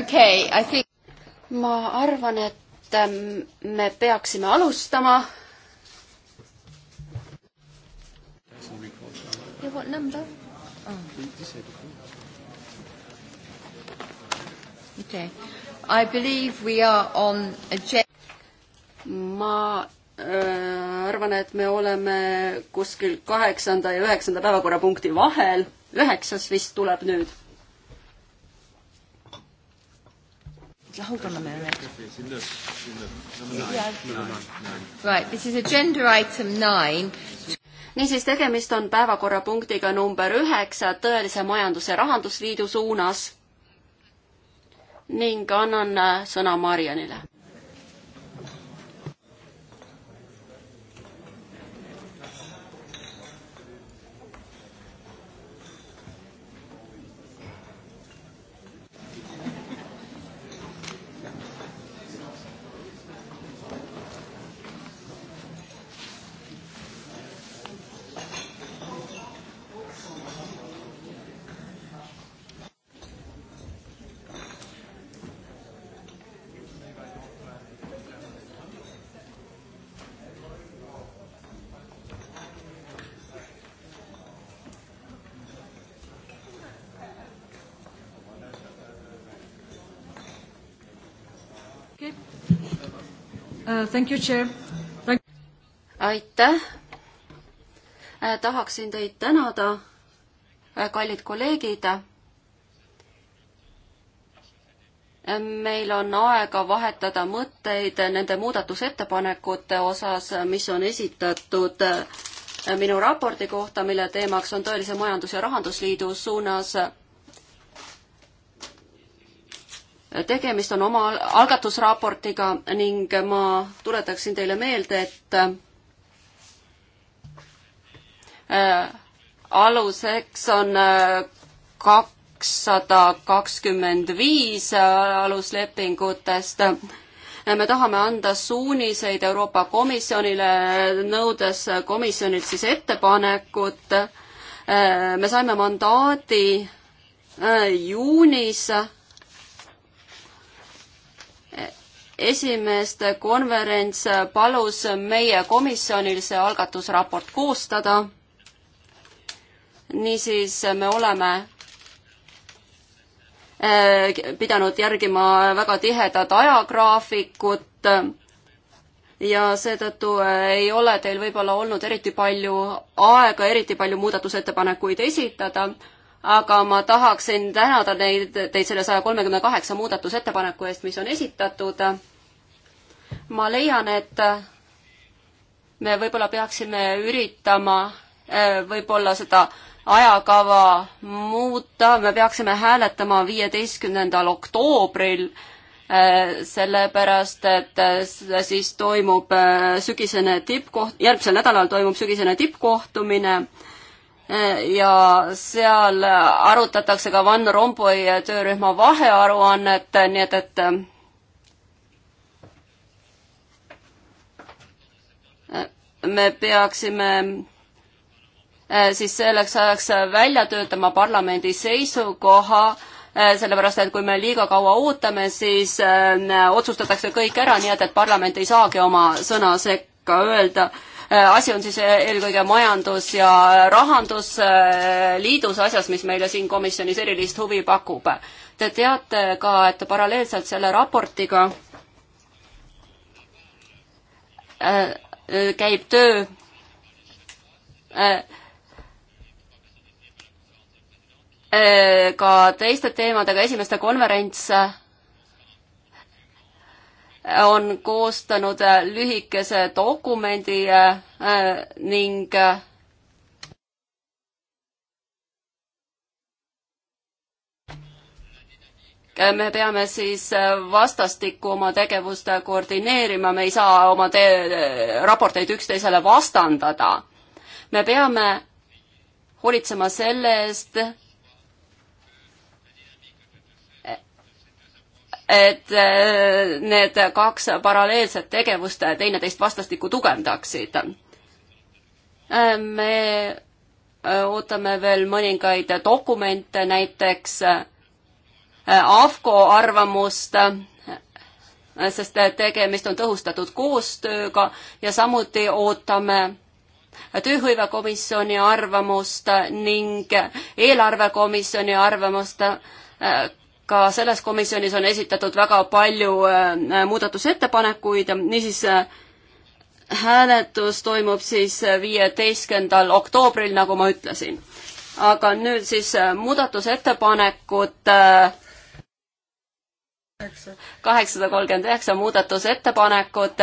okay, I think... ma arvan, et ähm, me peaksime alustama. Yeah, what number? Oh. Okay. I believe we are on a ma äh, arvan, et me oleme kuskil kaheksanda ja üheksanda päevakorrapunkti vahel, üheksas vist tuleb nüüd Hold on a minute. Right, this is agenda item nine. niisiis, tegemist on päevakorrapunktiga number üheksa Tõelise Majandus- ja Rahandusliidu suunas ning annan äh, sõna Marianile Thank you, Chair. aitäh. Äh, tahaksin teid tänada, äh, kallid kolleegid. Äh, meil on aega vahetada mõtteid nende muudatusettepanekute osas, mis on esitatud minu raporti kohta, mille teemaks on tõelise majandus- ja rahandusliidu suunas tegemist on oma algatusraportiga ning ma tuletaksin teile meelde, et äh, aluseks on äh, kakssada kakskümmend viis äh, aluslepingutest me tahame anda suuniseid Euroopa Komisjonile, nõudes komisjonilt siis ettepanekut. me saime mandaadi juunis esimeeste konverents palus meie komisjonil see algatusraport koostada. niisiis me oleme äh, pidanud järgima väga tihedat ajagraafikut ja seetõttu äh, ei ole teil võib-olla olnud eriti palju aega, eriti palju muudatusettepanekuid esitada aga ma tahaksin tänada neid, teid selle saja kolmekümne kaheksa muudatusettepaneku eest, mis on esitatud. ma leian, et me võib-olla peaksime üritama äh, võib-olla seda ajakava muuta, me peaksime hääletama viieteistkümnendal oktoobril, äh, sellepärast et äh, siis toimub sügisene tippkoht-, järgmisel nädalal toimub sügisene tippkohtumine ja seal arutatakse ka Van Rompuy töörühma vahearuannet, nii et, et äh, me peaksime äh, siis selleks ajaks välja töötama parlamendi seisukoha, äh, sellepärast et kui me liiga kaua ootame, siis otsustatakse kõik ära, nii et, et parlament ei saagi oma sõna sekka öelda Äh, asi on siis äh, eelkõige majandus- ja rahandusliidus äh, asjas, mis meile siin komisjonis erilist huvi pakub. Te teate ka, et paralleelselt selle raportiga käib töö ka teiste teemadega, esimeste konverents on koostanud äh, lühikese dokumendi äh, äh, ning me peame siis vastastikku oma tegevust koordineerima, me ei saa oma raporteid üksteisele vastandada. me peame hoolitsema selle eest, et äh, need kaks paralleelset tegevust teineteist vastastikku tugevdaksid. Äh, me äh, ootame veel mõningaid dokumente, näiteks AFCO arvamust, sest tegemist on tõhustatud koostööga ja samuti ootame tööhõivekomisjoni arvamust ning eelarvekomisjoni arvamust ka selles komisjonis on esitatud väga palju äh, muudatusettepanekuid, niisiis äh, hääletus toimub siis viieteistkümnendal oktoobril, nagu ma ütlesin. aga nüüd siis äh, muudatusettepanekud kaheksasada kolmkümmend üheksa muudatusettepanekut.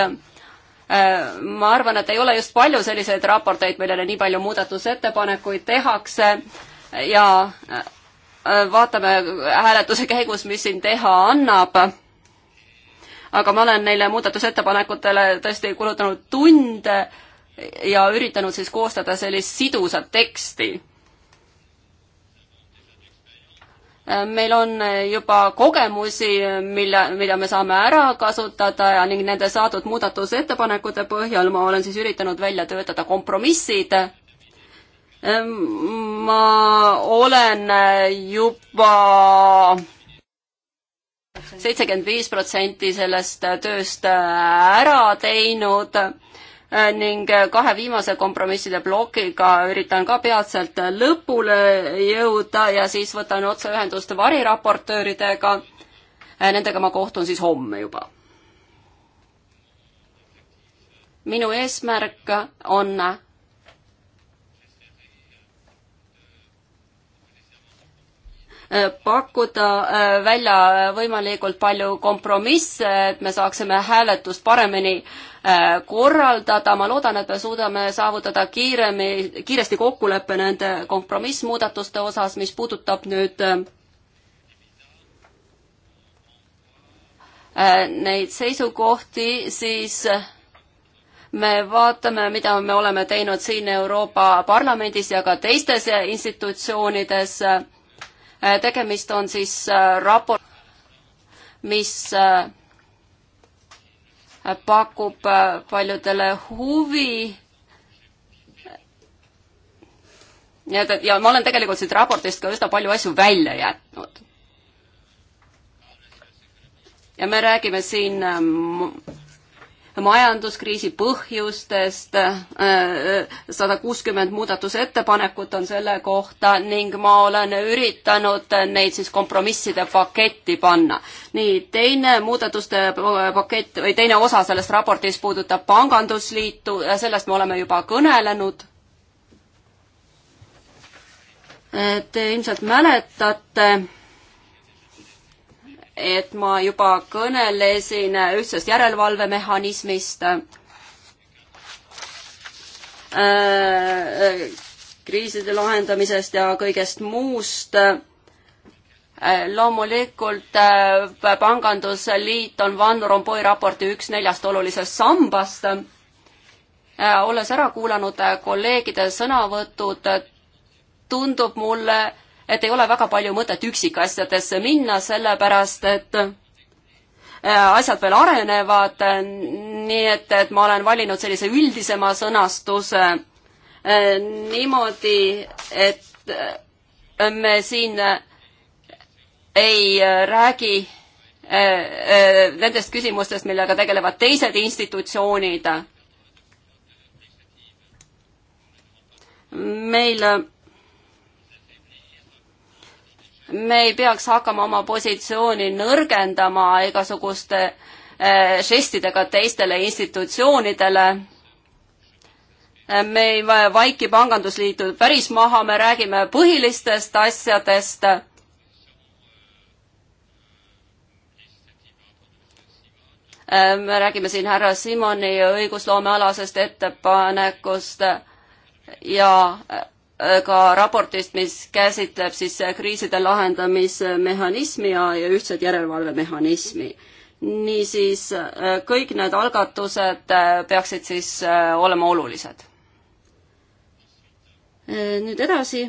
ma arvan, et ei ole just palju selliseid raporteid, millele nii palju muudatusettepanekuid tehakse ja Äh, vaatame hääletuse käigus, mis siin teha annab. aga ma olen neile muudatusettepanekutele tõesti kulutanud tunde ja üritanud siis koostada sellist sidusat teksti. Äh, meil on juba kogemusi, mille, mida me saame ära kasutada ja ning nende saadud muudatusettepanekute põhjal ma olen siis üritanud välja töötada kompromissid ma olen juba seitsekümmend viis protsenti sellest tööst ära teinud eh, ning kahe viimase kompromisside plokiga üritan ka peatselt lõpule jõuda ja siis võtan otseühendust variraportööridega. Eh, nendega ma kohtun siis homme juba. minu eesmärk on Äh, pakkuda äh, välja äh, võimalikult palju kompromisse, et me saaksime hääletust paremini korraldada, ma loodan, et me suudame saavutada kiiremi, kiiresti kokkuleppe nende kompromissmuudatuste osas, mis puudutab nüüd neid seisukohti, siis me vaatame, mida me oleme teinud siin Euroopa Parlamendis ja ka teistes institutsioonides Äh, tegemist on siis äh, raport, mis äh, pakub paljudele huvi. nii et, et ja ma olen tegelikult siit raportist ka üsna palju asju välja jätnud. ja me räägime siin majanduskriisi põhjustest, äh, sada kuuskümmend muudatusettepanekut on selle kohta ning ma olen üritanud neid siis kompromisside paketti panna. nii, teine muudatuste pakett või teine osa sellest raportist puudutab pangandusliitu ja sellest me oleme juba kõnelenud äh, Te ilmselt mäletate, et ma juba kõnelesin ühtsest järelevalvemehhanismist äh,, kriiside lahendamisest ja kõigest muust äh,. loomulikult äh, Pangandusliit on Van Rompuy raporti üks neljast olulisest sambast. Äh, olles ära kuulanud äh, kolleegide sõnavõtud, tundub mulle, et ei ole väga palju mõtet üksikasjadesse minna, sellepärast et äh, asjad veel arenevad, nii et, et ma olen valinud sellise üldisema sõnastuse äh, niimoodi, et äh, me siin ei räägi nendest küsimustest, millega tegelevad teised institutsioonid. meil me ei peaks hakkama oma positsiooni nõrgendama igasuguste eh, žestidega teistele institutsioonidele. Eh, me ei vaiki Pangandusliitu päris maha, me räägime põhilistest asjadest. Eh, me räägime siin härra Simoni õigusloomealasest ettepanekust ja Äh, ka raportist, mis käsitleb siis kriiside lahendamismehhanismi ja, ja ühtset järelevalvemehhanismi. niisiis äh, kõik need algatused äh, peaksid siis olema olulised. nüüd edasi.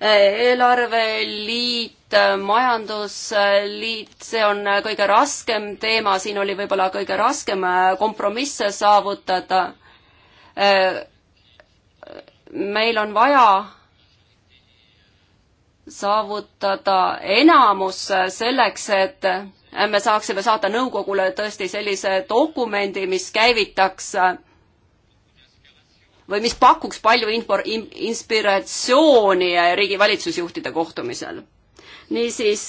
eelarveliit liit, majandusliit, see on kõige raskem teema, siin oli võib-olla kõige raskem kompromisse saavutada meil on vaja saavutada enamus selleks, et me saaksime saata nõukogule tõesti sellise dokumendi, mis käivitaks või mis pakuks palju info, inspiratsiooni riigi valitsusjuhtide kohtumisel. niisiis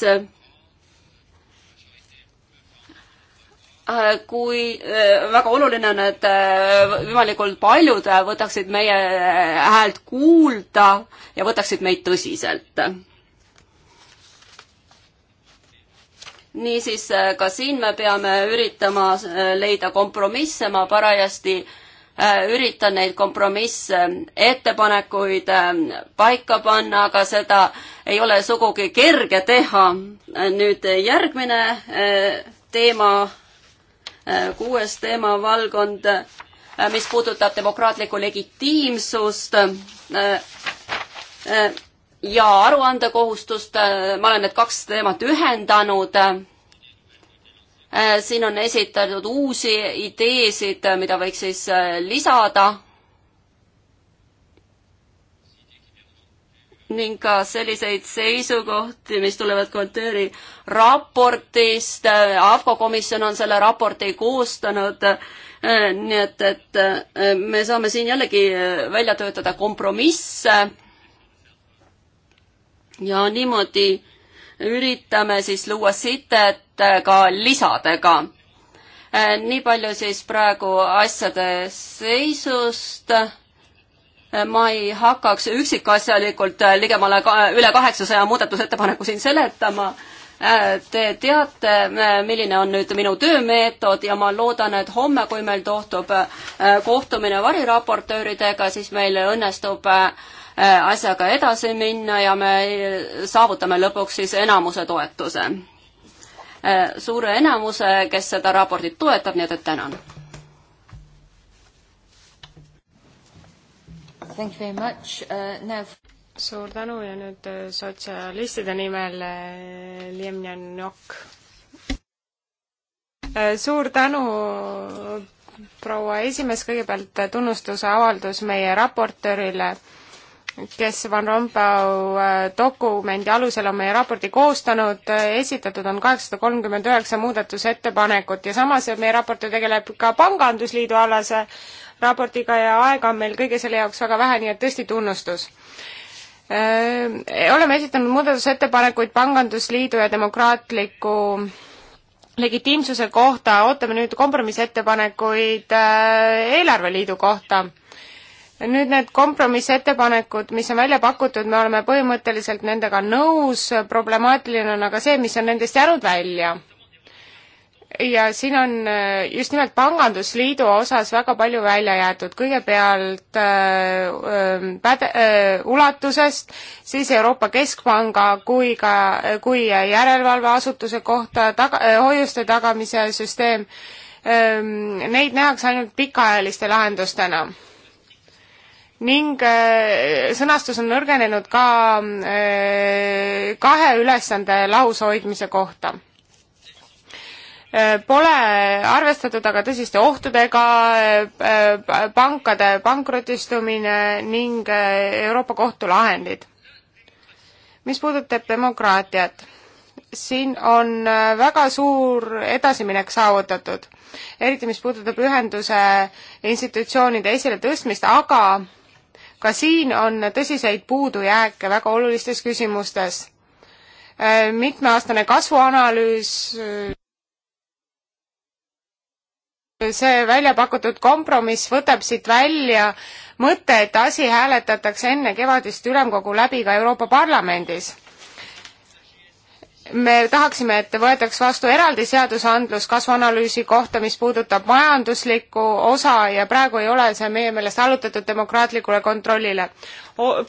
Äh, kui äh, väga oluline on, et äh, võimalikult paljud võtaksid meie häält kuulda ja võtaksid meid tõsiselt. niisiis, ka siin me peame üritama leida kompromisse, ma parajasti üritan neid kompromisse, ettepanekuid paika panna, aga seda ei ole sugugi kerge teha. nüüd järgmine teema kuues teemavaldkond, äh, mis puudutab demokraatlikku legitiimsust äh, äh, ja aruandekohustust, ma olen need kaks teemat ühendanud. siin on esitatud uusi ideesid, mida võiks siis lisada ning ka selliseid seisukohti, mis tulevad Kontööri raportist, AFCO komisjon on selle raporti koostanud, nii et, et eh, me saame siin jällegi eh, välja töötada kompromisse ja niimoodi üritame siis luua sidet eh, ka lisadega. nii palju siis praegu asjade seisust ma ei hakkaks üksikasjalikult äh, ligemale ka, äh, üle kaheksasaja muudatusettepaneku siin seletama. Äh, te teate, milline on nüüd minu töömeetod ja ma loodan, et homme, kui meil tohtub kohtumine variraportööridega, siis meil õnnestub asjaga edasi minna ja me saavutame lõpuks siis enamuse toetuse. suure enamuse, kes seda raportit toetab, nii et tänan thank you very much uh,. Now... suur tänu ja nüüd äh, sotsialistide nimel äh, Liam Janok. Äh, suur tänu, proua esimees, kõigepealt tunnustuse avaldus meie raportöörile kes Van Rompau dokumendi alusel on meie raporti koostanud, esitatud on kaheksasada kolmkümmend üheksa muudatusettepanekut ja samas meie raport ju tegeleb ka pangandusliidu alase raportiga ja aega on meil kõige selle jaoks väga vähe, nii et tõesti tunnustus oleme esitanud muudatusettepanekuid Pangandusliidu ja demokraatliku legitiimsuse kohta, ootame nüüd kompromissettepanekuid eelarveliidu kohta. nüüd need kompromissettepanekud, mis on välja pakutud, me oleme põhimõtteliselt nendega nõus, problemaatiline on aga see, mis on nendest jäänud välja ja siin on äh, just nimelt Pangandusliidu osas väga palju välja jäetud, kõigepealt äh, ähm, päde- äh,, ulatusest, siis Euroopa Keskpanga kui ka, äh, kui äh, järelevalveasutuse kohta taga- äh,, hoiuste tagamise süsteem äh,, neid nähakse ainult pikaajaliste lahendustena ning sõnastus on nõrgenenud ka kahe ülesande lahushoidmise kohta Äh, pole arvestatud aga tõsiste ohtudega, äh, äh, pankade pankrotistumine ning Euroopa Kohtu lahendid. mis puudutab demokraatiat, siin on väga suur edasiminek saavutatud, eriti mis puudutab ühenduse institutsioonide esiletõstmist, aga ka siin on tõsiseid puudujääke väga olulistes küsimustes. mitmeaastane kasvuanalüüs see välja pakutud kompromiss võtab siit välja mõte, et asi hääletatakse enne kevadist ülemkogu läbi ka Euroopa Parlamendis. me tahaksime, et võetaks vastu eraldi seadusandlus kasvuanalüüsi kohta, mis puudutab majanduslikku osa ja praegu ei ole see meie meelest allutatud demokraatlikule kontrollile.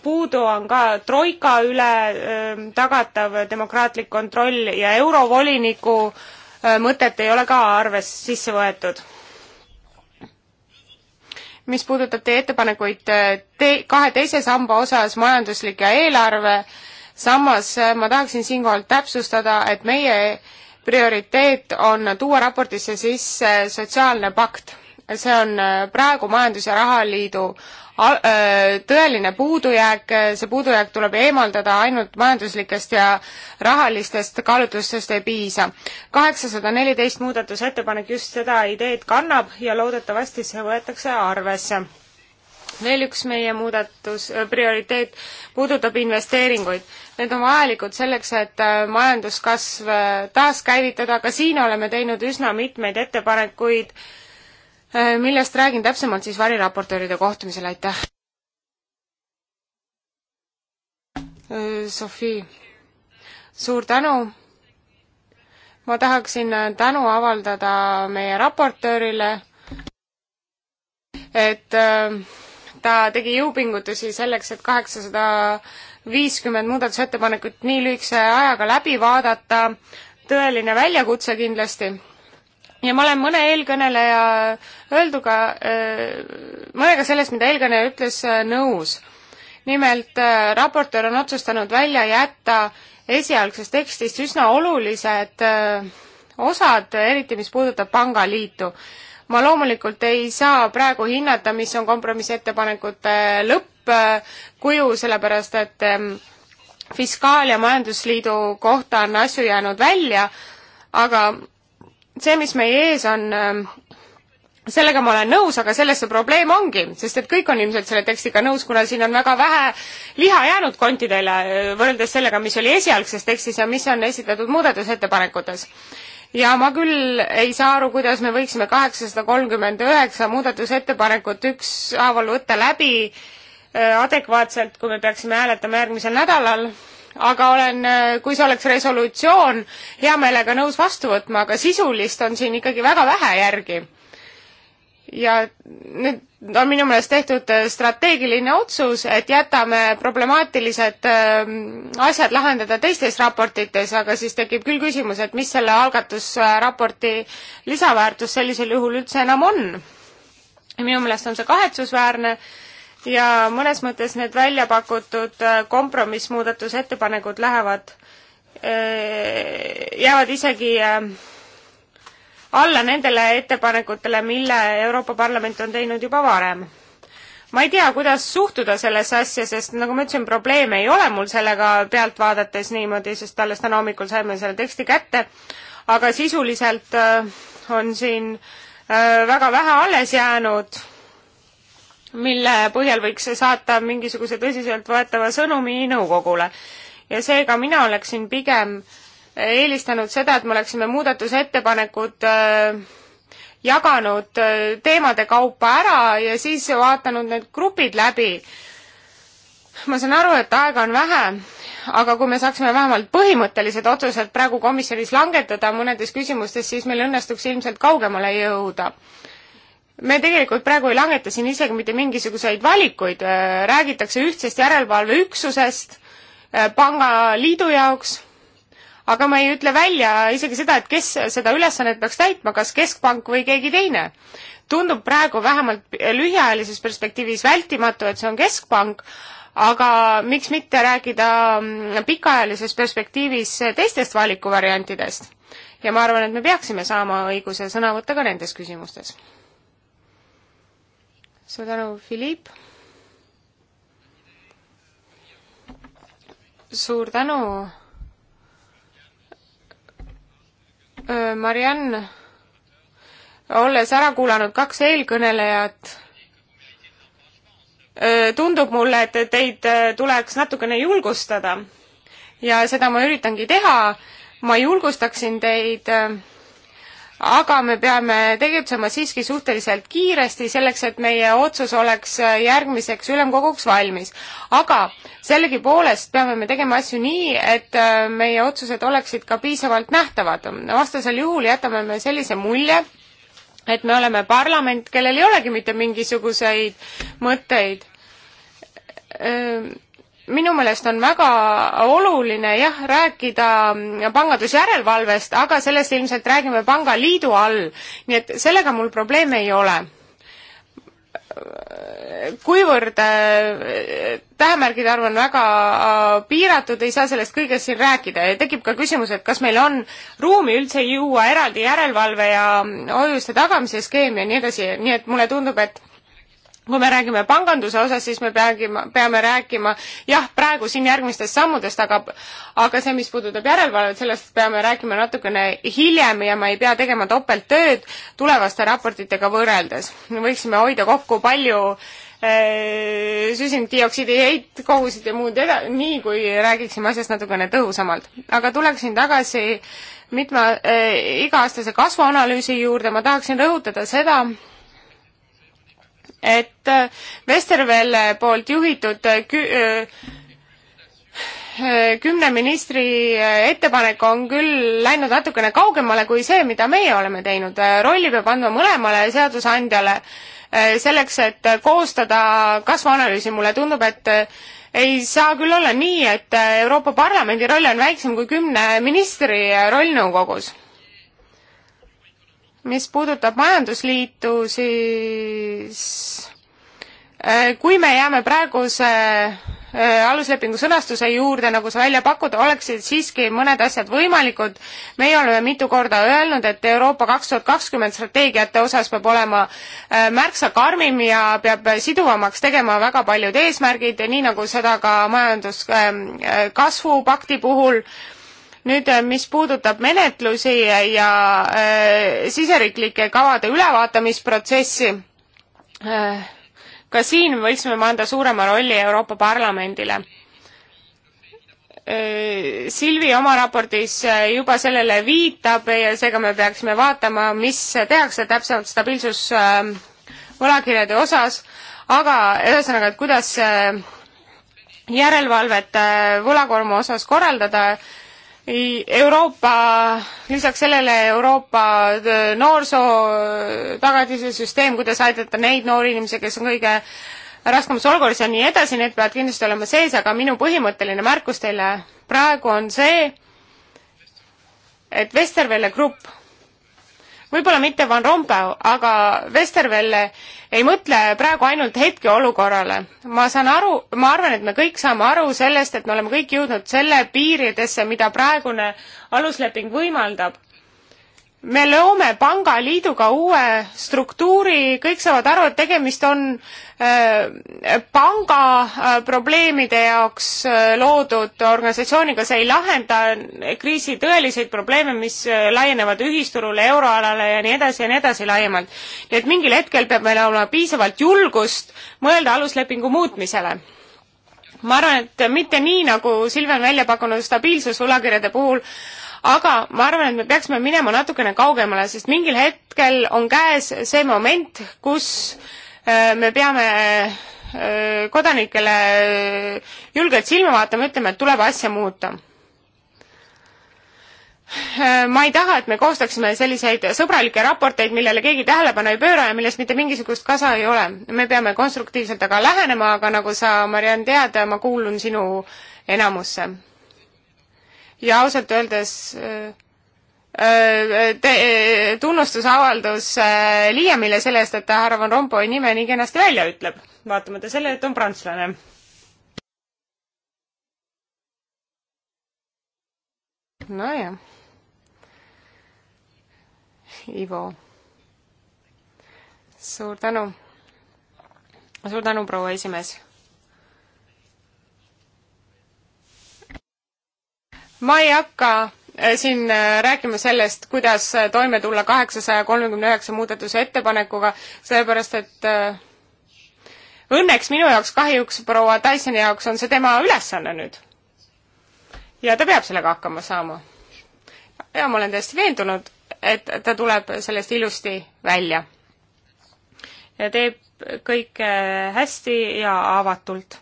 puudu on ka troika üle tagatav demokraatlik kontroll ja eurovoliniku mõtet ei ole ka arves sisse võetud mis puudutab teie ettepanekuid äh, te kahe teise samba osas, majanduslik ja eelarve, samas äh, ma tahaksin siinkohal täpsustada, et meie prioriteet on tuua raportisse sisse sotsiaalne pakt. see on äh, praegu Majandus- ja Rahaliidu Äh, tõeline puudujääk, äh, see puudujääk tuleb eemaldada ainult majanduslikest ja rahalistest kaalutlustest ei piisa. kaheksasada neliteist muudatusettepanek just seda ideed kannab ja loodetavasti see võetakse arvesse veel üks meie muudatus, äh, prioriteet puudutab investeeringuid. Need on vajalikud selleks, et majanduskasv taaskäivitada, ka siin oleme teinud üsna mitmeid ettepanekuid äh, Äh, millest räägin täpsemalt siis variraportööride kohtumisel, aitäh! Äh, Sofi, suur tänu! ma tahaksin äh, tänu avaldada meie raportöörile, et ta tegi jõupingutusi selleks, et kaheksasada viiskümmend muudatusettepanekut nii lühikese ajaga läbi vaadata, tõeline väljakutse kindlasti ja ma olen mõne eelkõneleja öelduga, äh, mõnega sellest, mida eelkõneleja ütles, äh, nõus. nimelt äh, raportöör on otsustanud välja jätta esialgsest tekstist üsna olulised osad, eriti mis puudutab pangaliitu. ma loomulikult ei saa praegu hinnata, mis on kompromissettepanekute lõppkuju, sellepärast et ähm, fiskaal- ja majandusliidu kohta on asju jäänud välja, aga see, mis meie ees on, ähm, sellega ma olen nõus, aga selles see probleem ongi, sest et kõik on ilmselt selle tekstiga nõus, kuna siin on väga vähe liha jäänud kontidele äh, võrreldes sellega, mis oli esialgses tekstis ja mis on esitatud muudatusettepanekutes. ja ma küll ei saa aru, kuidas me võiksime kaheksasada kolmkümmend üheksa muudatusettepanekut ükshaaval võtta läbi äh, adekvaatselt, kui me peaksime hääletama järgmisel nädalal aga olen, äh, kui see oleks resolutsioon, hea meelega nõus vastu võtma, aga sisulist on siin ikkagi väga vähe järgi. ja nüüd on minu meelest tehtud äh, strateegiline otsus, et jätame problemaatilised ähm, asjad lahendada teistes raportites, aga siis tekib küll küsimus, et mis selle algatusraporti lisaväärtus sellisel juhul üldse enam on. minu meelest on see kahetsusväärne ja mõnes mõttes need välja pakutud äh, kompromissmuudatusettepanekud lähevad, äh, jäävad isegi äh, alla nendele ettepanekutele, mille Euroopa Parlament on teinud juba varem. ma ei tea, kuidas suhtuda sellesse asja, sest nagu ma ütlesin, probleeme ei ole mul sellega pealt vaadates niimoodi, sest alles täna hommikul saime selle teksti kätte, aga sisuliselt on siin väga vähe alles jäänud mille põhjal võiks saata mingisuguse tõsiseltvõetava sõnumi nõukogule. ja seega mina oleksin pigem eelistanud seda, et me oleksime muudatusettepanekud äh, jaganud äh, teemade kaupa ära ja siis vaatanud need grupid läbi. ma saan aru, et aega on vähe, aga kui me saaksime vähemalt põhimõttelised otsused praegu komisjonis langetada mõnedes küsimustes, siis meil õnnestuks ilmselt kaugemale jõuda me tegelikult praegu ei langeta siin isegi mitte mingisuguseid valikuid, äh, räägitakse ühtsest järelevalveüksusest äh, pangaliidu jaoks, aga ma ei ütle välja isegi seda, et kes seda ülesannet peaks täitma, kas Keskpank või keegi teine. tundub praegu vähemalt lühiajalises perspektiivis vältimatu, et see on Keskpank, aga miks mitte rääkida mm, pikaajalises perspektiivis teistest valikuvariantidest? ja ma arvan, et me peaksime saama õiguse sõna võtta ka nendes küsimustes suur tänu, Philipp. suur tänu. Äh, Mariann, olles ära kuulanud kaks eelkõnelejat, äh, tundub mulle, et teid äh, tuleks natukene julgustada ja seda ma üritangi teha. ma julgustaksin teid äh, aga me peame tegutsema siiski suhteliselt kiiresti, selleks et meie otsus oleks järgmiseks ülemkoguks valmis. aga sellegipoolest peame me tegema asju nii, et äh, meie otsused oleksid ka piisavalt nähtavad. vastasel juhul jätame me sellise mulje, et me oleme parlament, kellel ei olegi mitte mingisuguseid mõtteid äh, minu meelest on väga oluline jah, rääkida pangandusjärelevalvest, aga sellest ilmselt räägime pangaliidu all, nii et sellega mul probleeme ei ole. kuivõrd äh, tähemärgide arv on väga äh, piiratud, ei saa sellest kõigest siin rääkida ja tekib ka küsimus, et kas meil on ruumi üldse juua eraldi järelevalve ja hoiuste tagamise skeem ja nii edasi, nii et mulle tundub, et kui me räägime panganduse osas, siis me peagime, peame rääkima jah, praegu siin järgmistest sammudest, aga aga see, mis puudutab järelevalvet, sellest peame rääkima natukene hiljem ja ma ei pea tegema topelttööd tulevaste raportitega võrreldes. võiksime hoida kokku palju äh, süsinikdioksiidi heitkogusid ja muud eda-, nii kui räägiksime asjast natukene tõhusamalt. aga tuleksin tagasi mitme äh,, iga-aastase kasvuanalüüsi juurde, ma tahaksin rõhutada seda, et Vestervelle äh, poolt juhitud äh, kü-, äh, kümne ministri ettepanek on küll läinud natukene kaugemale kui see, mida meie oleme teinud. rolli peab andma mõlemale seadusandjale selleks, et koostada kasvuanalüüsi. mulle tundub, et ei saa küll olla nii, et Euroopa Parlamendi roll on väiksem kui kümne ministri roll nõukogus mis puudutab majandusliitu, siis äh, kui me jääme praeguse äh, aluslepingu sõnastuse juurde, nagu sa välja pakud, oleksid siiski mõned asjad võimalikud. meie oleme mitu korda öelnud, et Euroopa kaks tuhat kakskümmend strateegiate osas peab olema äh, märksa karmim ja peab siduvamaks tegema väga paljud eesmärgid, nii nagu seda ka majanduskasvupakti puhul äh, nüüd, äh, mis puudutab menetlusi ja äh, siseriiklike kavade ülevaatamisprotsessi äh,, ka siin võiksime me anda suurema rolli Euroopa Parlamendile äh,. Silvi oma raportis äh, juba sellele viitab ja seega me peaksime vaatama, mis tehakse täpsemalt stabiilsus äh, võlakirjade osas, aga ühesõnaga, et kuidas järelevalvet võlakoorma osas korraldada Euroopa, lisaks sellele Euroopa äh, noorsoo äh, tagatise süsteem, kuidas aidata neid noori inimesi, kes on kõige raskemas olukorras ja nii edasi, need peavad kindlasti olema sees, aga minu põhimõtteline märkus teile praegu on see, et Westerwelle grupp võib-olla mitte Van Rompuy, aga Vestervelle ei mõtle praegu ainult hetkeolukorrale. ma saan aru, ma arvan, et me kõik saame aru sellest, et me oleme kõik jõudnud selle piiridesse, mida praegune alusleping võimaldab me loome pangaliiduga uue struktuuri, kõik saavad aru, et tegemist on äh, panga äh, probleemide jaoks äh, loodud organisatsiooniga, see ei lahenda kriisi tõeliseid probleeme, mis äh, laienevad ühisturule, euroalale ja nii edasi ja nii edasi laiemalt. nii et mingil hetkel peab meil olema piisavalt julgust mõelda aluslepingu muutmisele ma arvan, et mitte nii, nagu Silvia on välja pakkunud stabiilsusvõlakirjade puhul, aga ma arvan, et me peaksime minema natukene kaugemale, sest mingil hetkel on käes see moment, kus äh, me peame äh, kodanikele äh, julgelt silma vaatama, ütlema, et tuleb asja muuta ma ei taha, et me koostaksime selliseid sõbralikke raporteid, millele keegi tähelepanu ei pööra ja millest mitte mingisugust kasa ei ole. me peame konstruktiivselt aga lähenema, aga nagu sa, Mariann, tead, ma kuulun sinu enamusse ja ausalt öeldes äh, äh, te, äh, tunnustusavaldus Liiamile selle eest, et ta härra Van Rompuy nime nii kenasti välja ütleb, vaatamata sellele, et on prantslane. nojah. Ivo. suur tänu. suur tänu, proua esimees ma ei hakka äh, siin äh, rääkima sellest, kuidas äh, toime tulla kaheksasaja kolmekümne üheksa muudatusettepanekuga, sellepärast et õnneks minu jaoks, kahjuks proua Dysoni jaoks on see tema ülesanne nüüd. ja ta peab sellega hakkama saama. ja ma olen täiesti veendunud, et ta tuleb sellest ilusti välja. ja teeb kõike hästi ja avatult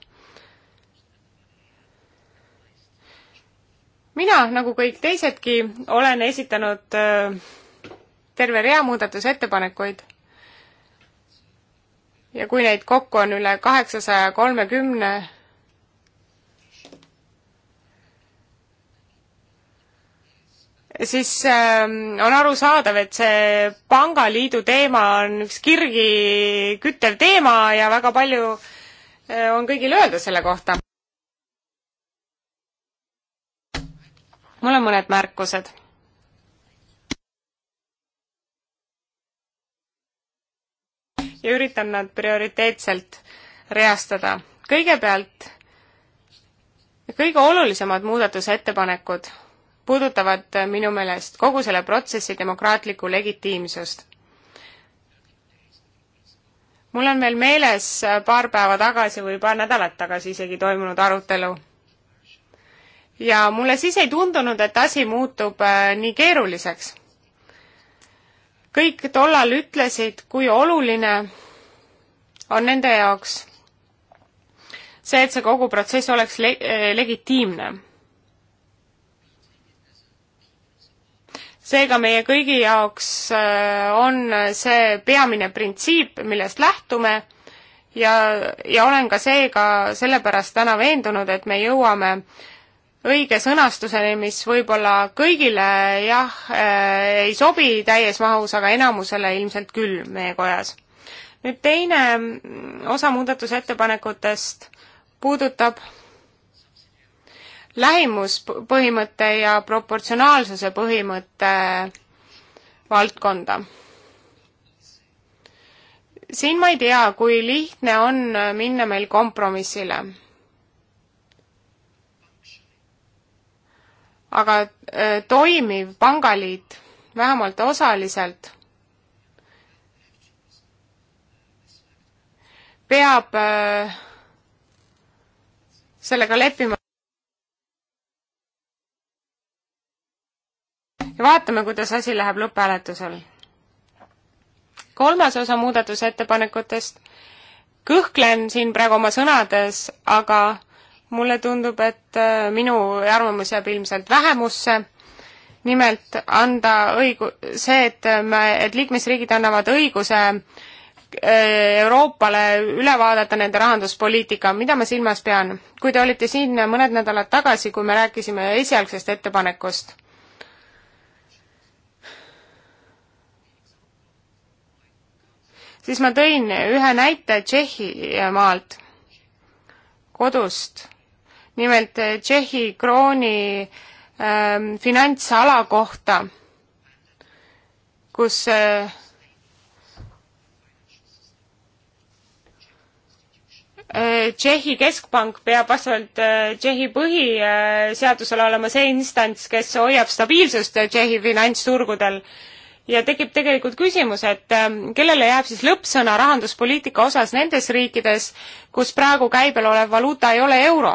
mina, nagu kõik teisedki, olen esitanud äh, terve rea muudatusettepanekuid. ja kui neid kokku on üle kaheksasaja kolmekümne, siis ähm, on arusaadav, et see pangaliidu teema on üks kirgi küttev teema ja väga palju äh, on kõigil öelda selle kohta. mul on mõned märkused. ja üritan nad prioriteetselt reastada. kõigepealt kõige olulisemad muudatusettepanekud puudutavad minu meelest kogu selle protsessi demokraatlikku legitiimsust. mul on veel meeles paar päeva tagasi või paar nädalat tagasi isegi toimunud arutelu ja mulle siis ei tundunud, et asi muutub äh, nii keeruliseks. kõik tollal ütlesid, kui oluline on nende jaoks see, et see kogu protsess oleks le äh, legitiimne. seega meie kõigi jaoks äh, on see peamine printsiip, millest lähtume ja, ja olen ka seega sellepärast täna veendunud, et me jõuame äh, õige sõnastuseni, mis võib-olla kõigile jah äh,, ei sobi täies mahus, aga enamusele ilmselt küll meie kojas. nüüd teine mm, osa muudatusettepanekutest puudutab lähimuspõhimõtte ja proportsionaalsuse põhimõtte valdkonda. siin ma ei tea, kui lihtne on minna meil kompromissile aga äh, toimiv pangaliit vähemalt osaliselt peab äh, sellega leppima. ja vaatame, kuidas asi läheb lõpphääletusel. kolmas osa muudatusettepanekutest. kõhklen siin praegu oma sõnades, aga mulle tundub, et äh, minu arvamus jääb ilmselt vähemusse, nimelt anda õigu-, see, et äh, me, et liikmesriigid annavad õiguse äh, Euroopale üle vaadata nende rahanduspoliitika, mida ma silmas pean? kui te olite siin mõned nädalad tagasi, kui me rääkisime esialgsest ettepanekust siis ma tõin ühe näite Tšehhimaalt kodust, nimelt eh, Tšehhi krooni ähm, finantsala kohta, kus äh, äh Tšehhi keskpank peab vastavalt äh, Tšehhi põhiseadusele olema see instants, kes hoiab stabiilsust äh, Tšehhi finantsturgudel. ja tekib tegelikult küsimus, et ähm, kellele jääb siis lõppsõna rahanduspoliitika osas nendes riikides, kus praegu käibel olev valuuta ei ole euro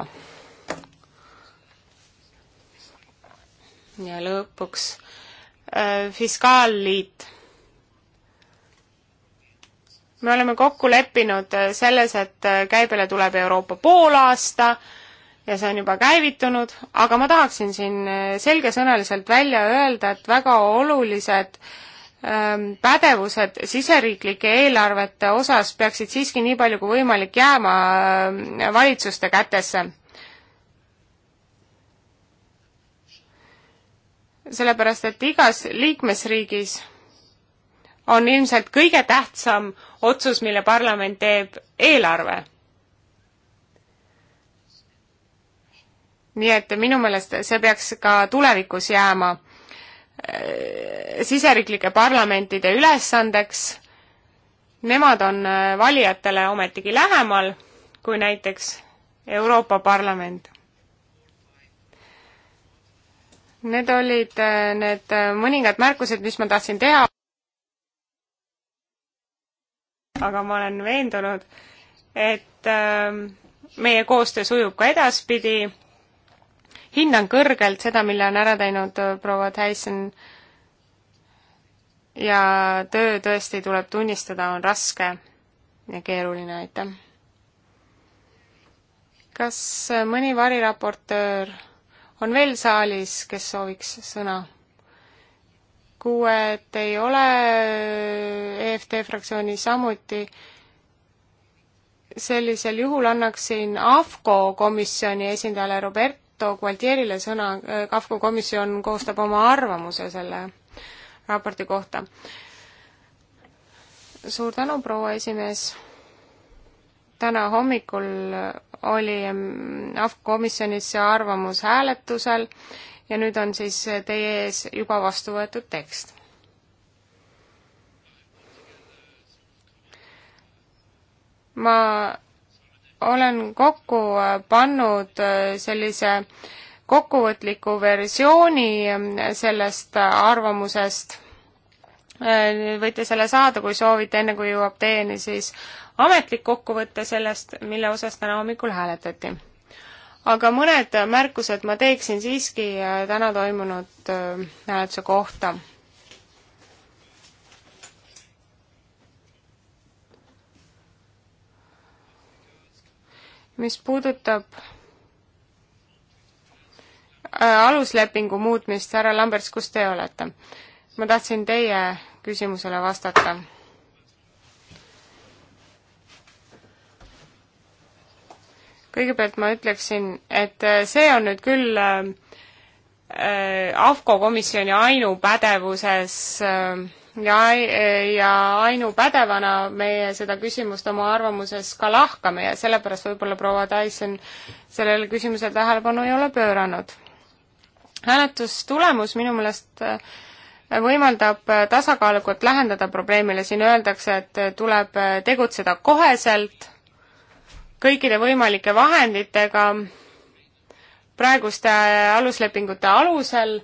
ja lõpuks äh, fiskaalliit. me oleme kokku leppinud äh, selles, et äh, käibele tuleb Euroopa poolaasta ja see on juba käivitunud, aga ma tahaksin siin selgesõnaliselt välja öelda, et väga olulised ähm, pädevused siseriiklike eelarvete osas peaksid siiski nii palju kui võimalik jääma valitsuste kätesse sellepärast et igas liikmesriigis on ilmselt kõige tähtsam otsus, mille parlament teeb, eelarve. nii et minu meelest see peaks ka tulevikus jääma äh, siseriiklike parlamentide ülesandeks. Nemad on äh, valijatele ometigi lähemal kui näiteks Euroopa Parlament. Need olid äh, need äh, mõningad märkused, mis ma tahtsin teha. aga ma olen veendunud, et ähm, meie koostöö sujub ka edaspidi. hindan kõrgelt seda, mille on ära teinud äh, proua Tyson. ja töö tõesti tuleb tunnistada, on raske ja keeruline, aitäh. kas mõni variraportöör on veel saalis, kes sooviks sõna? kuued ei ole, EFT fraktsiooni samuti. sellisel juhul annaksin AFCO komisjoni esindajale Roberto Gualtierile sõna, AFCO komisjon koostab oma arvamuse selle raporti kohta. suur tänu, proua esimees täna hommikul oli mm, AFK komisjonis see arvamus hääletusel ja nüüd on siis teie ees juba vastu võetud tekst. ma olen kokku äh, pannud äh, sellise kokkuvõtliku versiooni äh, sellest arvamusest Äh, võite selle saada, kui soovite, enne kui jõuab teieni siis ametlik kokkuvõte sellest, mille osas täna hommikul hääletati. aga mõned märkused ma teeksin siiski äh, täna toimunud äh, hääletuse kohta. mis puudutab aluslepingu muutmist, härra Lamberts, kus te olete? ma tahtsin teie küsimusele vastata. kõigepealt ma ütleksin, et äh, see on nüüd küll äh, äh, AFCO komisjoni ainupädevuses äh, ja, äh, ja ainupädevana meie seda küsimust oma arvamuses ka lahkame ja sellepärast võib-olla proua Tyson sellele küsimusele tähelepanu ei ole pööranud. hääletustulemus minu meelest äh, võimaldab äh, tasakaalukalt lähendada probleemile, siin öeldakse, et äh, tuleb äh, tegutseda koheselt, kõikide võimalike vahenditega, praeguste aluslepingute alusel,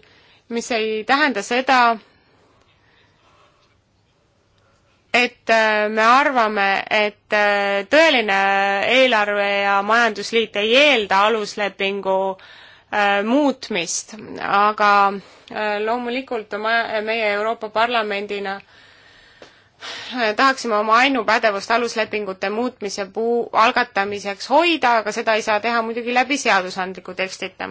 mis ei tähenda seda, et me arvame, et tõeline eelarve ja majandusliit ei eelda aluslepingu äh, Äh, muutmist, aga äh, loomulikult ma, meie Euroopa Parlamendina äh, tahaksime oma ainupädevust aluslepingute muutmise puu algatamiseks hoida, aga seda ei saa teha muidugi läbi seadusandliku tekstita.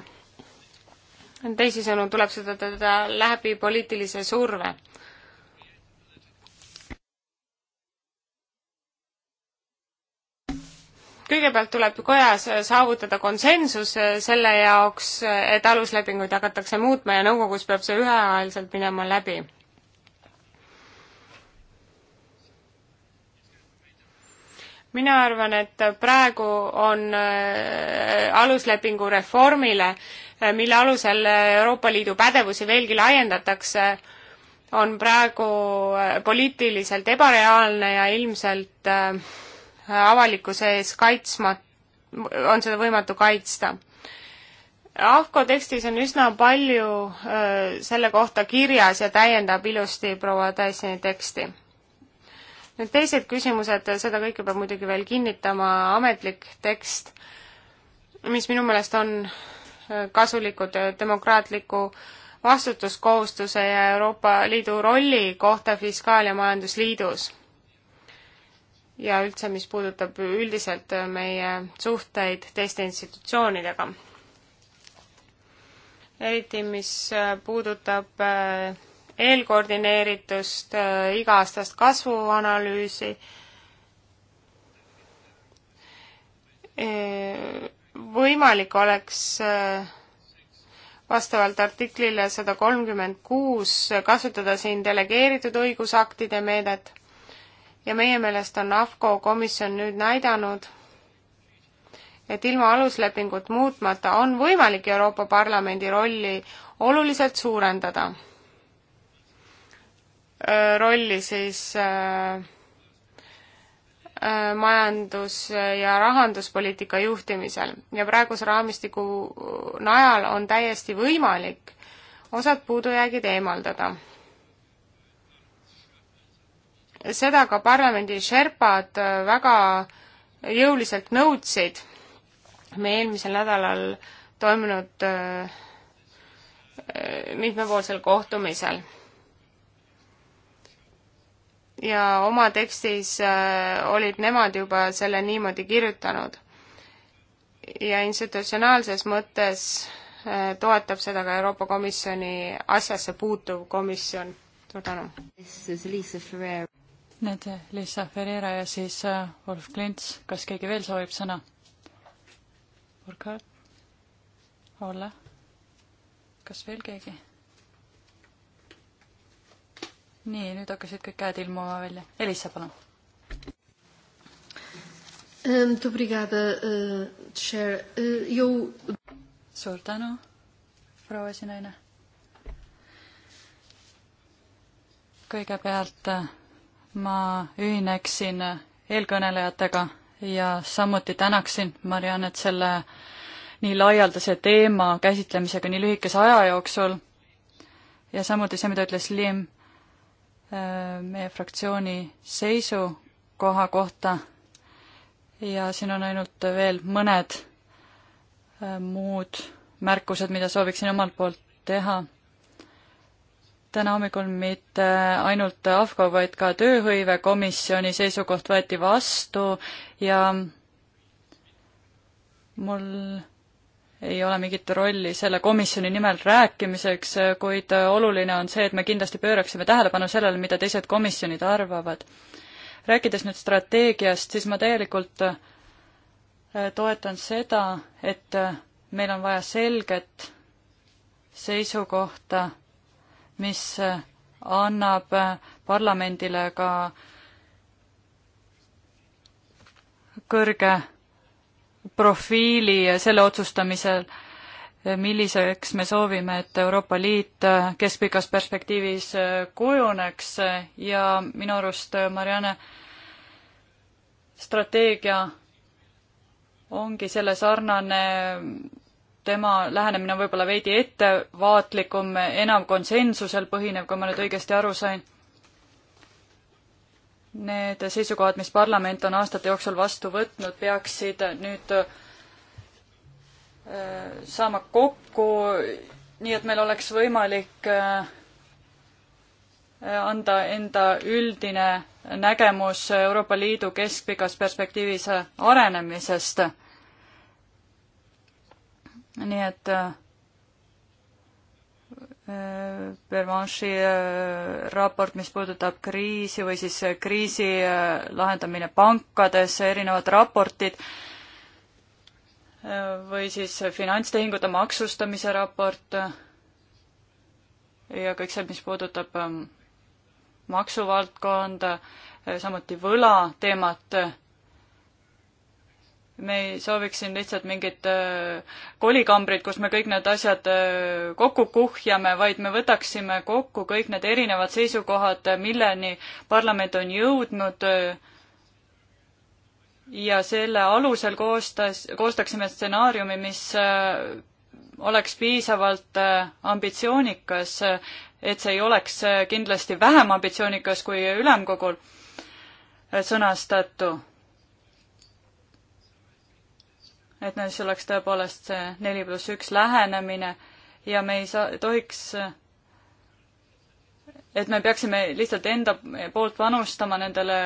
teisisõnu tuleb seda teda läbi poliitilise surve kõigepealt tuleb kojas äh, saavutada konsensus äh, selle jaoks, äh, et aluslepinguid hakatakse muutma ja nõukogus peab see ühehäälselt minema läbi. mina arvan, et praegu on aluslepingu reformile, mille alusel Euroopa Liidu pädevusi veelgi laiendatakse, on praegu poliitiliselt ebareaalne ja ilmselt äh, avalikkuse ees kaitsma, on seda võimatu kaitsta. AFCO tekstis on üsna palju öö, selle kohta kirjas ja täiendab ilusti proua Tysoni teksti. nüüd teised küsimused, seda kõike peab muidugi veel kinnitama ametlik tekst, mis minu meelest on kasulikud demokraatliku vastutuskohustuse ja Euroopa Liidu rolli kohta Fiskaal- ja Majandusliidus ja üldse, mis puudutab üldiselt äh, meie suhteid teiste institutsioonidega. eriti, mis äh, puudutab äh, eelkoordineeritust, iga-aastast kasvuanalüüsi, võimalik oleks vastavalt artiklile sada kolmkümmend kuus kasutada siin delegeeritud õigusaktide meedet ja meie meelest on AFCO komisjon nüüd näidanud, et ilma aluslepingut muutmata on võimalik Euroopa Parlamendi rolli oluliselt suurendada. rolli siis äh, majandus- ja rahanduspoliitika juhtimisel ja praeguse raamistiku najal on täiesti võimalik osad puudujäägid eemaldada seda ka parlamendi Sherpad äh, väga jõuliselt nõudsid meie eelmisel nädalal toimunud äh, äh, mitmepoolsel kohtumisel. ja oma tekstis olid nemad juba selle niimoodi kirjutanud. ja institutsionaalses mõttes toetab seda ka Euroopa Komisjoni asjasse puutuv komisjon. suur tänu! Need Liisa Ferreira ja siis äh, Wolf Klints, kas keegi veel soovib sõna? Burkhard? Olle? kas veel keegi? nii, nüüd hakkasid kõik käed ilmuma välja. Elissa, palun. E, e, suur tänu, proua esinaine. kõigepealt äh, ma ühineksin eelkõnelejatega ja samuti tänaksin Mariannet selle nii laialdase teema käsitlemisega nii lühikese aja jooksul ja samuti see, mida ütles Liim äh, meie fraktsiooni seisukoha kohta ja siin on ainult veel mõned äh, muud märkused, mida sooviksin omalt poolt teha täna hommikul mitte ainult AFCO, vaid ka tööhõivekomisjoni seisukoht võeti vastu ja mul ei ole mingit rolli selle komisjoni nimel rääkimiseks, kuid oluline on see, et me kindlasti pööraksime tähelepanu sellele, mida teised komisjonid arvavad. rääkides nüüd strateegiast, siis ma täielikult äh, toetan seda, et äh, meil on vaja selget seisukohta mis äh, annab äh, parlamendile ka kõrge profiili selle otsustamisel, äh, milliseks me soovime, et Euroopa Liit keskpikas perspektiivis kujuneks ja minu arust Marianne strateegia ongi selle sarnane tema lähenemine on võib-olla veidi ettevaatlikum, enam konsensusel põhinev, kui ma nüüd õigesti aru sain. Need seisukohad, mis parlament on aastate jooksul vastu võtnud, peaksid nüüd äh, saama kokku, nii et meil oleks võimalik äh, anda enda üldine nägemus Euroopa Liidu keskpikas perspektiivis arenemisest nii et äh, äh, Bervanši äh, raport, mis puudutab kriisi või siis kriisi lahendamine pankades, erinevad raportid või siis finantstehingute maksustamise raport ja kõik see, mis puudutab ähm, maksuvaldkonda, samuti võla teemat me ei sooviks siin lihtsalt mingit äh, kolikambrit, kus me kõik need asjad äh, kokku kuhjame, vaid me võtaksime kokku kõik need erinevad seisukohad, äh, milleni parlament on jõudnud ja selle alusel koostas, koostaksime stsenaariumi, mis oleks piisavalt ambitsioonikas, et see ei oleks kindlasti vähem ambitsioonikas kui ülemkogul sõnastatu et see oleks tõepoolest see neli pluss üks lähenemine ja me ei saa, tohiks, et me peaksime lihtsalt enda poolt panustama nendele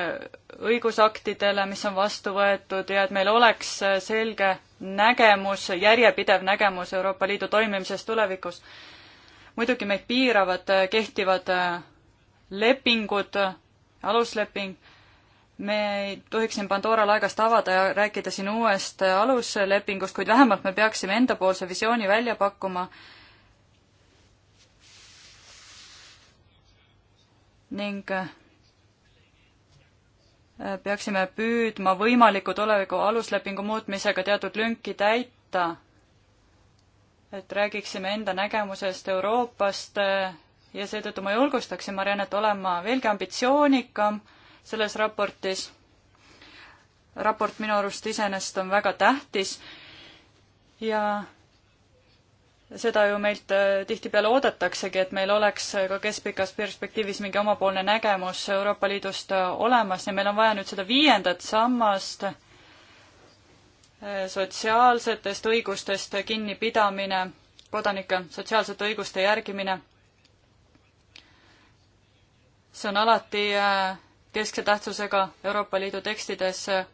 õigusaktidele, mis on vastu võetud ja et meil oleks selge nägemus, järjepidev nägemus Euroopa Liidu toimimisest tulevikus. muidugi meid piiravad kehtivad lepingud, alusleping me ei tohiks siin Pandora laegast avada ja rääkida siin uuest aluslepingust, kuid vähemalt me peaksime endapoolse visiooni välja pakkuma. ning äh, peaksime püüdma võimaliku tuleviku aluslepingu muutmisega teatud lünki täita. et räägiksime enda nägemusest Euroopast äh, ja seetõttu ma julgustaksin Mariannet olema veelgi ambitsioonikam selles raportis. raport minu arust iseenesest on väga tähtis ja seda ju meilt äh, tihtipeale oodataksegi, et meil oleks ka keskpikas perspektiivis mingi omapoolne nägemus Euroopa Liidust äh, olemas ja meil on vaja nüüd seda viiendat sammast, äh, sotsiaalsetest õigustest kinnipidamine, kodanike sotsiaalsete õiguste järgimine. see on alati keskse tähtsusega Euroopa Liidu tekstides eh,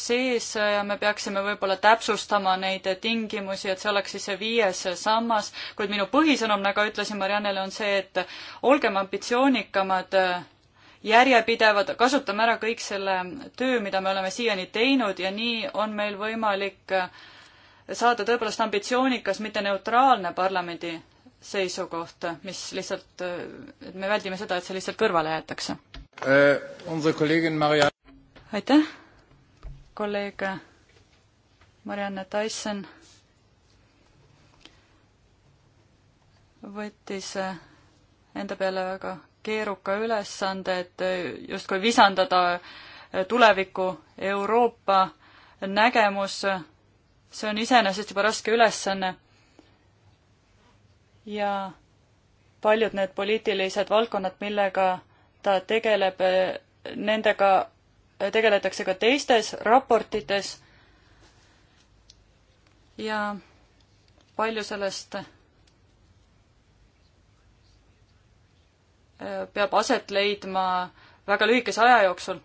sees ja me peaksime võib-olla täpsustama neid tingimusi, et see oleks siis see viies sammas, kuid minu põhisõnum, nagu ütlesin Mariannele, on see, et olgem ambitsioonikamad, eh, järjepidevad, kasutame ära kõik selle töö, mida me oleme siiani teinud ja nii on meil võimalik eh, saada tõepoolest ambitsioonikas, mitte neutraalne parlamendi seisukoht, mis lihtsalt, et me väldime seda, et see lihtsalt kõrvale jäetakse Äh, aitäh, kolleeg Marianne Tyson võttis enda peale väga keeruka ülesande, et justkui visandada tuleviku Euroopa nägemus, see on iseenesest juba raske ülesanne. ja paljud need poliitilised valdkonnad, millega ta tegeleb eh, nendega, eh, tegeletakse ka teistes raportites ja palju sellest eh, peab aset leidma väga lühikese aja jooksul.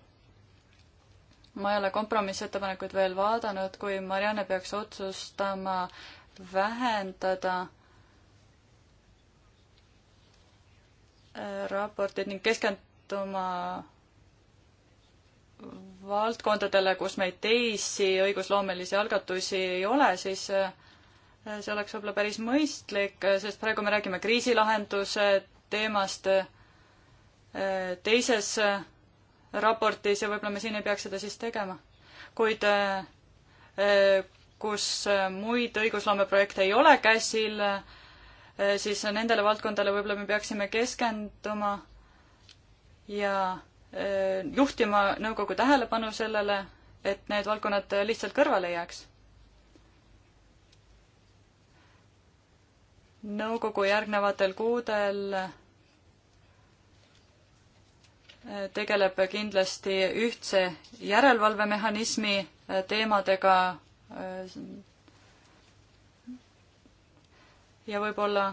ma ei ole kompromissettepanekuid veel vaadanud, kui Marianne peaks otsustama vähendada raporteid ning keskend-, keskenduma valdkondadele, kus meil teisi õigusloomelisi algatusi ei ole, siis eh, see oleks võib-olla päris mõistlik, eh, sest praegu me räägime kriisilahenduse teemast eh, teises raportis ja võib-olla me siin ei peaks seda siis tegema. kuid kus muid õigusloomeprojekte ei ole käsil, siis nendele valdkondadele võib-olla me peaksime keskenduma ja juhtima nõukogu tähelepanu sellele, et need valdkonnad lihtsalt kõrvale ei jääks. nõukogu järgnevatel kuudel tegeleb kindlasti ühtse järelevalvemehhanismi teemadega ja võib-olla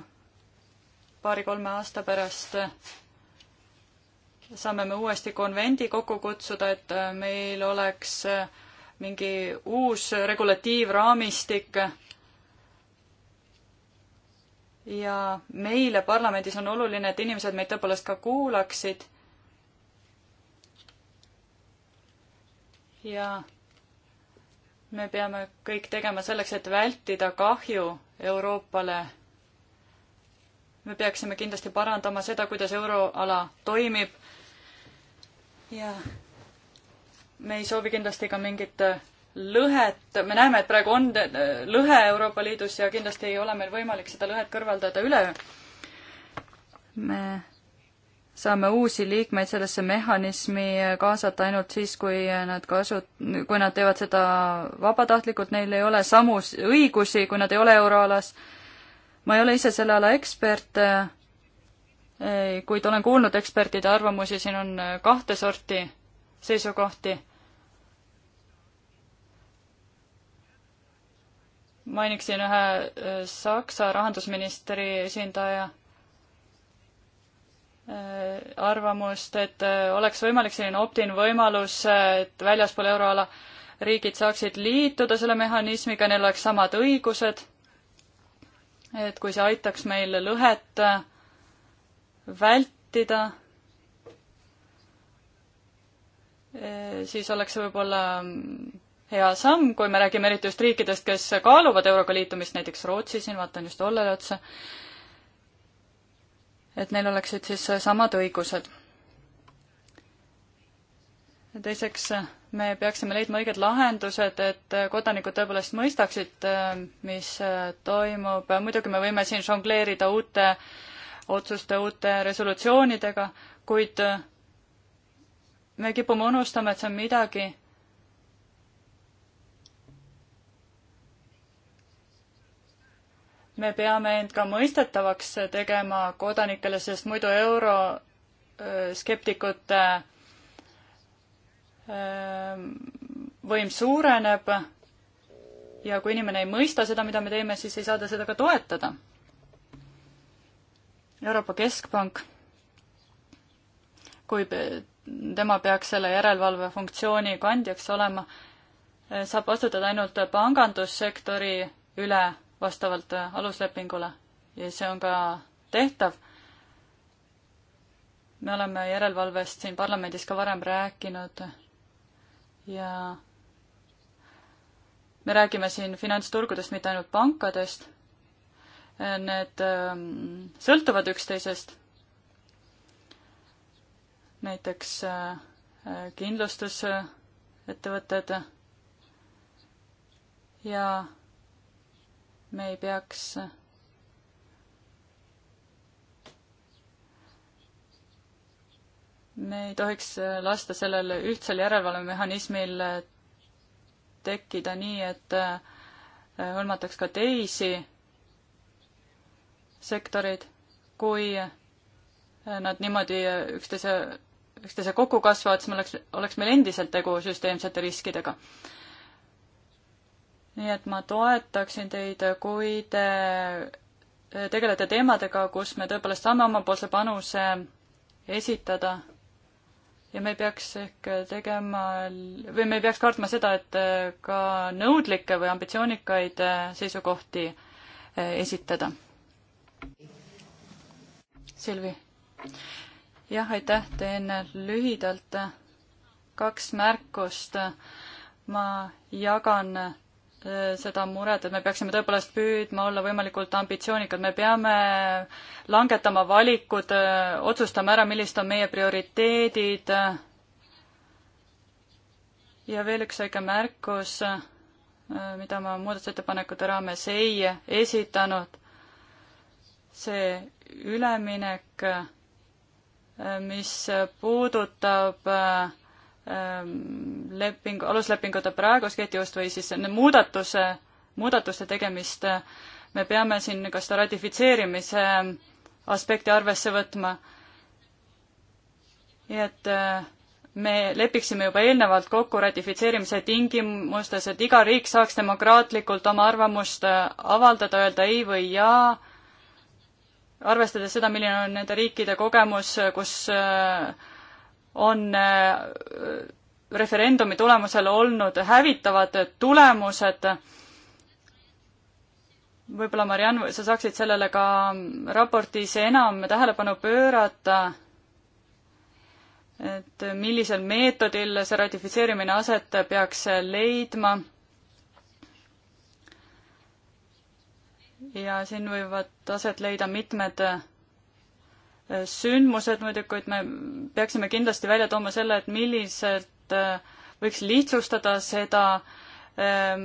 paari-kolme aasta pärast saame me uuesti konvendi kokku kutsuda, et äh, meil oleks äh, mingi uus regulatiivraamistik. ja meile parlamendis on oluline, et inimesed meid tõepoolest ka kuulaksid. ja me peame kõik tegema selleks, et vältida kahju Euroopale me peaksime kindlasti parandama seda, kuidas euroala toimib, ja me ei soovi kindlasti ka mingit äh, lõhet, me näeme, et praegu on äh, lõhe Euroopa Liidus ja kindlasti ei ole meil võimalik seda lõhet kõrvaldada üleöö. me saame uusi liikmeid sellesse mehhanismi äh, kaasata ainult siis, kui nad kasut-, kui nad teevad seda vabatahtlikult, neil ei ole samu õigusi, kui nad ei ole euroalas. ma ei ole ise selle ala ekspert kuid olen kuulnud ekspertide arvamusi, siin on äh, kahte sorti seisukohti. mainiksin ühe äh, Saksa rahandusministri esindaja äh, arvamust, et oleks võimalik selline opt-in võimalus, et väljaspool euroala riigid saaksid liituda selle mehhanismiga, neil oleks samad õigused. et kui see aitaks meil lõhet vältida, eh, siis oleks see võib-olla mm, hea samm, kui me räägime eriti just riikidest, kes kaaluvad euroga liitumist, näiteks Rootsi siin, vaatan just Ollele otsa, et neil oleksid siis samad õigused. teiseks, me peaksime leidma õiged lahendused, et kodanikud tõepoolest mõistaksid, eh, mis eh, toimub, muidugi me võime siin žongleerida uute äh, otsuste uute resolutsioonidega, kuid äh, me kipume unustama, et see on midagi, me peame end ka mõistetavaks tegema kodanikele, sest muidu euroskeptikute äh, äh, võim suureneb ja kui inimene ei mõista seda, mida me teeme, siis ei saa ta seda ka toetada Euroopa Keskpank, kui tema peaks selle järelevalve funktsiooni kandjaks olema, eh, saab vastutada ainult pangandussektori üle vastavalt eh, aluslepingule ja see on ka tehtav. me oleme järelevalvest siin parlamendis ka varem rääkinud ja me räägime siin finantsturgudest, mitte ainult pankadest need ähm, sõltuvad üksteisest. näiteks äh, äh, kindlustusettevõtted ja me ei peaks me ei tohiks lasta sellel ühtsel järelevalvemehhanismil tekkida nii, et äh, hõlmataks ka teisi sektorid, kui nad niimoodi üksteise, üksteise kokku kasvavad, siis me oleks, oleks meil endiselt tegu süsteemsete riskidega. nii et ma toetaksin teid, kui te tegelete teemadega, kus me tõepoolest saame omapoolse panuse esitada ja me ei peaks ehk tegema või me ei peaks kartma seda, et ka nõudlikke või ambitsioonikaid seisukohti esitada Silvi. jah, aitäh, teen lühidalt kaks märkust. ma jagan äh, seda muret, et me peaksime tõepoolest püüdma olla võimalikult ambitsioonikad, me peame langetama valikud, äh, otsustama ära, millised on meie prioriteedid. ja veel üks väike märkus, äh, mida ma muudatusettepanekute raames ei esitanud see üleminek, äh, mis puudutab äh, ähm, leping, aluslepingute praegust kehtivust või siis muudatuse, muudatuste tegemist, äh, me peame siin ka seda ratifitseerimise aspekti arvesse võtma. nii et me lepiksime juba eelnevalt kokku ratifitseerimise tingimustes, et iga riik saaks demokraatlikult oma arvamust avaldada, öelda ei või jaa arvestades seda, milline on nende riikide kogemus, kus äh, on äh, referendumi tulemusel olnud hävitavad tulemused, võib-olla Mariann, sa saaksid sellele ka raportis enam tähelepanu pöörata, et millisel meetodil see ratifitseerimine aset peaks leidma ja siin võivad aset leida mitmed äh, sündmused muidugi, kuid me peaksime kindlasti välja tooma selle, et milliselt äh, võiks lihtsustada seda ähm,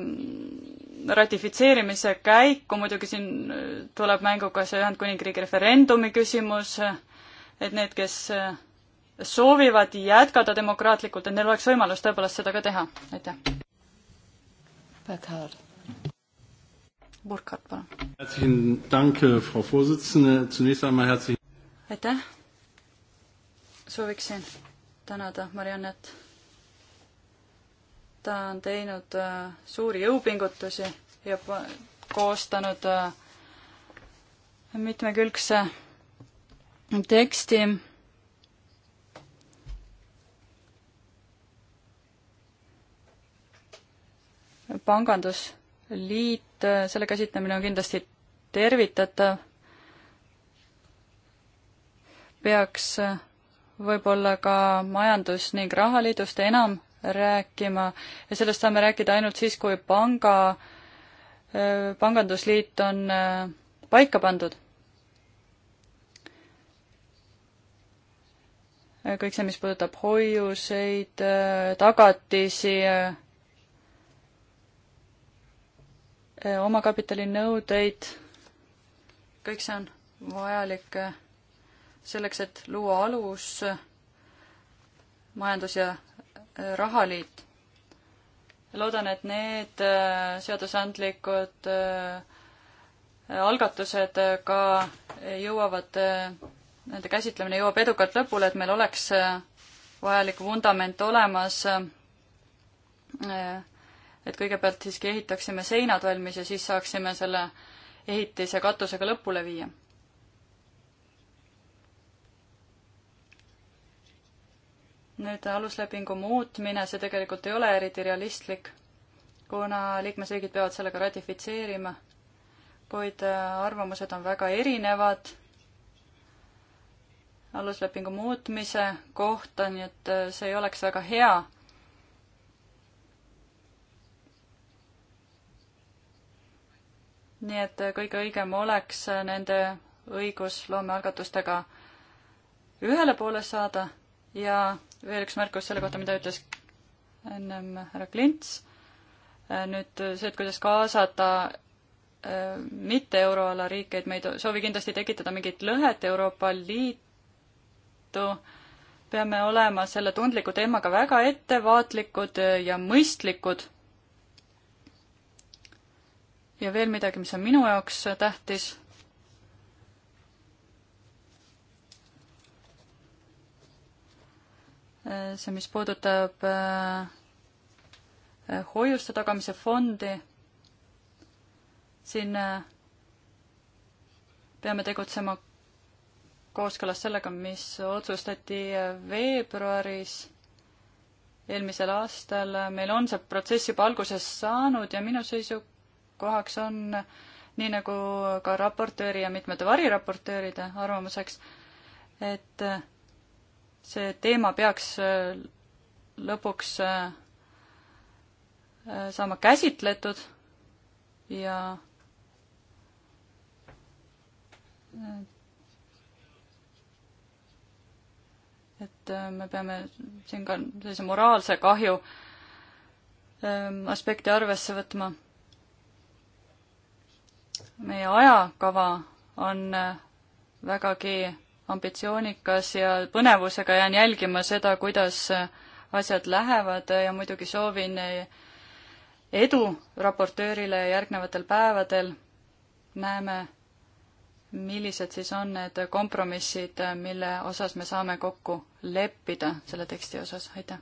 ratifitseerimise käiku, muidugi siin äh, tuleb mängu ka see Ühendkuningriigi referendumi küsimus, et need, kes soovivad jätkata demokraatlikult, et neil oleks võimalus tõepoolest seda ka teha, aitäh. Burkhard, palun. Äh, aitäh. sooviksin tänada Mariannet. ta on teinud äh, suuri jõupingutusi ja koostanud äh, mitmekülgse teksti pangandus liit, selle käsitlemine on kindlasti tervitatav, peaks võib-olla ka Majandus- ning Rahaliidust enam rääkima ja sellest saame rääkida ainult siis, kui panga, pangandusliit on äh, paika pandud. kõik see, mis puudutab hoiuseid, äh, tagatisi, äh, Eh, omakapitalinõudeid, kõik see on vajalik eh, selleks, et luua alus eh, majandus- ja rahaliit. loodan, et need seadusandlikud algatused ka jõuavad, nende käsitlemine jõuab edukalt lõpule, et meil oleks vajalik vundament olemas et kõigepealt siiski ehitaksime seinad valmis ja siis saaksime selle ehitise katusega lõpule viia. nüüd aluslepingu muutmine, see tegelikult ei ole eriti realistlik, kuna liikmesriigid peavad sellega ratifitseerima, kuid äh, arvamused on väga erinevad aluslepingu muutmise kohta, nii et äh, see ei oleks väga hea nii et äh, kõige õigem oleks äh, nende õigusloomealgatustega ühele poole saada ja veel üks märkus selle kohta, mida ütles ennem härra Klints, äh, nüüd see, et kuidas kaasata mitte euroala riike, et me ei soovi kindlasti tekitada mingit lõhet Euroopa Liitu, peame olema selle tundliku teemaga väga ettevaatlikud ja mõistlikud ja veel midagi, mis on minu jaoks tähtis. see, mis puudutab äh, äh, hoiuste tagamise fondi, siin äh, peame tegutsema kooskõlas sellega, mis otsustati veebruaris eelmisel aastal. meil on see protsess juba alguses saanud ja minu seisu kohaks on nii nagu ka raportööri ja mitmete variraportööride arvamuseks, et see teema peaks äh, lõpuks äh, äh, saama käsitletud ja et me peame siin ka sellise moraalse kahju aspekti arvesse võtma meie ajakava on äh, vägagi ambitsioonikas ja põnevusega jään jälgima seda, kuidas äh, asjad lähevad ja muidugi soovin äh, edu raportöörile järgnevatel päevadel. näeme, millised siis on need kompromissid, mille osas me saame kokku leppida selle teksti osas, aitäh!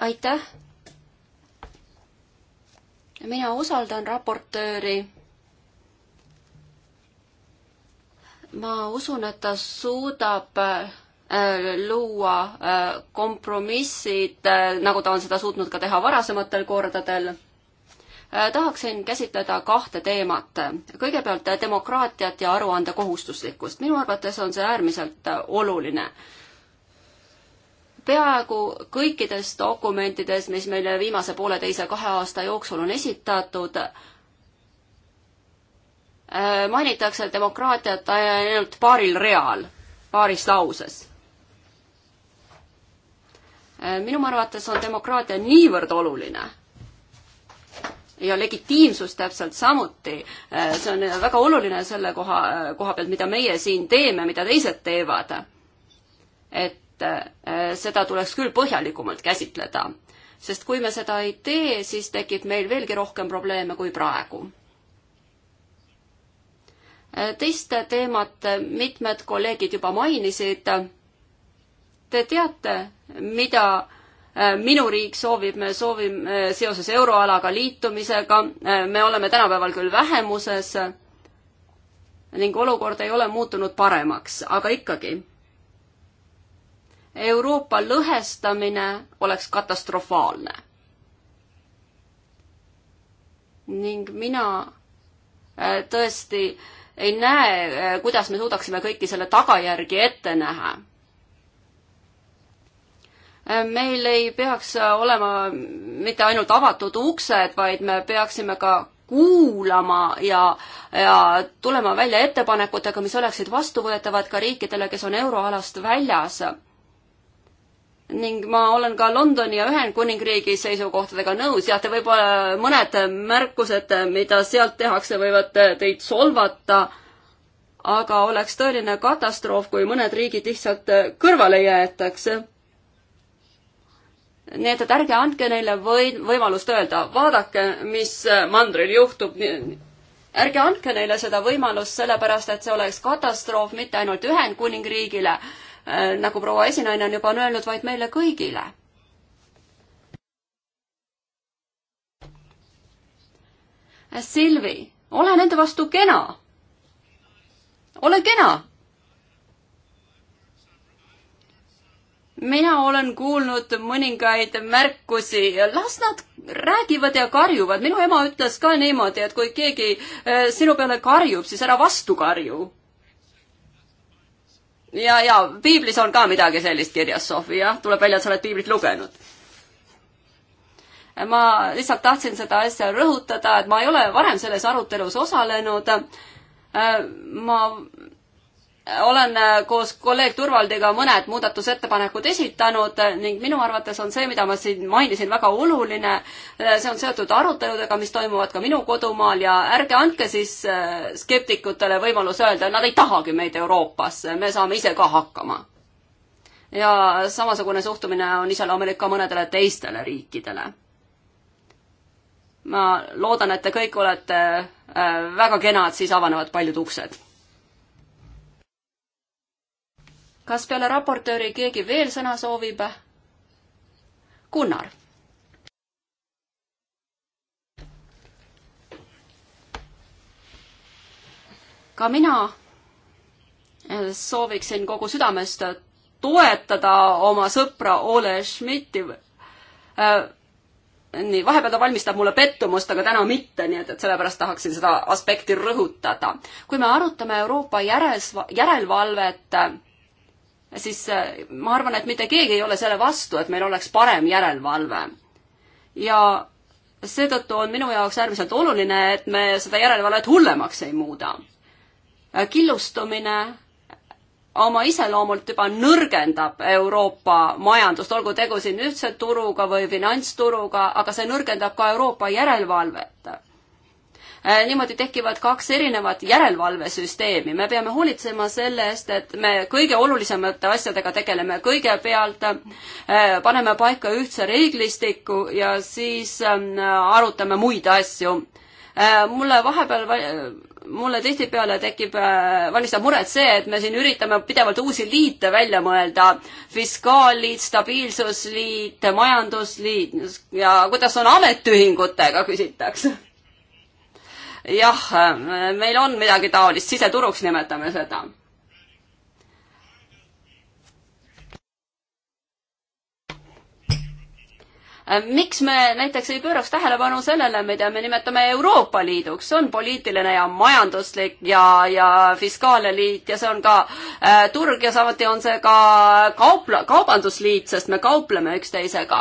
aitäh! mina usaldan raportööri. ma usun, et ta suudab äh, luua äh, kompromissid, äh, nagu ta on seda suutnud ka teha varasematel kordadel. tahaksin käsitleda kahte teemat. kõigepealt demokraatiat ja aruande kohustuslikkust. minu arvates on see äärmiselt oluline peaaegu kõikides dokumentides, mis meile viimase pooleteise-kahe aasta jooksul on esitatud, äh, mainitakse demokraatiat ainult paaril real, paaris lauses. Äh, minu arvates on demokraatia niivõrd oluline ja legitiimsus täpselt samuti. Äh, see on väga oluline selle koha, koha pealt, mida meie siin teeme, mida teised teevad. et et eh, seda tuleks küll põhjalikumalt käsitleda. sest kui me seda ei tee, siis tekib meil veelgi rohkem probleeme kui praegu. Eh, teist teemat mitmed kolleegid juba mainisid. Te teate, mida eh, minu riik soovib, me soovime seoses euroalaga liitumisega, me oleme tänapäeval küll vähemuses ning olukord ei ole muutunud paremaks, aga ikkagi Euroopa lõhestamine oleks katastrofaalne. ning mina äh, tõesti ei näe, äh, kuidas me suudaksime kõiki selle tagajärgi ette näha. Äh, meil ei peaks olema mitte ainult avatud uksed, vaid me peaksime ka kuulama ja, ja tulema välja ettepanekutega, mis oleksid vastuvõetavad ka riikidele, kes on euroalast väljas ning ma olen ka Londoni ja Ühendkuningriigi seisukohtadega nõus, jah, te võib-olla mõned märkused, mida sealt tehakse, võivad teid solvata, aga oleks tõeline katastroof, kui mõned riigid lihtsalt kõrvale jäetakse. nii et, et ärge andke neile või-, võimalust öelda, vaadake, mis mandril juhtub, ärge andke neile seda võimalust, sellepärast et see oleks katastroof mitte ainult Ühendkuningriigile, Äh, nagu proua esinaine on juba on öelnud, vaid meile kõigile. Silvi, ole nende vastu kena. ole kena. mina olen kuulnud mõningaid märkusi, las nad räägivad ja karjuvad. minu ema ütles ka niimoodi, et kui keegi äh, sinu peale karjub, siis ära vastu karju ja, ja piiblis on ka midagi sellist kirjas, Sofi, jah, tuleb välja, et sa oled piiblit lugenud. ma lihtsalt tahtsin seda asja rõhutada, et ma ei ole varem selles arutelus osalenud. Äh, ma olen äh, koos kolleeg Turvaldiga mõned muudatusettepanekud esitanud ning minu arvates on see, mida ma siin mainisin, väga oluline. Äh, see on seotud aruteludega, mis toimuvad ka minu kodumaal ja ärge andke siis äh, skeptikutele võimalus öelda, et nad ei tahagi meid Euroopasse, me saame ise ka hakkama. ja samasugune suhtumine on iseloomulik ka mõnedele teistele riikidele ma loodan, et te kõik olete väga kenad, siis avanevad paljud uksed kas peale raportööri keegi veel sõna soovib? Gunnar. ka mina eh, sooviksin kogu südamest toetada oma sõpra Ole Schmidti. Eh, nii, vahepeal ta valmistab mulle pettumust, aga täna mitte, nii et, et sellepärast tahaksin seda aspekti rõhutada. kui me arutame Euroopa järes, järelevalvet, siis äh, ma arvan, et mitte keegi ei ole selle vastu, et meil oleks parem järelevalve. ja seetõttu on minu jaoks äärmiselt oluline, et me seda järelevalvet hullemaks ei muuda. Äh, killustumine oma iseloomult juba nõrgendab Euroopa majandust, olgu tegu siin ühtse turuga või finantsturuga, aga see nõrgendab ka Euroopa järelevalvet Äh, niimoodi tekivad kaks erinevat järelevalvesüsteemi. me peame hoolitsema selle eest, et me kõige olulisemate asjadega tegeleme kõigepealt, äh, paneme paika ühtse reeglistiku ja siis ähm, arutame muid asju. Äh, mulle vahepeal mulle tihtipeale tekib, valmistab muret see, et me siin üritame pidevalt uusi liite välja mõelda. fiskaalliit, stabiilsusliit, majandusliit ja kuidas on ametiühingutega, küsitakse jah, meil on midagi taolist, siseturuks nimetame seda. miks me näiteks ei pööraks tähelepanu sellele, mida me nimetame Euroopa Liiduks, see on poliitiline ja majanduslik ja, ja fiskaalne liit ja see on ka äh, turg ja samuti on see ka kaupla-, kaubandusliit, sest me kaupleme üksteisega.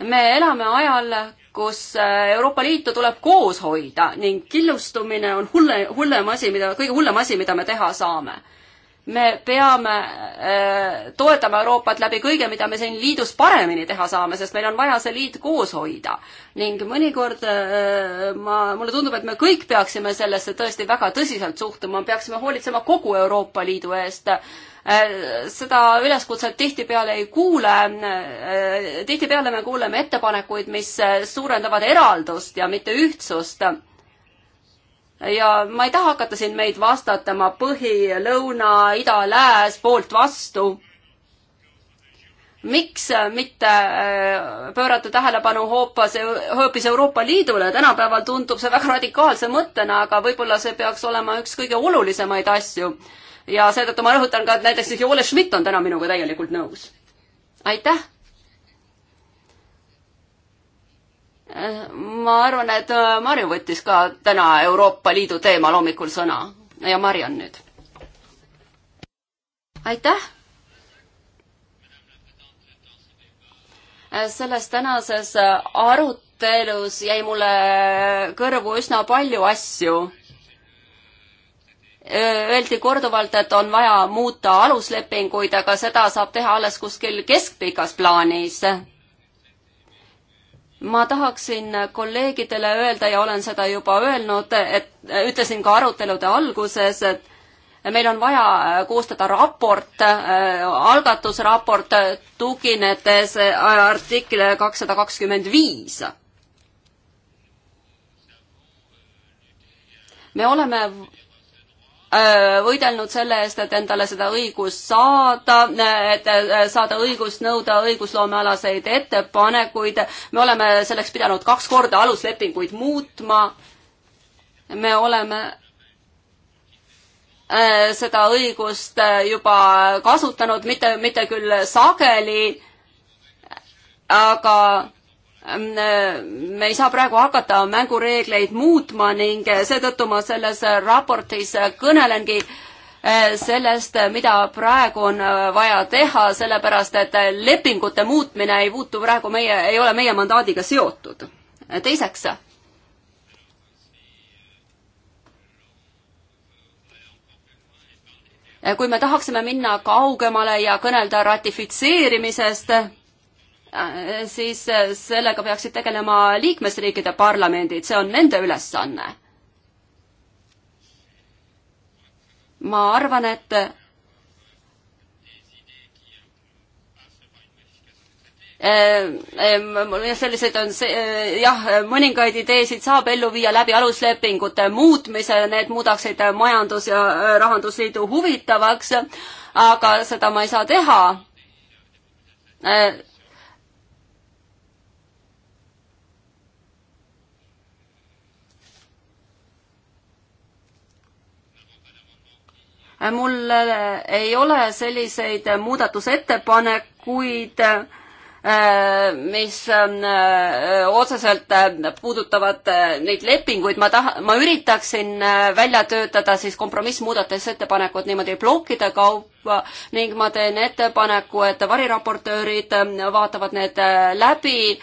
me elame ajal, kus äh, Euroopa Liitu tuleb koos hoida ning killustumine on hulle, hullem asi, mida, kõige hullem asi, mida me teha saame. me peame äh, toetama Euroopat läbi kõige, mida me siin liidus paremini teha saame, sest meil on vaja see liit koos hoida. ning mõnikord äh, ma, mulle tundub, et me kõik peaksime sellesse tõesti väga tõsiselt suhtuma, peaksime hoolitsema kogu Euroopa Liidu eest äh, Äh, seda üleskutset tihtipeale ei kuule. Äh, tihtipeale me kuuleme ettepanekuid, mis äh, suurendavad eraldust ja mitte ühtsust ja ma ei taha hakata siin meid vastatama põhi, lõuna, ida, lääs, poolt, vastu. miks mitte pöörata tähelepanu hoopis, hoopis Euroopa Liidule, tänapäeval tundub see väga radikaalse mõttena, aga võib-olla see peaks olema üks kõige olulisemaid asju ja seetõttu ma rõhutan ka, et näiteks Joole Schmidt on täna minuga täielikult nõus. aitäh! Äh, ma arvan, et äh, Marju võttis ka täna Euroopa Liidu teemal hommikul sõna ja Mariann nüüd. aitäh! Äh, selles tänases arutelus jäi mulle kõrvu üsna palju asju Öeldi korduvalt, et on vaja muuta aluslepinguid, aga seda saab teha alles kuskil keskpikas plaanis ma tahaksin kolleegidele öelda ja olen seda juba öelnud, et ütlesin ka arutelude alguses, et meil on vaja koostada raport, algatusraport, tuginedes artiklile kakssada kakskümmend viis. me oleme Äh, võidelnud selle eest, et endale seda õigust saada, et äh, saada õigust nõuda õigusloomealaseid ettepanekuid. me oleme selleks pidanud kaks korda aluslepinguid muutma. me oleme äh, seda õigust juba kasutanud, mitte, mitte küll sageli, aga Ehm, eh, me ei saa praegu hakata mängureegleid muutma ning eh, seetõttu ma selles eh, raportis kõnelengi sellest, mida praegu on vaja teha, sellepärast et lepingute muutmine ei puutu praegu meie, ei ole meie mandaadiga seotud. teiseks. kui me tahaksime minna kaugemale ja kõnelda ratifitseerimisest, Äh, siis äh, sellega peaksid tegelema liikmesriikide parlamendid, see on nende ülesanne. ma arvan, et äh, selliseid on see, jah, mõningaid ideesid saab ellu viia läbi aluslepingute muutmise, need muudaksid Majandus- ja Rahandusliidu huvitavaks, aga seda ma ei saa teha mul eh, ei ole selliseid muudatusettepanekuid, eh, mis eh, otseselt puudutavad neid lepinguid, ma taha, ma üritaksin välja töötada siis kompromissmuudatusettepanekud niimoodi plokkide kaupa ning ma teen ettepaneku, et variraportöörid vaatavad need läbi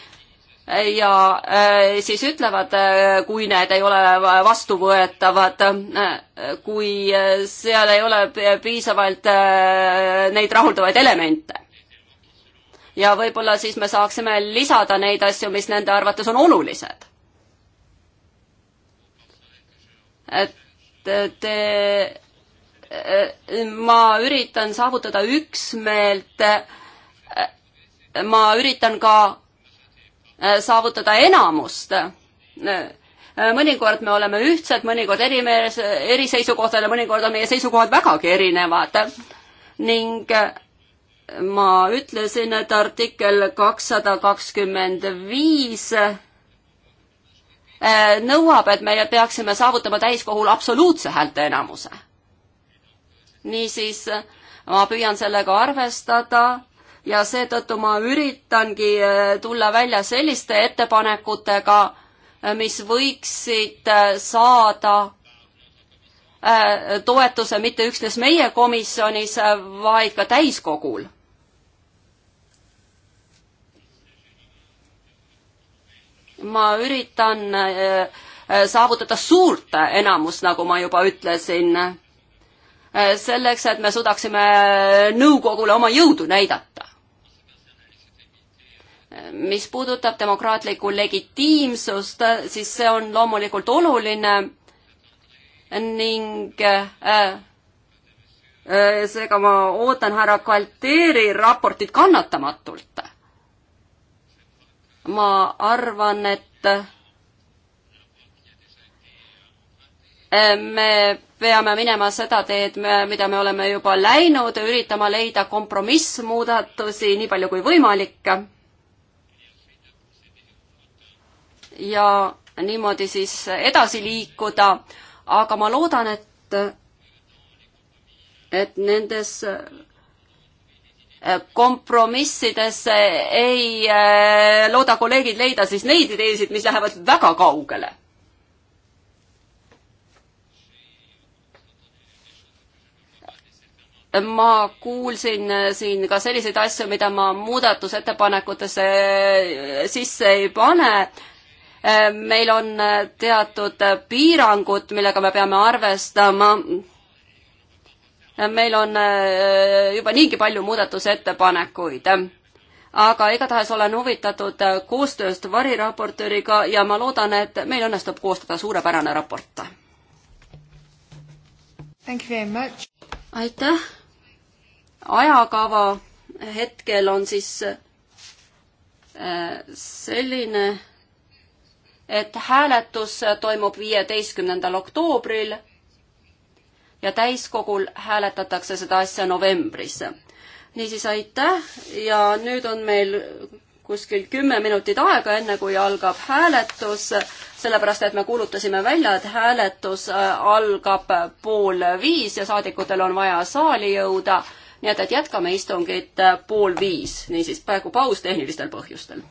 ja äh, siis ütlevad, äh, kui need ei ole vastuvõetavad, äh, kui seal ei ole piisavalt neid rahuldavaid elemente. ja võib-olla siis me saaksime lisada neid asju, mis nende arvates on olulised. et te, ma üritan saavutada üksmeelt, ma üritan ka Äh, saavutada enamust. Äh, mõnikord me oleme ühtsed, mõnikord erimees, eri seisukohtadel, mõnikord on meie seisukohad vägagi erinevad. ning äh, ma ütlesin, et artikkel kakssada kakskümmend viis nõuab, et me peaksime saavutama täiskohul absoluutse häälteenamuse. niisiis ma püüan sellega arvestada ja seetõttu ma üritangi äh, tulla välja selliste ettepanekutega, äh, mis võiksid äh, saada toetuse mitte üksnes meie komisjonis, vaid ka täiskogul. ma üritan saavutada suurt enamust, nagu ma juba ütlesin, selleks, et me suudaksime nõukogule oma jõudu näidata mis puudutab demokraatlikku legitiimsust, siis see on loomulikult oluline ning äh, äh, seega ma ootan härra Kalteeri raportit kannatamatult. ma arvan, et äh, me peame minema seda teed, mida me oleme juba läinud, üritama leida kompromissmuudatusi nii palju kui võimalik ja niimoodi siis edasi liikuda, aga ma loodan, et, et nendes äh, kompromissides ei äh, looda kolleegid leida siis neid ideesid, mis lähevad väga kaugele. ma kuulsin äh, siin ka selliseid asju, mida ma muudatusettepanekutesse sisse ei pane Äh, meil on äh, teatud äh, piirangud, millega me peame arvestama. meil on juba niigi palju muudatusettepanekuid aga igatahes olen huvitatud koostööst variraportööriga ja ma loodan, et meil õnnestub koostada suurepärane raport. aitäh. ajakava hetkel on siis selline et hääletus toimub viieteistkümnendal oktoobril ja täiskogul hääletatakse seda asja novembris. niisiis aitäh ja nüüd on meil kuskil kümme minutit aega, enne kui algab hääletus, sellepärast et me kuulutasime välja, et hääletus äh, algab pool viis ja saadikutel on vaja saali jõuda. nii et, et jätkame istungit äh, pool viis, niisiis praegu paus tehnilistel põhjustel.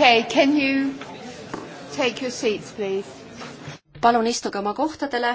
Okay, can you take your seats, please? palun istuge oma kohtadele.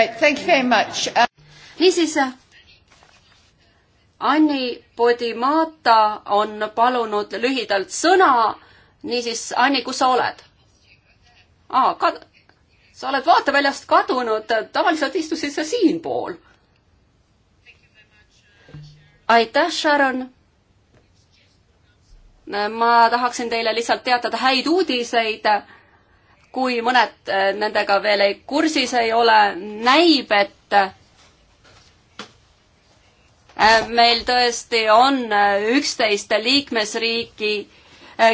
Right, thank you very much uh.... niisiis, Anni Podimata on palunud lühidalt sõna. niisiis, Anni, kus sa oled? aa, kad-, sa oled vaateväljast kadunud, tavaliselt istusid sa siinpool. aitäh, Sharon. ma tahaksin teile lihtsalt teatada häid uudiseid kui mõned äh, nendega veel ei kursis ei ole, näib, et äh, meil tõesti on äh, üksteist liikmesriiki,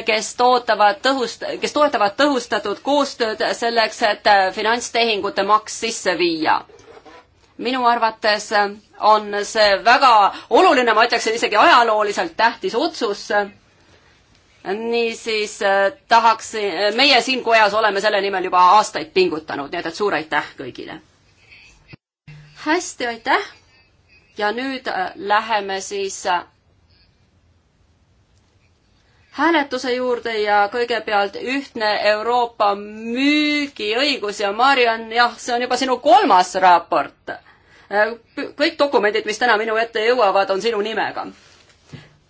kes tootavad tõhust, kes toetavad tõhustatud koostööd selleks, et finantstehingute maks sisse viia. minu arvates on see väga oluline, ma ütleksin isegi ajalooliselt tähtis otsus niisiis äh, tahaks, äh, meie siin kojas oleme selle nimel juba aastaid pingutanud, nii et, et suur aitäh kõigile! hästi, aitäh! ja nüüd äh, läheme siis hääletuse juurde ja kõigepealt ühtne Euroopa müügiõigus ja Mariann, jah, see on juba sinu kolmas raport. kõik dokumendid, mis täna minu ette jõuavad, on sinu nimega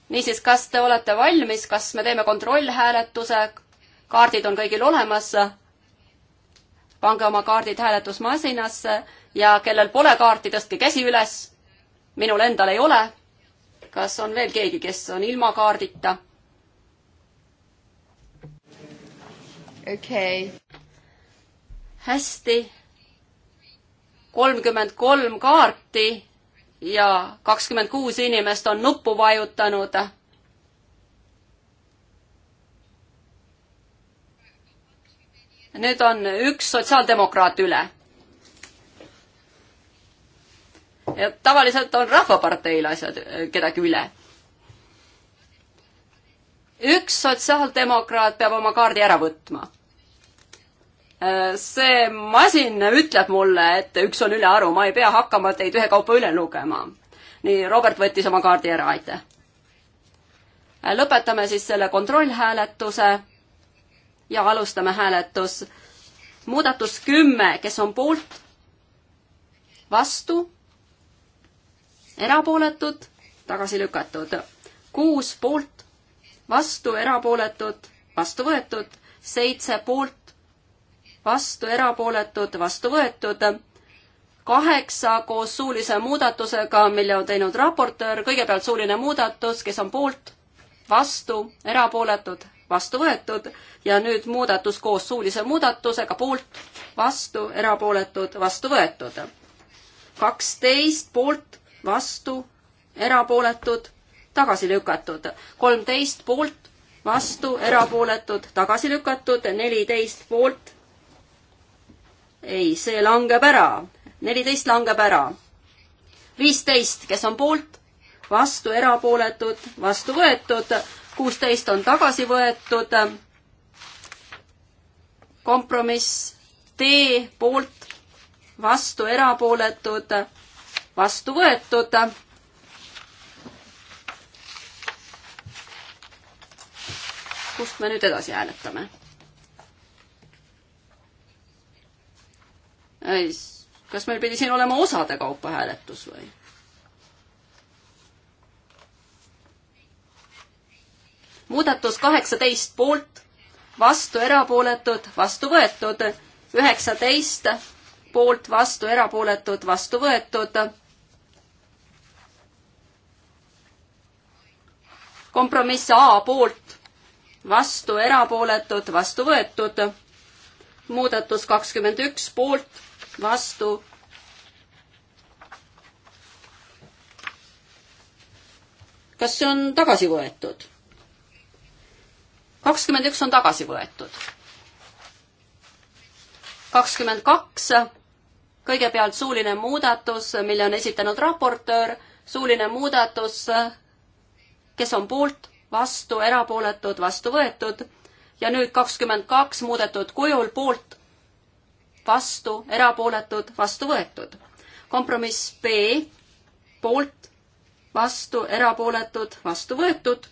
niisiis, kas te olete valmis, kas me teeme kontrollhääletuse? kaardid on kõigil olemas. pange oma kaardid hääletusmasinasse ja kellel pole kaarti, tõstke käsi üles. minul endal ei ole. kas on veel keegi, kes on ilma kaardita? okei okay.. hästi. kolmkümmend kolm kaarti ja kakskümmend kuus inimest on nuppu vajutanud. nüüd on üks sotsiaaldemokraat üle. ja tavaliselt on Rahvaparteil asjad äh, kedagi üle. üks sotsiaaldemokraat peab oma kaardi ära võtma see masin ütleb mulle, et üks on ülearu, ma ei pea hakkama teid ühekaupa üle lugema. nii, Robert võttis oma kaardi ära, aitäh. lõpetame siis selle kontrollhääletuse ja alustame hääletus. muudatus kümme, kes on poolt, vastu, erapooletud, tagasi lükatud. kuus poolt, vastu, erapooletud, vastu võetud, seitse poolt, vastu erapooletud, vastu võetud. kaheksa koos suulise muudatusega, mille on teinud raportöör, kõigepealt suuline muudatus, kes on poolt, vastu, erapooletud, vastu võetud ja nüüd muudatus koos suulise muudatusega, poolt, vastu, erapooletud, vastu võetud. kaksteist poolt, vastu, erapooletud, tagasi lükatud. kolmteist poolt, vastu, erapooletud, tagasi lükatud, neliteist poolt, ei, see langeb ära. neliteist langeb ära. viisteist, kes on poolt, vastu, erapooletud, vastu võetud, kuusteist on tagasi võetud. kompromiss D poolt, vastu, erapooletud, vastu võetud kust me nüüd edasi hääletame? kas meil pidi siin olema osade kaupa hääletus või? muudatus kaheksateist poolt, vastu erapooletud, vastu võetud, üheksateist poolt, vastu erapooletud, vastu võetud. kompromiss A poolt, vastu erapooletud, vastu võetud. muudatus kakskümmend üks poolt vastu. kas see on tagasi võetud? kakskümmend üks on tagasi võetud. kakskümmend kaks, kõigepealt suuline muudatus, mille on esitanud raportöör, suuline muudatus, kes on poolt, vastu, erapooletud, vastu võetud ja nüüd kakskümmend kaks muudetud kujul poolt, vastu, erapooletud, vastu võetud. kompromiss B, poolt, vastu, erapooletud, vastu võetud.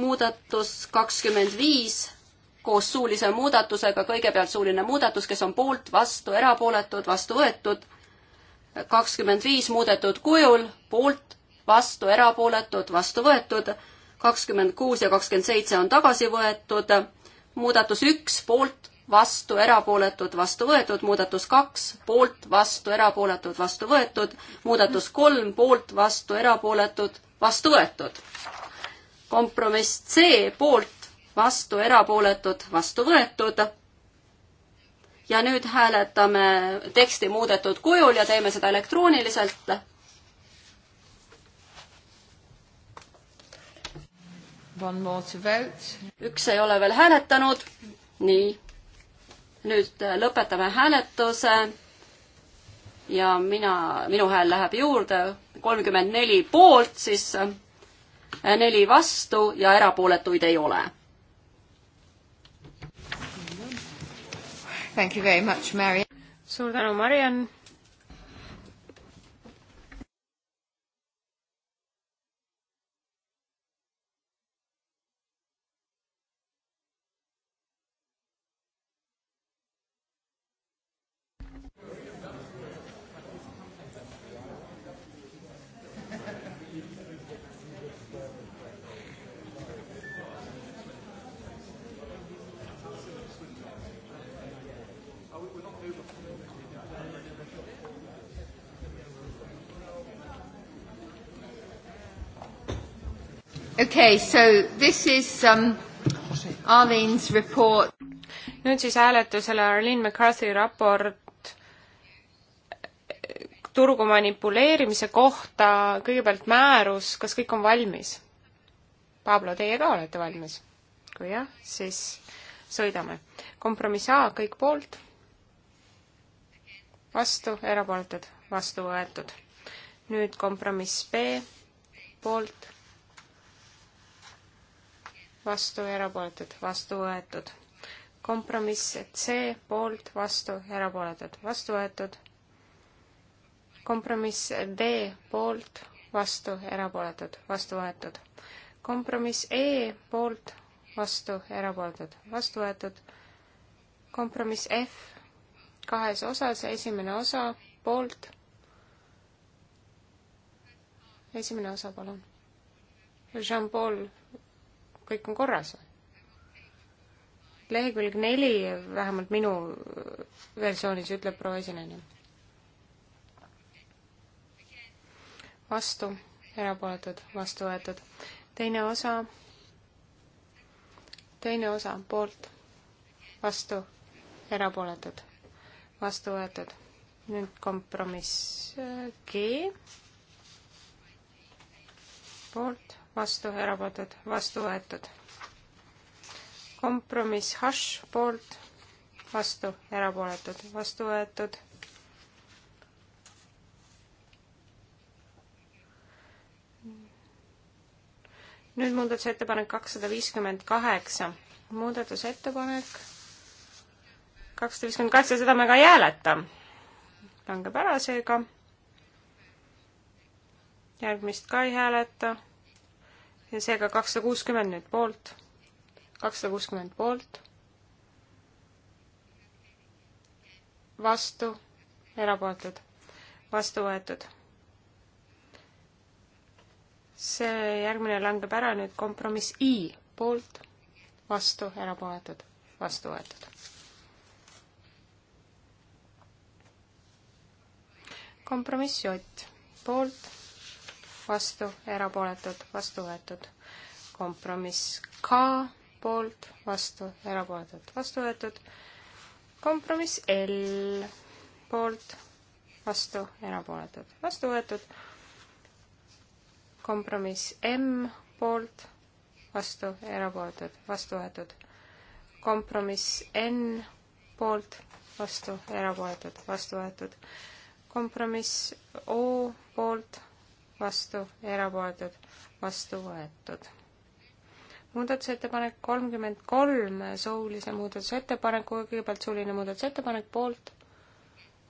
muudatus kakskümmend viis koos suulise muudatusega, kõigepealt suuline muudatus, kes on poolt, vastu, erapooletud, vastu võetud. kakskümmend viis muudetud kujul, poolt, vastu, erapooletud, vastu võetud. kakskümmend kuus ja kakskümmend seitse on tagasi võetud. muudatus üks, poolt, vastu, erapooletud, vastu võetud, muudatus kaks, poolt, vastu, erapooletud, vastu võetud, muudatus kolm, poolt, vastu, erapooletud, vastu võetud. kompromiss C, poolt, vastu, erapooletud, vastu võetud. ja nüüd hääletame teksti muudetud kujul ja teeme seda elektrooniliselt. üks ei ole veel hääletanud, nii nüüd äh, lõpetame hääletuse ja mina, minu hääl läheb juurde, kolmkümmend neli poolt siis, äh, neli vastu ja erapooletuid ei ole. suur tänu, Mariann! Okay, so this is um, Arlene's report. nüüd siis hääletusele Arlene McCarthy raport eh, turgu manipuleerimise kohta, kõigepealt määrus, kas kõik on valmis? Pablo, teie ka olete valmis? kui jah, siis sõidame. kompromiss A, kõik poolt? vastu, erapooletud, vastu võetud. nüüd kompromiss B, poolt vastu, erapooletud, vastu võetud. kompromiss C poolt, vastu, erapooletud, vastu võetud. kompromiss D poolt, vastu, erapooletud, vastu võetud. kompromiss E poolt, vastu, erapooletud, vastu võetud. kompromiss F kahes osas, esimene osa poolt. esimene osa, palun. Jean-Paul kõik on korras. lehekülg neli, vähemalt minu versioonis, ütleb proua esinejana. vastu, erapooletud, vastu võetud. teine osa, teine osa, poolt, vastu, erapooletud, vastu võetud. nüüd kompromiss äh, G poolt vastu, erapooletud, vastu võetud. kompromiss hash poolt, vastu, erapooletud, vastu võetud. nüüd muudatusettepanek kakssada viiskümmend kaheksa. muudatusettepanek kakssada viiskümmend kaheksa, seda me ka ei hääleta. langeb ära seega järgmist ka ei hääleta ja seega kakssada kuuskümmend nüüd poolt, kakssada kuuskümmend poolt, vastu, erapooletud, vastu võetud. see järgmine langeb ära nüüd kompromiss I poolt, vastu, erapooletud, vastu võetud. kompromiss J poolt vastu, erapooletud, vastu võetud. kompromiss K poolt, vastu, erapooletud, vastu võetud. kompromiss L poolt, vastu, erapooletud, vastu võetud. kompromiss M poolt, vastu, erapooletud, vastu võetud. kompromiss N poolt, vastu, erapooletud, vastu võetud. kompromiss O poolt, vastu, erapooletud, vastu võetud. muudatusettepanek kolmkümmend kolm suulise muudatusettepanekuga, kõigepealt suuline muudatusettepanek poolt,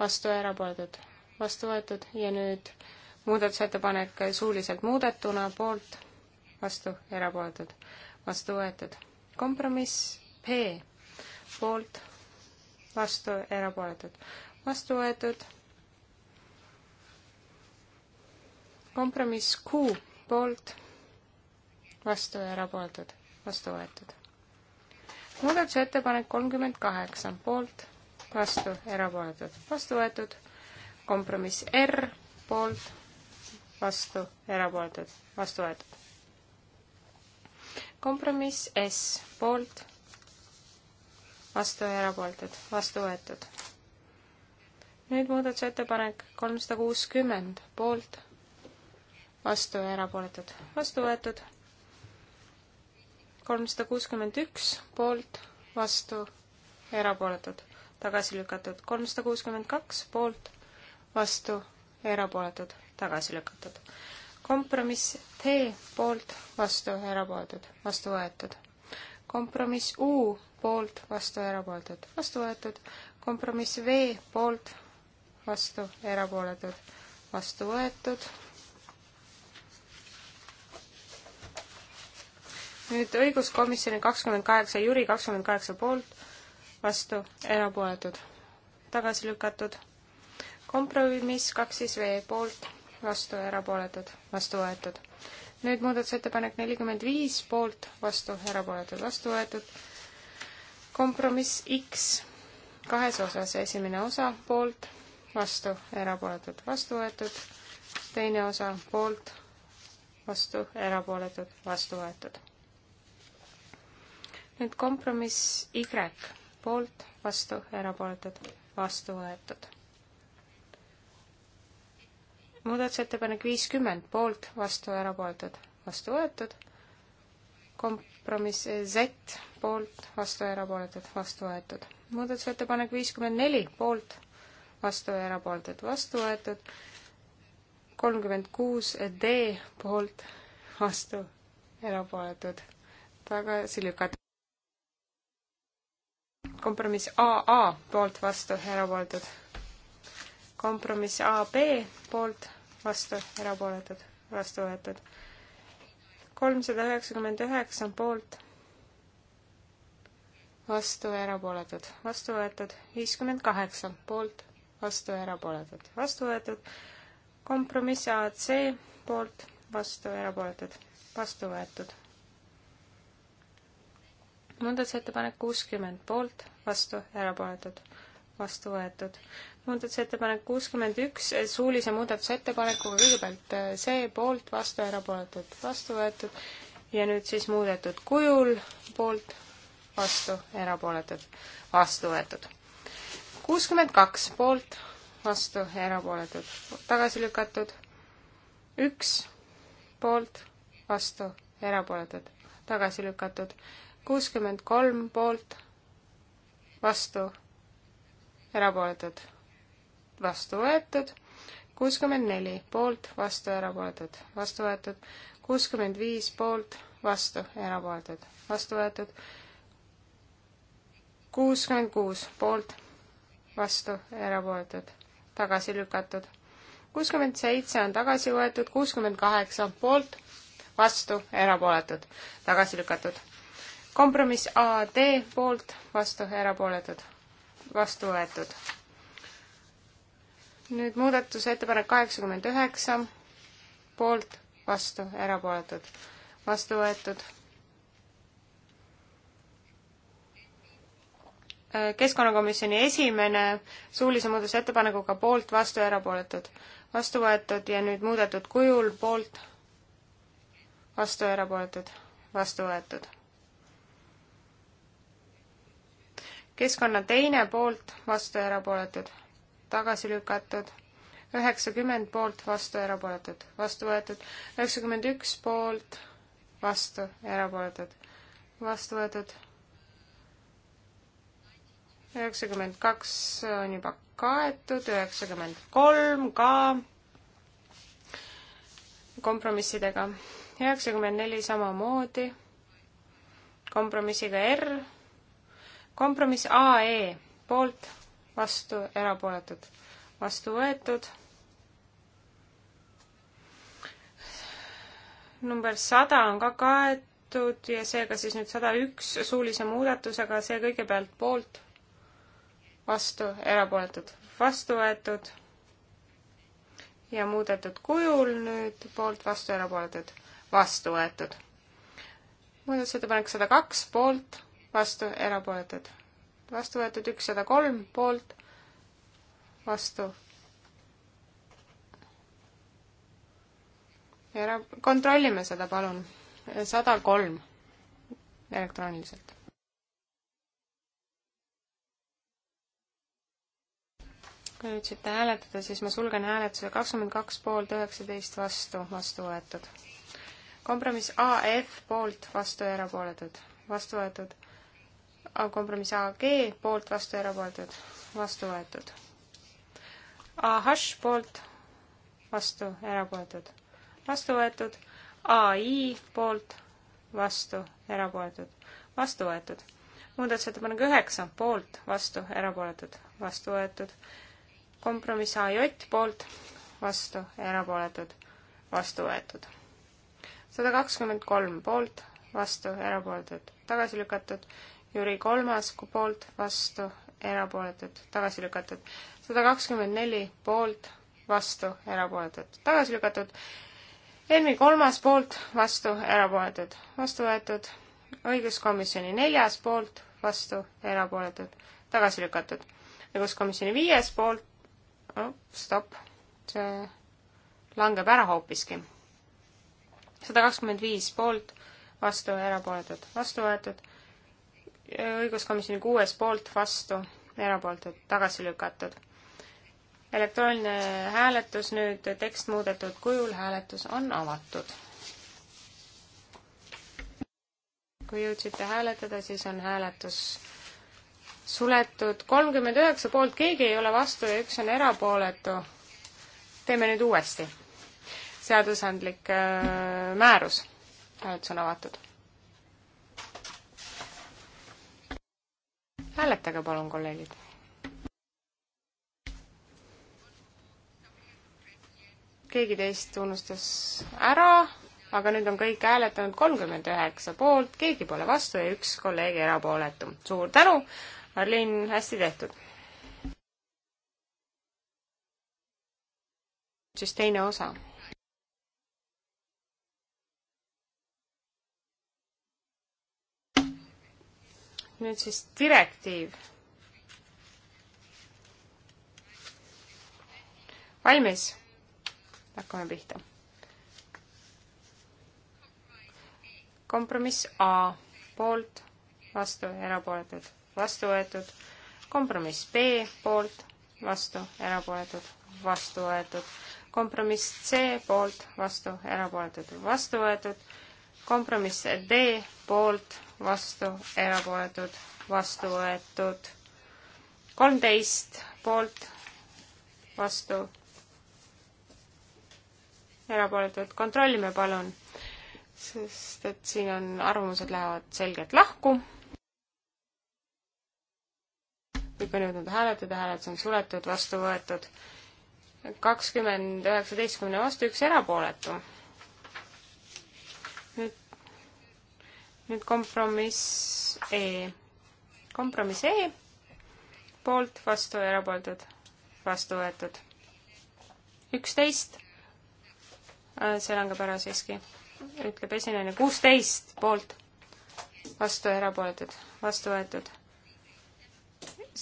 vastu, erapooletud, vastu võetud ja nüüd muudatusettepanek suuliselt muudetuna poolt, vastu, erapooletud, vastu võetud. kompromiss P poolt, vastu, erapooletud, vastu võetud kompromiss Q poolt, vastu ja erapooletud, vastu võetud. muudatusettepanek kolmkümmend kaheksa poolt, vastu, erapooletud, vastu võetud. kompromiss R poolt, vastu, erapooletud, vastu võetud. kompromiss S poolt, vastu ja erapooletud, vastu võetud. nüüd muudatusettepanek kolmsada kuuskümmend poolt vastu ja erapooletud, vastu võetud. kolmsada kuuskümmend üks poolt, vastu, erapooletud, tagasi lükatud. kolmsada kuuskümmend kaks poolt, vastu, erapooletud, tagasi lükatud. kompromiss T poolt, vastu, erapooletud, vastu võetud. kompromiss U poolt, vastu, erapooletud, vastu võetud. kompromiss V poolt, vastu, erapooletud, vastu võetud nüüd õiguskomisjoni kakskümmend kaheksa, Jüri kakskümmend kaheksa poolt, vastu, erapooletud, tagasi lükatud. kompromiss kaks siis V poolt, vastu, erapooletud, vastu võetud. nüüd muudatusettepanek nelikümmend viis poolt, vastu, erapooletud, vastu võetud. kompromiss X kahes osas, esimene osa poolt, vastu, erapooletud, vastu võetud, teine osa poolt, vastu, erapooletud, vastu võetud nüüd kompromiss Y, poolt, vastu, erapooletud, vastu võetud. muudatusettepanek viiskümmend, poolt, vastu, erapooletud, vastu võetud. kompromiss Z, poolt, vastu, erapooletud, vastu võetud. muudatusettepanek viiskümmend neli, poolt, vastu, erapooletud, vastu võetud. kolmkümmend kuus D, poolt, vastu, erapooletud, tagasi lükatud kompromiss AA poolt vastu, erapooletud. kompromiss AB poolt vastu, erapooletud, vastu võetud. kolmsada üheksakümmend üheksa poolt vastu, erapooletud, vastu võetud, viiskümmend kaheksa poolt, vastu, erapooletud, vastu võetud, kompromiss AC poolt, vastu, erapooletud, vastu võetud. muudatusettepanek kuuskümmend poolt, vastu, erapooletud, vastu võetud. muudatusettepanek kuuskümmend üks suulise muudatusettepanekuga kõigepealt äh, see poolt, vastu, erapooletud, vastu võetud ja nüüd siis muudetud kujul poolt, vastu, erapooletud, vastu võetud. kuuskümmend kaks poolt, vastu, erapooletud, tagasi lükatud. üks poolt, vastu, erapooletud, tagasi lükatud. kuuskümmend kolm poolt, vastu, erapooletud, vastu võetud, kuuskümmend neli poolt, vastu, erapooletud, vastu võetud, kuuskümmend viis poolt, vastu, erapooletud, vastu võetud, kuuskümmend kuus poolt, vastu, erapooletud, tagasi lükatud. kuuskümmend seitse on tagasi võetud, kuuskümmend kaheksa poolt, vastu, erapooletud, tagasi lükatud kompromiss AD poolt, vastu, erapooletud, vastu võetud. nüüd muudatusettepanek kaheksakümmend üheksa, poolt, vastu, erapooletud, vastu võetud. keskkonnakomisjoni esimene suulise muudatusettepanekuga poolt, vastu, erapooletud, vastu võetud ja nüüd muudetud kujul poolt, vastu, erapooletud, vastu võetud keskkonna teine poolt, vastu ja erapooletud, tagasi lükatud, üheksakümmend poolt, vastu ja erapooletud, vastu võetud, üheksakümmend üks poolt, vastu ja erapooletud, vastu võetud, üheksakümmend kaks on juba kaetud, üheksakümmend kolm ka kompromissidega, üheksakümmend neli samamoodi, kompromissiga R kompromiss AE poolt, vastu, erapooletud, vastu võetud. number sada on ka kaetud ja seega siis nüüd sada üks suulise muudatusega, see kõigepealt poolt, vastu, erapooletud, vastu võetud ja muudetud kujul nüüd poolt, vastu, erapooletud, vastu võetud. muudatusettepanek sada kaks, poolt vastu, erapooletud. vastu võetud ükssada kolm poolt, vastu. era-, kontrollime seda, palun. sada kolm elektrooniliselt. kui jõudsite hääletada, siis ma sulgen hääletuse kakskümmend kaks poolt, üheksateist vastu, vastu võetud. kompromiss AF poolt, vastu ja erapooletud, vastu võetud kompromiss AG poolt vastu erapooletud, vastu võetud. AH poolt vastu erapooletud, vastu võetud. ai poolt vastu erapooletud, vastu võetud. muudatusettepanek üheksa poolt vastu erapooletud, vastu võetud. kompromiss AJ poolt vastu erapooletud, vastu võetud. sada kakskümmend kolm poolt vastu erapooletud, tagasi lükatud Jüri kolmas poolt, vastu, erapooletud, tagasi lükatud. sada kakskümmend neli poolt, vastu, erapooletud, tagasi lükatud. Helmi kolmas poolt, vastu, erapooletud, vastu võetud. õiguskomisjoni neljas poolt, vastu, erapooletud, tagasi lükatud. õiguskomisjoni viies poolt oh,, stopp, see langeb ära hoopiski. sada kakskümmend viis poolt, vastu, erapooletud, vastu võetud õiguskomisjoni kuues poolt vastu, erapooletud, tagasi lükatud. elektrooniline hääletus nüüd tekst muudetud kujul, hääletus on avatud. kui jõudsite hääletada, siis on hääletus suletud kolmkümmend üheksa poolt, keegi ei ole vastu ja üks on erapooletu. teeme nüüd uuesti. seadusandlik äh, määrus, hääletus on avatud. hääletage palun, kolleegid. keegi teist unustas ära, aga nüüd on kõik hääletanud kolmkümmend üheksa poolt, keegi pole vastu ja üks kolleeg erapooletu. suur tänu, Arlin, hästi tehtud. siis teine osa nüüd siis direktiiv. valmis? hakkame pihta. kompromiss A, poolt, vastu, erapooletud, vastu võetud. kompromiss B, poolt, vastu, erapooletud, vastu võetud. kompromiss C, poolt, vastu, erapooletud, vastu võetud kompromiss e D poolt, vastu, erapooletud, vastu võetud. kolmteist poolt, vastu, erapooletud. kontrollime palun, sest et siin on, arvamused lähevad selgelt lahku. kõik on jõudnud hääletada, hääletus on suletud, vastu võetud. kakskümmend üheksateistkümne vastu, üks erapooletu nüüd kompromiss E. kompromiss E, poolt, vastu, erapooletud, vastu võetud. üksteist, äh, see langeb ära siiski, ütleb esinejana, kuusteist poolt, vastu, erapooletud, vastu võetud.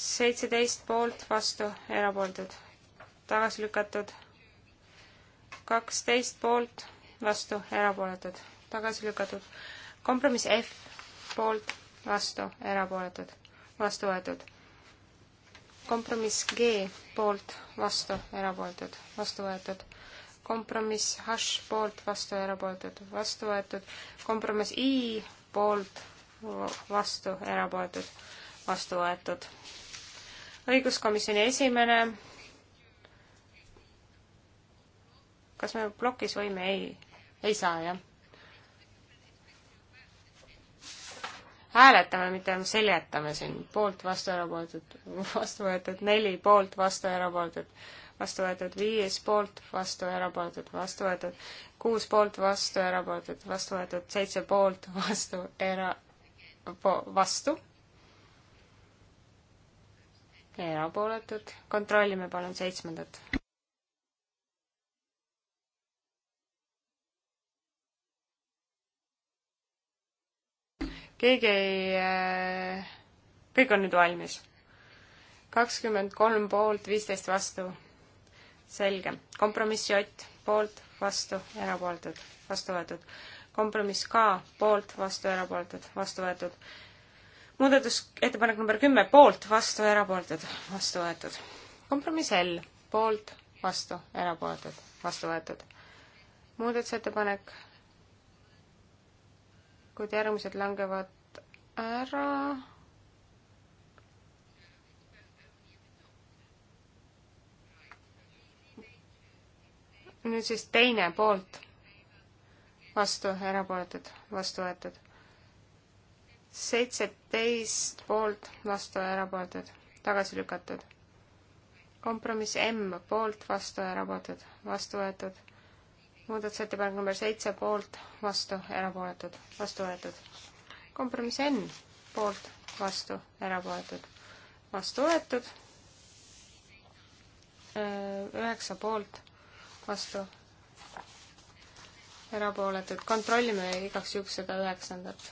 seitseteist poolt, vastu, erapooletud, tagasi lükatud. kaksteist poolt, vastu, erapooletud, tagasi lükatud kompromiss F poolt, vastu, erapooletud, vastu võetud. kompromiss G poolt, vastu, erapooletud, vastu võetud. kompromiss H poolt, vastu, erapooletud, vastu võetud. kompromiss I poolt, vastu, erapooletud, vastu võetud. õiguskomisjoni esimene. kas me plokis võime? ei, ei saa, jah hääletame, mitte seletame siin poolt, vastu, erapooletud, vastu võetud neli, poolt, vastu, erapooletud, vastu võetud viis, poolt, vastu, erapooletud, vastu võetud kuus, poolt, vastu, erapooletud, vastu võetud seitse, poolt, vastu, era- po,, vastu, erapooletud, kontrollime palun seitsmendat. keegi ei, äh, kõik on nüüd valmis. kakskümmend kolm poolt, viisteist vastu. selge. kompromiss J poolt, vastu, erapooletud, vastu võetud. kompromiss K poolt, vastu, erapooletud, vastu võetud. muudatusettepanek number kümme poolt, vastu, erapooletud, vastu võetud. kompromiss L poolt, vastu, erapooletud, vastu võetud. muudatusettepanek kuid järgmised langevad ära. nüüd siis teine poolt, vastu, erapooletud, vastu võetud. seitseteist poolt, vastu, erapooletud, tagasi lükatud. kompromiss M poolt, vastu, erapooletud, vastu võetud muudatusettepanek number seitse, poolt, vastu, erapooletud, vastu võetud. kompromiss N, poolt, vastu, erapooletud, vastu võetud. Äh, üheksa poolt, vastu, erapooletud, kontrollime igaks juhuks seda üheksandat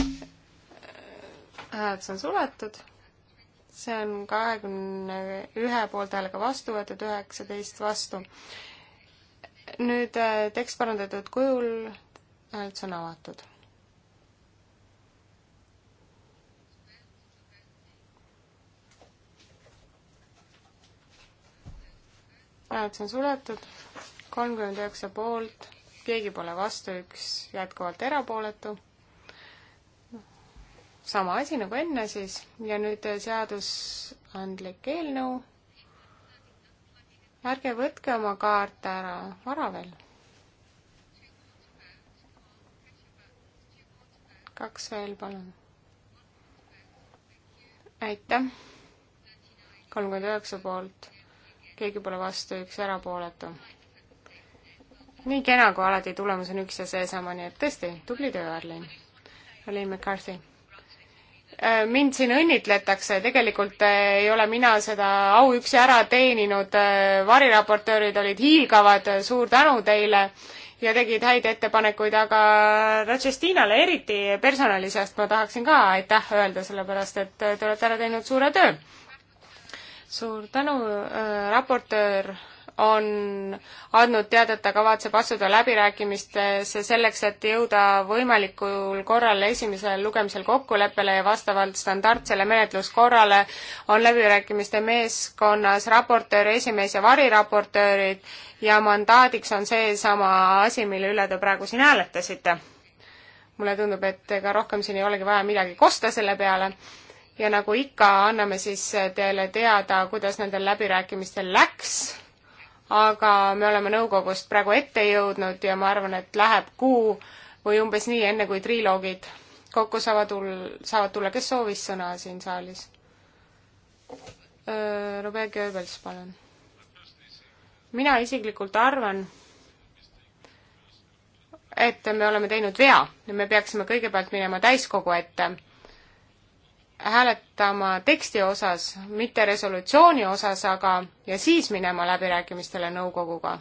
äh, hääletus on suletud see on kahekümne ühe poolthäälega vastu võetud, üheksateist vastu. nüüd äh, tekst parandatud kujul, hääletus on avatud. hääletus on suletud, kolmkümmend üheksa poolt, keegi pole vastu, üks jätkuvalt erapooletu sama asi nagu enne siis ja nüüd seadusandlik eelnõu. ärge võtke oma kaarte ära vara veel. kaks veel, palun. aitäh. kolmkümmend üheksa poolt, keegi pole vastu, üks erapooletu. nii kena, kui alati tulemus on üks ja seesama, nii et tõesti, tubli töö, Arlen. Arlen McCarthy Äh, mind siin õnnitletakse, tegelikult äh, ei ole mina seda au üksi ära teeninud, äh, variraportöörid olid hiilgavad, suur tänu teile ja tegid häid ettepanekuid, aga Rodžestinale eriti personali seast ma tahaksin ka aitäh öelda, sellepärast et te olete ära teinud suure töö. suur tänu äh,, raportöör on andnud teada, et ta kavatseb astuda läbirääkimistesse selleks, et jõuda võimalikul korral esimesel lugemisel kokkuleppele ja vastavalt standardsele menetluskorrale on läbirääkimiste meeskonnas raportöör, esimees ja variraportöörid ja mandaadiks on seesama asi, mille üle te praegu siin hääletasite. mulle tundub, et ega rohkem siin ei olegi vaja midagi kosta selle peale ja nagu ikka, anname siis teile teada, kuidas nendel läbirääkimistel läks aga me oleme nõukogust praegu ette jõudnud ja ma arvan, et läheb kuu või umbes nii, enne kui triloogid kokku saavad tulla, saavad tulla. kes soovis sõna siin saalis? Äh, Robert Goebbels, palun. mina isiklikult arvan, et me oleme teinud vea ja me peaksime kõigepealt minema täiskogu ette hääletama teksti osas, mitte resolutsiooni osas, aga, ja siis minema läbirääkimistele nõukoguga.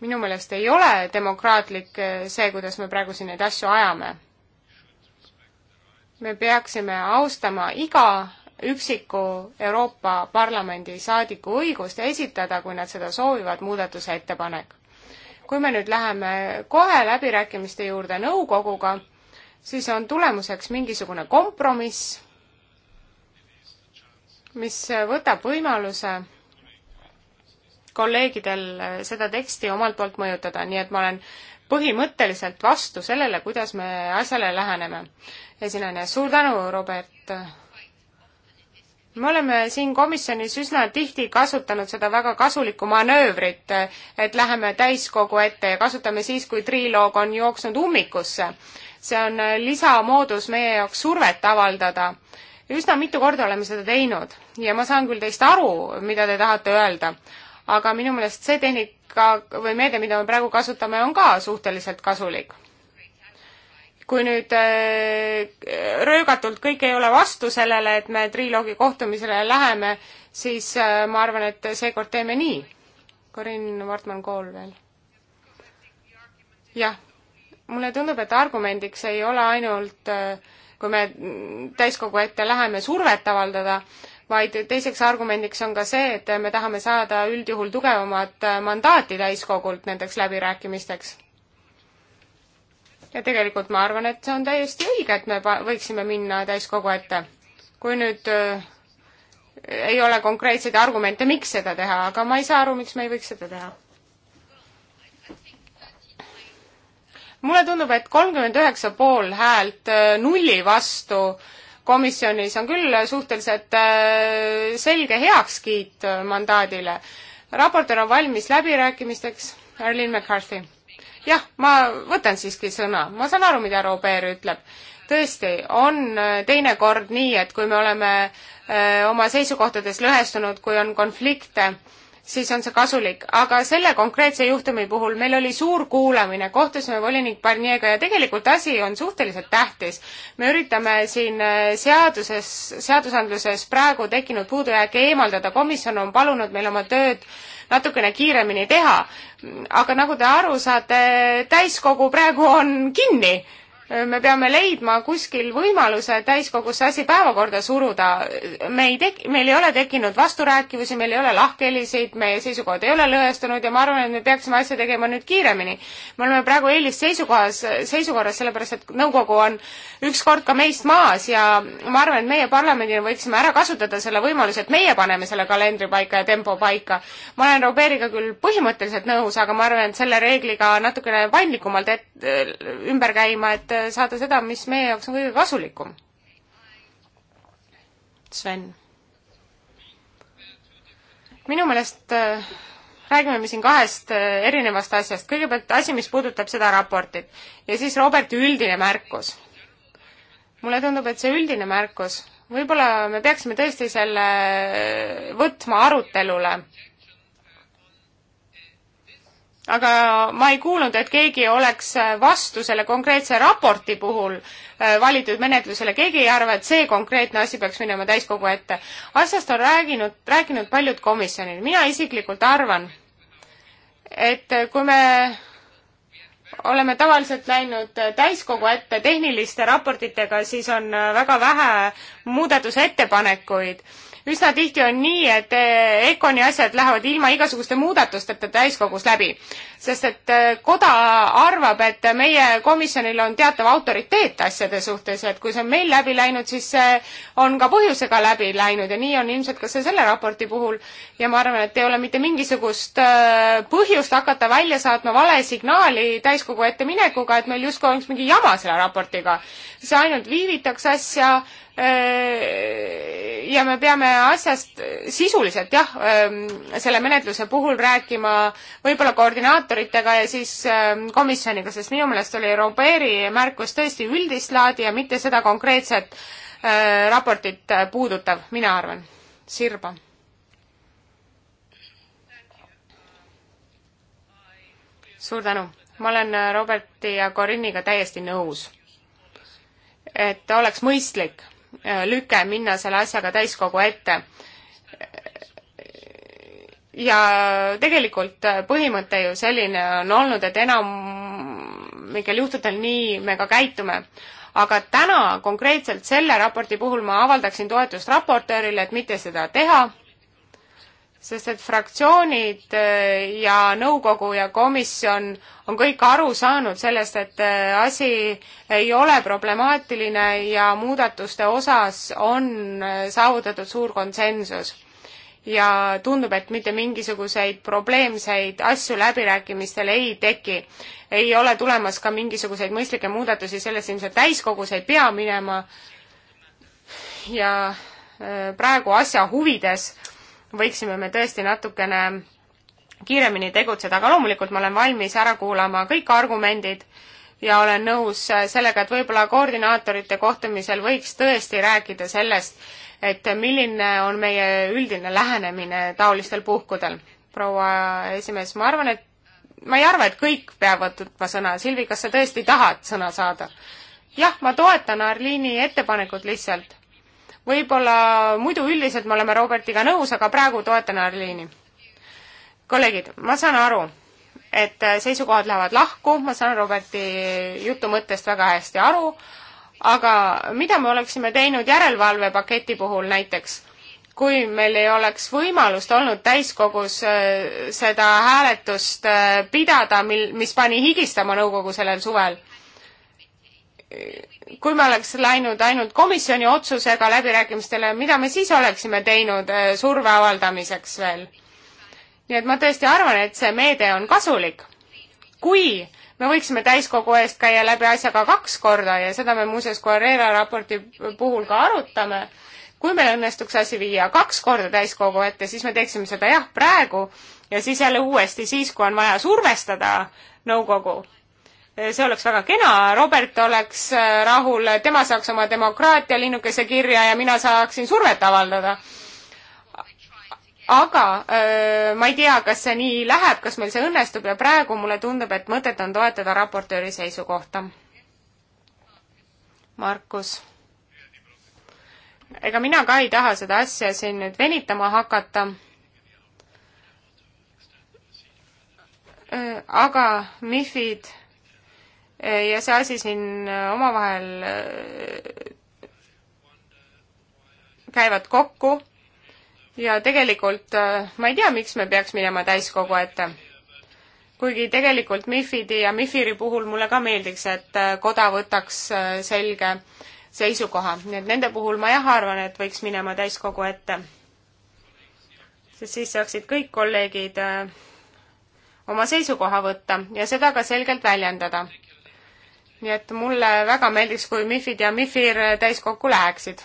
minu meelest ei ole demokraatlik eh, see, kuidas me praegu siin neid asju ajame. me peaksime austama iga üksiku Euroopa Parlamendi saadiku õigust esitada, kui nad seda soovivad, muudatuse ettepanek. kui me nüüd läheme kohe läbirääkimiste juurde nõukoguga, siis on tulemuseks mingisugune kompromiss, mis võtab võimaluse kolleegidel seda teksti omalt poolt mõjutada, nii et ma olen põhimõtteliselt vastu sellele, kuidas me asjale läheneme. esinejana, suur tänu, Robert! me oleme siin komisjonis üsna tihti kasutanud seda väga kasulikku manöövrit, et läheme täiskogu ette ja kasutame siis, kui triloog on jooksnud ummikusse see on äh, lisamoodus meie jaoks survet avaldada. üsna mitu korda oleme seda teinud ja ma saan küll teist aru, mida te tahate öelda, aga minu meelest see tehnika või meede, mida me praegu kasutame, on ka suhteliselt kasulik. kui nüüd äh, röögatult kõik ei ole vastu sellele, et me triloogi kohtumisele läheme, siis äh, ma arvan, et seekord teeme nii. Karin Vartman-Kool veel. jah mulle tundub, et argumendiks ei ole ainult, äh, kui me täiskogu ette läheme, survet avaldada, vaid teiseks argumendiks on ka see, et me tahame saada üldjuhul tugevamat äh, mandaati täiskogult nendeks läbirääkimisteks. ja tegelikult ma arvan, et see on täiesti õige, et me võiksime minna täiskogu ette. kui nüüd äh, ei ole konkreetseid argumente, miks seda teha, aga ma ei saa aru, miks me ei võiks seda teha mulle tundub, et kolmkümmend üheksa pool häält äh, nulli vastu komisjonis on küll suhteliselt äh, selge heakskiit äh, mandaadile. raportöör on valmis läbirääkimisteks, Arlene McCarthy. jah, ma võtan siiski sõna, ma saan aru, mida Robert ütleb. tõesti, on teinekord nii, et kui me oleme oma seisukohtades lõhestunud, kui on konflikte, siis on see kasulik. aga selle konkreetse juhtumi puhul meil oli suur kuulamine, kohtusime volinik Barnieriga ja tegelikult asi on suhteliselt tähtis. me üritame siin äh, seaduses, seadusandluses praegu tekkinud puudujääke eemaldada, komisjon on palunud meil oma tööd natukene kiiremini teha. aga nagu te aru saate, täiskogu praegu on kinni me peame leidma kuskil võimaluse täiskogus see asi päevakorda suruda. me ei tek-, meil ei ole tekkinud vasturääkivusi, meil ei ole lahkhelisid, meie seisukohad ei ole lõhestunud ja ma arvan, et me peaksime asja tegema nüüd kiiremini. me oleme praegu eelisseisukohas, seisukorras, sellepärast et nõukogu on ükskord ka meist maas ja ma arvan, et meie parlamendina võiksime ära kasutada selle võimaluse, et meie paneme selle kalendri paika ja tempo paika. ma olen Robeeriga küll põhimõtteliselt nõus, aga ma arvan, et selle reegliga natukene paindlikumalt et-, ümber käima, et saada seda, mis meie jaoks on kõige kasulikum. Sven. minu meelest äh, räägime me siin kahest äh, erinevast asjast. kõigepealt asi, mis puudutab seda raportit ja siis Roberti üldine märkus. mulle tundub, et see üldine märkus, võib-olla me peaksime tõesti selle äh, võtma arutelule aga ma ei kuulnud, et keegi oleks vastu selle konkreetse raporti puhul äh, valitud menetlusele, keegi ei arva, et see konkreetne asi peaks minema täiskogu ette. asjast on rääginud, rääkinud paljud komisjonid, mina isiklikult arvan, et kui me oleme tavaliselt läinud täiskogu ette tehniliste raportitega, siis on väga vähe muudatusettepanekuid üsna tihti on nii, et EKONi eh, asjad lähevad ilma igasuguste muudatusteta täiskogus läbi, sest et eh, koda arvab, et meie komisjonil on teatav autoriteet asjade suhtes, et kui see on meil läbi läinud, siis see on ka põhjusega läbi läinud ja nii on ilmselt ka see selle raporti puhul ja ma arvan, et ei ole mitte mingisugust eh, põhjust hakata välja saatma vale signaali täiskogu ette minekuga, et meil justkui oleks mingi jama selle raportiga. see ainult viivitaks asja Äh, ja me peame asjast sisuliselt jah, ähm, selle menetluse puhul rääkima võib-olla koordinaatoritega ja siis ähm, komisjoniga, sest minu meelest oli Robeeri märkus tõesti üldist laadi ja mitte seda konkreetset äh, raportit äh, puudutav, mina arvan. Sirba. suur tänu, ma olen Roberti ja Corinniga täiesti nõus et oleks mõistlik Äh, lüke minna selle asjaga täiskogu ette. ja tegelikult põhimõte ju selline on olnud, et enamikel juhtudel nii me ka käitume aga täna konkreetselt selle raporti puhul ma avaldaksin toetust raportöörile, et mitte seda teha sest et fraktsioonid eh, ja nõukogu ja komisjon on kõik aru saanud sellest, et eh, asi ei ole problemaatiline ja muudatuste osas on eh, saavutatud suur konsensus. ja tundub, et mitte mingisuguseid probleemseid asju läbirääkimistel ei teki. ei ole tulemas ka mingisuguseid mõistlikke muudatusi, sellest ilmselt täiskogus ei pea minema ja praegu asja huvides võiksime me tõesti natukene kiiremini tegutseda, aga loomulikult ma olen valmis ära kuulama kõik argumendid ja olen nõus sellega, et võib-olla koordinaatorite kohtumisel võiks tõesti rääkida sellest, et milline on meie üldine lähenemine taolistel puhkudel. proua esimees, ma arvan, et ma ei arva, et kõik peavad võtma sõna. Silvi, kas sa tõesti tahad sõna saada? jah, ma toetan Arliini ettepanekut lihtsalt võib-olla muidu üldiselt me oleme Robertiga nõus, aga praegu toetan Arliini. kolleegid, ma saan aru, et seisukohad lähevad lahku, ma saan Roberti jutu mõttest väga hästi aru, aga mida me oleksime teinud järelevalvepaketi puhul näiteks, kui meil ei oleks võimalust olnud täiskogus äh, seda hääletust äh, pidada, mil, mis pani higistama nõukogu sellel suvel kui me oleks läinud ainult komisjoni otsusega läbirääkimistele, mida me siis oleksime teinud äh, surve avaldamiseks veel? nii et ma tõesti arvan, et see meede on kasulik. kui me võiksime täiskogu eest käia läbi asjaga kaks korda ja seda me muuseas Guerrero raporti puhul ka arutame, kui meil õnnestuks asi viia kaks korda täiskogu ette, siis me teeksime seda jah, praegu ja siis jälle uuesti siis, kui on vaja survestada nõukogu no see oleks väga kena, Robert oleks äh, rahul, tema saaks oma demokraatia linnukese kirja ja mina saaksin survet avaldada. aga äh, ma ei tea, kas see nii läheb, kas meil see õnnestub ja praegu mulle tundub, et mõtet on toetada raportööri seisukohta. Markus. ega mina ka ei taha seda asja siin nüüd venitama hakata äh, aga MIFid ja see asi siin äh, omavahel äh, käivad kokku ja tegelikult äh, ma ei tea, miks me peaks minema täiskogu ette. kuigi tegelikult Mifidi ja Mifiri puhul mulle ka meeldiks, et koda võtaks selge seisukoha, nii et nende puhul ma jah arvan, et võiks minema täiskogu ette. sest siis saaksid kõik kolleegid oma seisukoha võtta ja seda ka selgelt väljendada nii et mulle väga meeldiks, kui MIFID ja MIFIR täiskokku läheksid.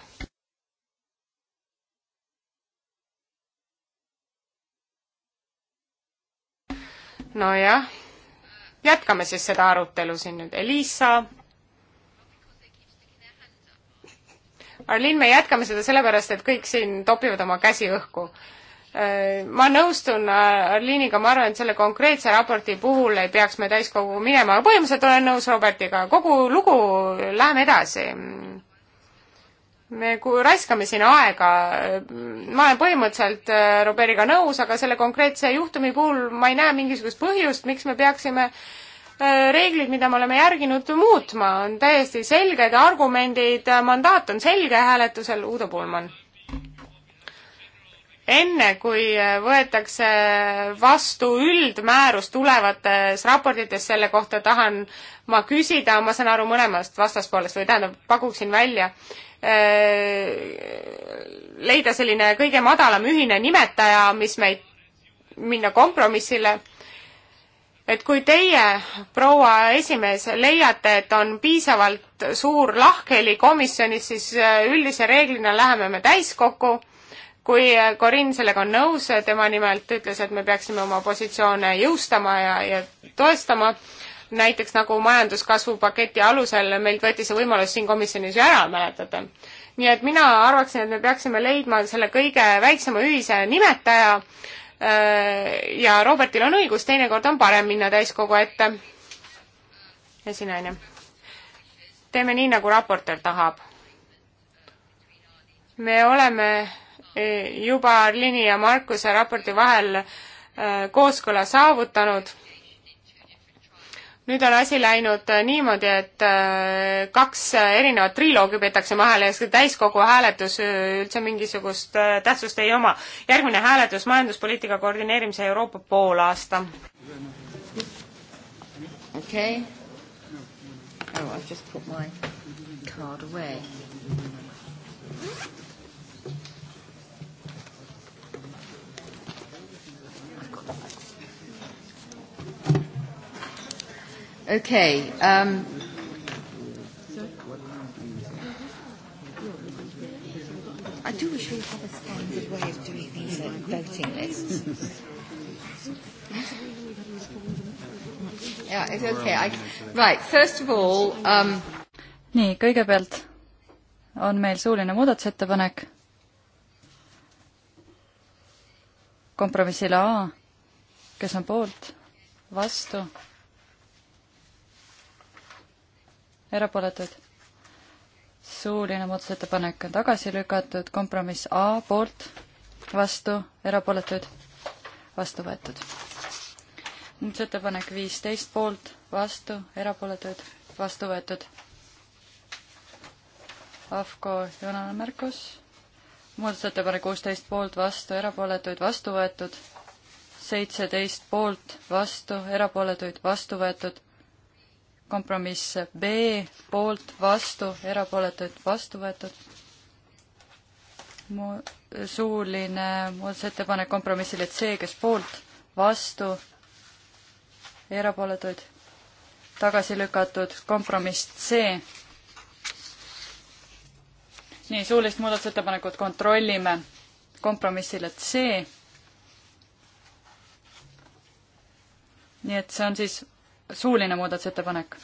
nojah, jätkame siis seda arutelu siin nüüd. Elisa. Arlin, me jätkame seda sellepärast, et kõik siin topivad oma käsi õhku Äh, ma nõustun äh, Arliiniga, ma arvan, et selle konkreetse raporti puhul ei peaks me täiskogu minema, aga põhimõtteliselt olen nõus Robertiga, kogu lugu, läheme edasi. me raiskame siin aega, ma olen põhimõtteliselt äh, Robertiga nõus, aga selle konkreetse juhtumi puhul ma ei näe mingisugust põhjust, miks me peaksime reeglid, mida me oleme järginud, muutma, on täiesti selged argumendid, mandaat on selge hääletusel, Uudo Pulman enne kui võetakse vastu üldmäärus tulevates raportites selle kohta, tahan ma küsida, ma saan aru mõlemast vastaspoolest või tähendab, pakuksin välja, eh, leida selline kõige madalam ühine nimetaja, mis meid, minna kompromissile et kui teie, proua esimees, leiate, et on piisavalt suur lahkheli komisjonis, siis eh, üldise reeglina läheme me täiskokku kui eh, Corin sellega on nõus, eh, tema nimelt ütles, et me peaksime oma positsioone jõustama ja, ja toestama, näiteks nagu majanduskasvu paketi alusel meilt võeti see võimalus siin komisjonis ju ära, mäletate. nii et mina arvaksin, et me peaksime leidma selle kõige väiksema ühise nimetaja eh, ja Robertil on õigus, teinekord on parem minna täiskogu ette. esinaine. teeme nii, nagu raportöör tahab. me oleme juba Arlini ja Markuse raporti vahel äh, kooskõla saavutanud. nüüd on asi läinud äh, niimoodi, et äh, kaks erinevat triloogi peetakse vahele ja see täiskogu hääletus üldse mingisugust tähtsust ei oma. järgmine hääletus, majanduspoliitika koordineerimise Euroopa poolaasta. okei okay.. Oh, I've just put my card away. Okay. Um, I do wish we had a standard way of doing these like uh, voting lists. yeah, it's okay. I, right, first of all um, nii, kõigepealt on meil suuline muudatusettepanek kompromissile A, kes on poolt, vastu erapooletud. suuline muudatusettepanek on tagasi lükatud, kompromiss A poolt, vastu, erapooletud, vastu võetud. muudatusettepanek viisteist poolt, vastu, erapooletud, vastu võetud. Afko Joonane märkus, muudatusettepanek kuusteist poolt, vastu, erapooletuid, vastu võetud, seitseteist poolt, vastu, erapooletuid, vastu võetud, kompromiss B poolt, vastu, erapooletuid vastu võetud. mu-, suuline muudatusettepanek kompromissile C, kes poolt, vastu, erapooletuid, tagasi lükatud, kompromiss C. nii, suulist muudatusettepanekut kontrollime kompromissile C. nii et see on siis suuline muudatusettepanek.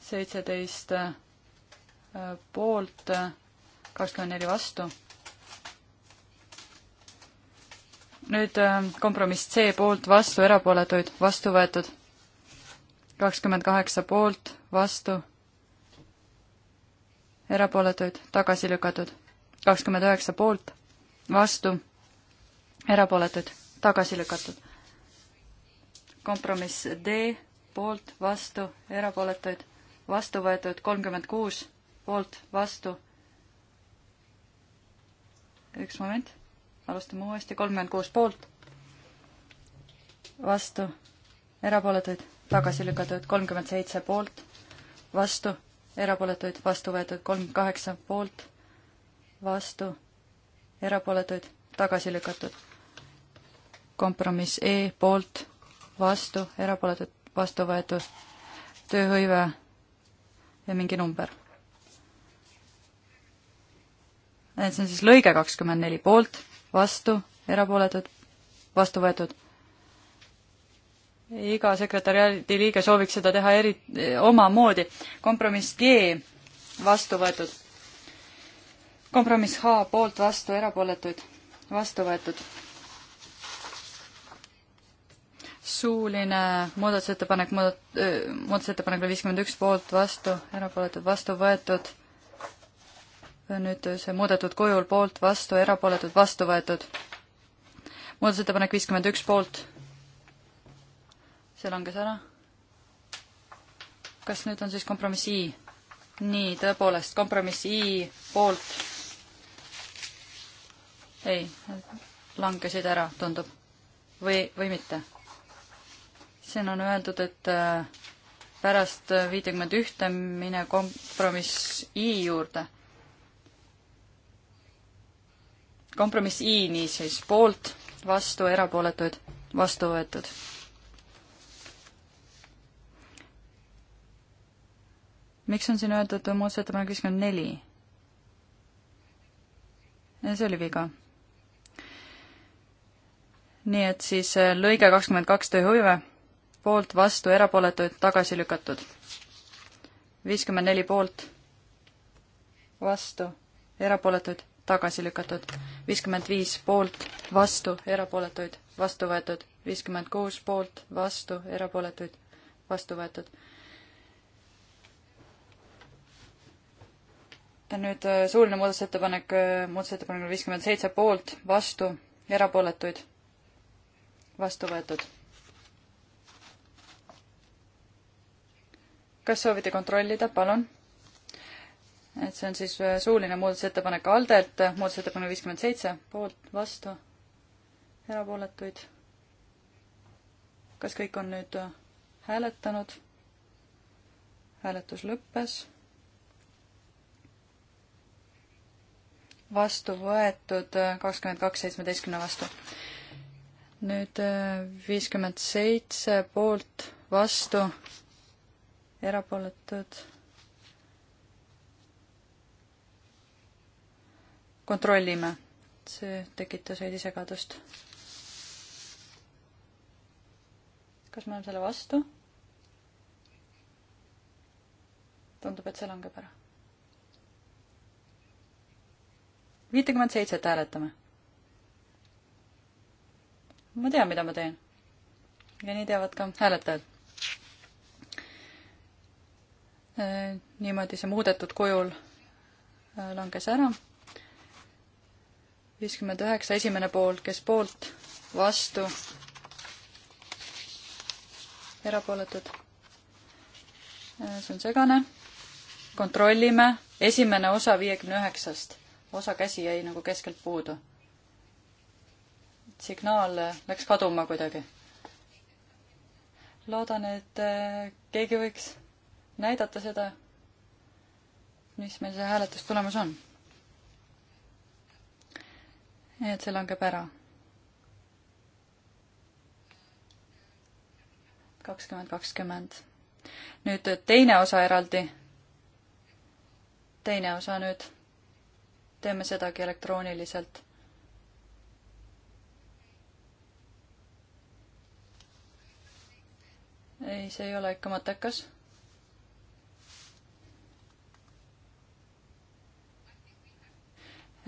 seitseteist äh, poolt, äh, kakskümmend neli vastu. nüüd äh, kompromiss C poolt, vastu, erapooletuid, vastu võetud. kakskümmend kaheksa poolt, vastu, erapooletuid, tagasi lükatud. kakskümmend üheksa poolt, vastu, erapooletuid, tagasi lükatud kompromiss D poolt, vastu, erapooletuid, vastu võetud kolmkümmend kuus, poolt, vastu. üks moment, alustame uuesti, kolmkümmend kuus poolt, vastu, erapooletuid, tagasi lükatud, kolmkümmend seitse poolt, vastu, erapooletuid, vastu võetud, kolmkümmend kaheksa poolt, vastu, erapooletuid, tagasi lükatud. kompromiss E poolt vastu, erapooletud, vastu võetud, tööhõive ja mingi number. et see on siis lõige kakskümmend neli, poolt, vastu, erapooletud, vastu võetud. iga sekretäriaadi liige sooviks seda teha eri, omamoodi. kompromiss G, vastu võetud. kompromiss H, poolt, vastu, erapooletuid, vastu võetud suuline muudatusettepanek, muudat-, muudatusettepanek oli viiskümmend üks poolt vastu, erapooletud vastu võetud. nüüd see muudetud kujul poolt vastu, erapooletud vastu võetud. muudatusettepanek viiskümmend üks poolt. see langes ära. kas nüüd on siis kompromiss I? nii, tõepoolest, kompromiss I poolt. ei, langesid ära, tundub. või, või mitte siin on öeldud, et äh, pärast viitekümmet ühte mine kompromiss I juurde. kompromiss I niisiis, poolt, vastu, erapooletuid, vastu võetud. miks on siin öeldud muudatusettepanek viiskümmend neli? see oli viga nii et siis äh, lõige kakskümmend kaks tööhõive poolt, vastu, erapooletuid tagasi lükatud. viiskümmend neli poolt, vastu, erapooletuid tagasi lükatud. viiskümmend viis poolt, vastu, erapooletuid vastu võetud. viiskümmend kuus poolt, vastu, erapooletuid vastu võetud. nüüd äh, suuline muudatusettepanek, äh, muudatusettepanek viiskümmend seitse poolt, vastu, erapooletuid vastu võetud kas soovite kontrollida, palun? et see on siis äh, suuline muudatusettepanek Aldelt, muudatusettepanek viiskümmend seitse, poolt, vastu, erapooletuid. kas kõik on nüüd äh, hääletanud? hääletus lõppes. vastu võetud äh, kakskümmend kaks seitsmeteistkümne vastu. nüüd viiskümmend seitse poolt, vastu erapooletud. kontrollime, see tekitas veidi segadust. kas me oleme selle vastu? tundub, et see langeb ära. viitekümmet seitset hääletame. ma tean, mida ma teen. ja nii teavad ka hääletajad Äh, niimoodi see muudetud kujul äh, langes ära. viiskümmend üheksa, esimene pool, kes poolt, vastu, erapooletud. Äh, see on segane. kontrollime, esimene osa viiekümne üheksast, osa käsi jäi nagu keskelt puudu. signaal läks kaduma kuidagi. loodan, et keegi võiks näidata seda, mis meil see hääletustulemus on. nii et see langeb ära. kakskümmend, kakskümmend. nüüd teine osa eraldi. teine osa nüüd. teeme sedagi elektrooniliselt ei, see ei ole ikka mõttekas.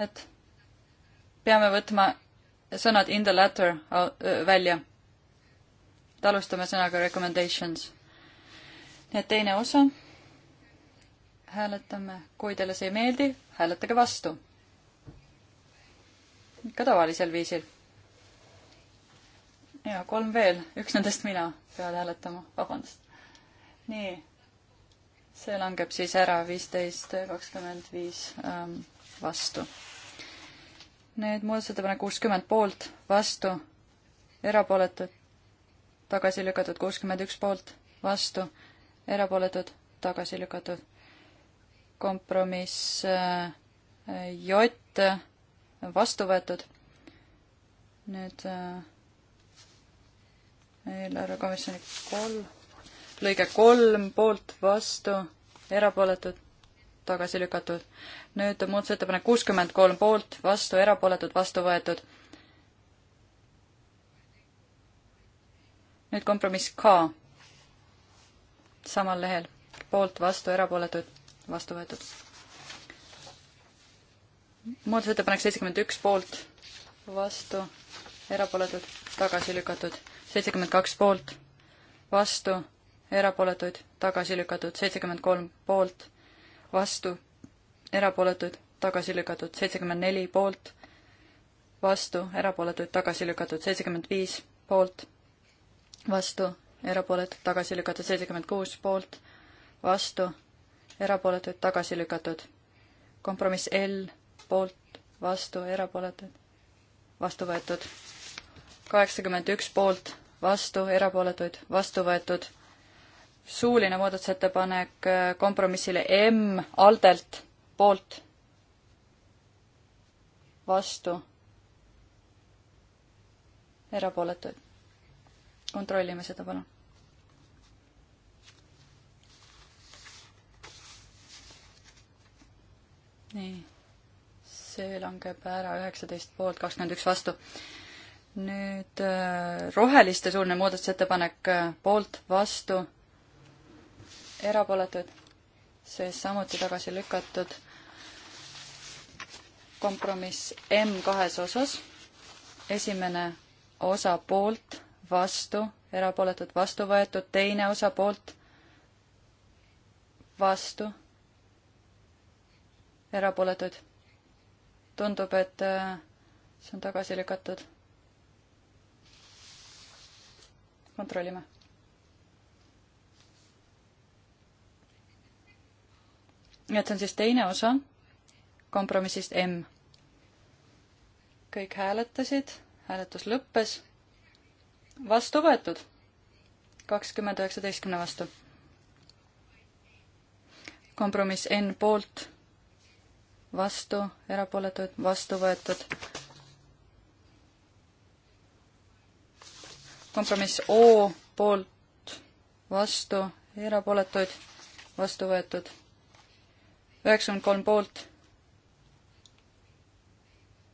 et peame võtma sõnad in the latter välja. et alustame sõnaga recommendations. nii et teine osa. hääletame, kui teile see ei meeldi, hääletage vastu. ikka tavalisel viisil. ja kolm veel, üks nendest mina pean hääletama, vabandust. nii. see langeb siis ära, viisteist, kakskümmend viis ähm, vastu nüüd muudatusettepanek kuuskümmend poolt, vastu, erapooletud, tagasi lükatud, kuuskümmend üks poolt, vastu, erapooletud, tagasi lükatud. kompromiss äh, J vastu võetud. nüüd äh, eelarvekomisjoni kolm, lõige kolm poolt, vastu, erapooletud, tagasi lükatud. nüüd muudatusettepanek kuuskümmend kolm poolt, vastu, erapooletud, vastu võetud. nüüd kompromiss K samal lehel, poolt, vastu, erapooletud, vastu võetud. muudatusettepanek seitsekümmend üks poolt, vastu, erapooletud, tagasi lükatud, seitsekümmend kaks poolt, vastu, erapooletuid, tagasi lükatud, seitsekümmend kolm poolt vastu, erapooletuid, tagasi lükatud, seitsekümmend neli poolt, vastu, erapooletuid, tagasi lükatud, seitsekümmend viis poolt, vastu, erapooletuid, tagasi lükatud, seitsekümmend kuus poolt, vastu, erapooletuid, tagasi lükatud. kompromiss L poolt, vastu, erapooletuid, vastu võetud. kaheksakümmend üks poolt, vastu, erapooletuid, vastu võetud suuline muudatusettepanek äh, kompromissile M Aldelt poolt, vastu, erapooletuid. kontrollime seda, palun. nii, see langeb ära üheksateist poolt, kakskümmend üks vastu nüüd äh, roheliste suuline muudatusettepanek äh, poolt, vastu, erapooletud, siis samuti tagasi lükatud. kompromiss M kahes osas. esimene osa poolt, vastu, erapooletud, vastu võetud, teine osa poolt, vastu, erapooletud. tundub, et äh, see on tagasi lükatud. kontrollime nii et see on siis teine osa kompromissist M. kõik hääletasid, hääletus lõppes, vastu võetud, kakskümmend üheksateistkümne vastu. kompromiss N poolt, vastu, erapooletuid, vastu võetud. kompromiss O poolt, vastu, erapooletuid, vastu võetud üheksakümmend kolm poolt,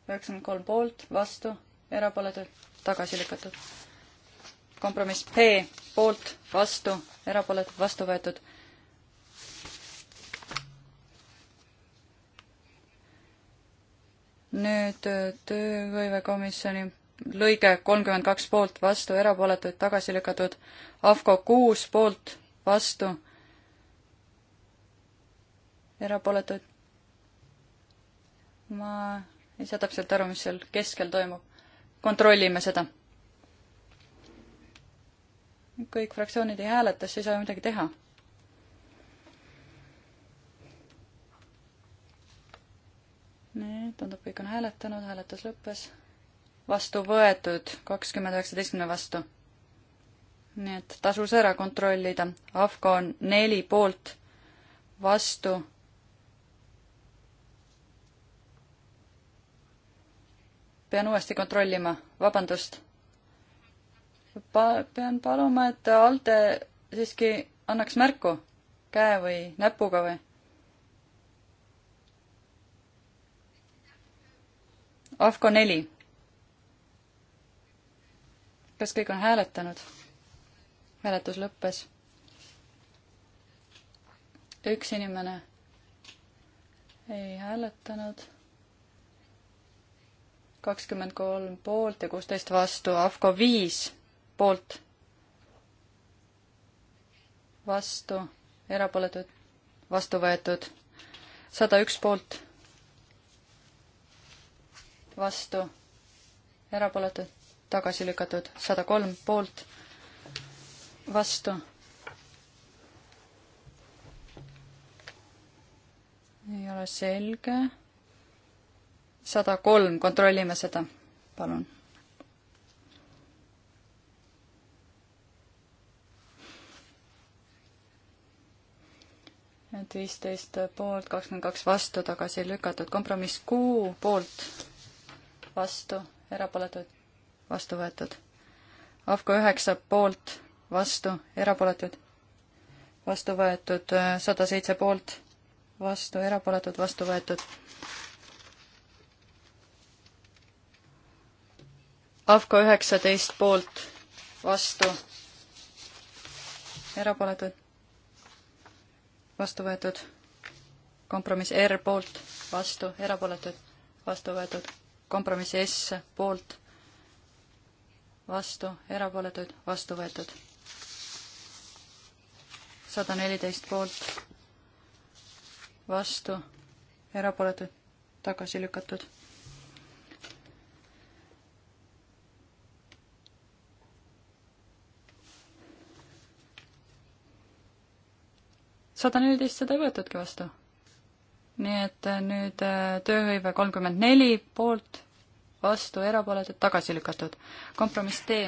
üheksakümmend kolm poolt, vastu, erapooletud, tagasi lükatud. kompromiss P poolt, vastu, erapooletud, vastu võetud. nüüd äh, tööhõivekomisjoni lõige kolmkümmend kaks poolt, vastu, erapooletuid tagasi lükatud. AFCO kuus poolt, vastu erapooletuid. ma ei saa täpselt aru, mis seal keskel toimub. kontrollime seda. kõik fraktsioonid ei hääleta, siis ei saa midagi teha. nii, tundub, kõik on hääletanud, hääletus lõppes. vastu võetud, kakskümmend üheksateistkümne vastu. nii et tasus ära kontrollida. AFCO on neli poolt, vastu pean uuesti kontrollima, vabandust. Pa-, pean paluma, et ALDE siiski annaks märku käe või näpuga või? AFCO neli. kas kõik on hääletanud? hääletus lõppes. üks inimene ei hääletanud kakskümmend kolm poolt ja kuusteist vastu, AFCO viis poolt, vastu, erapooletud, vastu võetud, sada üks poolt, vastu, erapooletud, tagasi lükatud, sada kolm poolt, vastu. ei ole selge sada kolm, kontrollime seda, palun. et viisteist poolt, kakskümmend kaks vastu, tagasi lükatud, kompromiss kuu poolt, vastu, erapooletud, vastu võetud. Avko üheksa poolt, vastu, erapooletud, vastu võetud, sada seitse poolt, vastu, erapooletud, vastu võetud AFCO üheksateist poolt, vastu, erapooletud, vastu võetud. kompromiss R poolt, vastu, erapooletud, vastu võetud. kompromiss S poolt, vastu, erapooletud, vastu võetud. sada neliteist poolt, vastu, erapooletud, tagasi lükatud sada neliteist seda ei võetudki vastu. nii et äh, nüüd äh, tööhõive kolmkümmend neli poolt, vastu, erapooletud, tagasi lükatud. kompromiss D,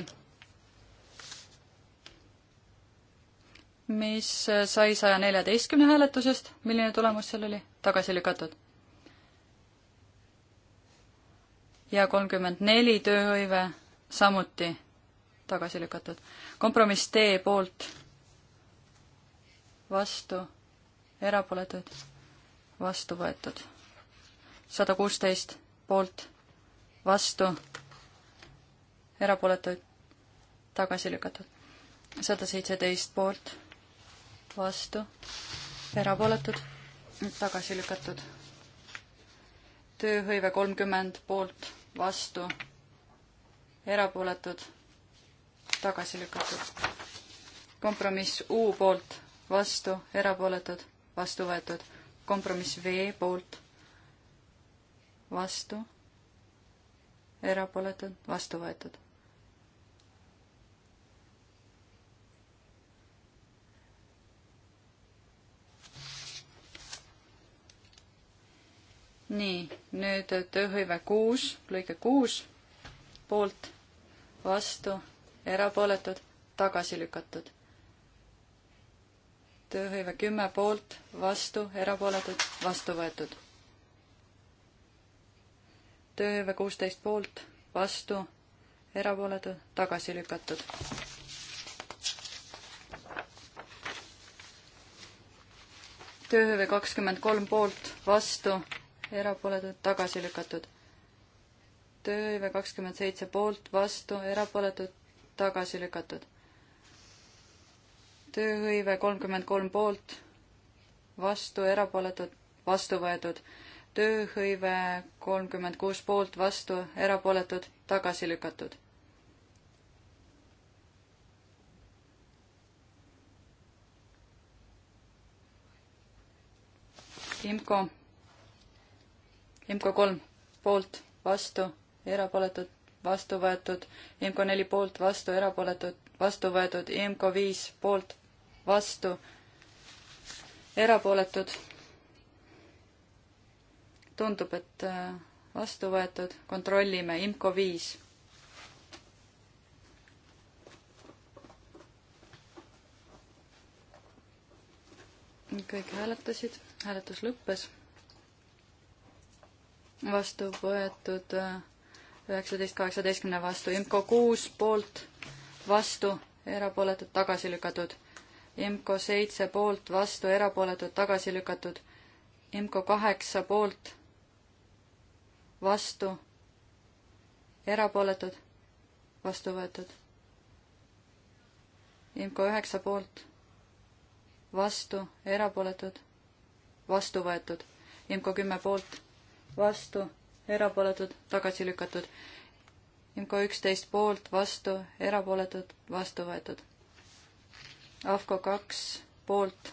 mis äh, sai saja neljateistkümne hääletusest, milline tulemus seal oli? tagasi lükatud. ja kolmkümmend neli tööhõive samuti tagasi lükatud. kompromiss D poolt vastu, erapooletud, vastu võetud. sada kuusteist poolt, vastu, erapooletuid, tagasi lükatud. sada seitseteist poolt, vastu, erapooletud, tagasi lükatud. tööhõive kolmkümmend poolt, vastu, erapooletud, tagasi lükatud. kompromiss U poolt vastu, erapooletud, vastu võetud. kompromiss V poolt, vastu, erapooletud, vastu võetud. nii, nüüd tööhõive kuus, lõige kuus, poolt, vastu, erapooletud, tagasi lükatud tööhõive kümme poolt, vastu, erapooletud, vastu võetud. tööhõive kuusteist poolt, vastu, erapooletud, tagasi lükatud. tööhõive kakskümmend kolm poolt, vastu, erapooletud, tagasi lükatud. tööhõive kakskümmend seitse poolt, vastu, erapooletud, tagasi lükatud tööhõive kolmkümmend kolm poolt, vastu, erapooletud, vastu võetud. tööhõive kolmkümmend kuus poolt, vastu, erapooletud, tagasi lükatud. IMCO, IMCO kolm poolt, vastu, erapooletud, vastu võetud, IMCO neli poolt, vastu, erapooletud, vastu võetud, IMCO viis poolt, vastu, erapooletud. tundub, et äh, vastu võetud, kontrollime, IMCO viis. kõik hääletasid, hääletus lõppes. vastu võetud äh, üheksateist kaheksateistkümne vastu, IMCO kuus poolt, vastu, erapooletud, tagasi lükatud MK seitse poolt, vastu, erapooletud, tagasi lükatud. MK kaheksa poolt, vastu, erapooletud, vastu võetud. MK üheksa poolt, vastu, erapooletud, vastu võetud. MK kümme poolt, vastu, erapooletud, tagasi lükatud. MK üksteist poolt, vastu, erapooletud, vastu võetud AFCO kaks poolt,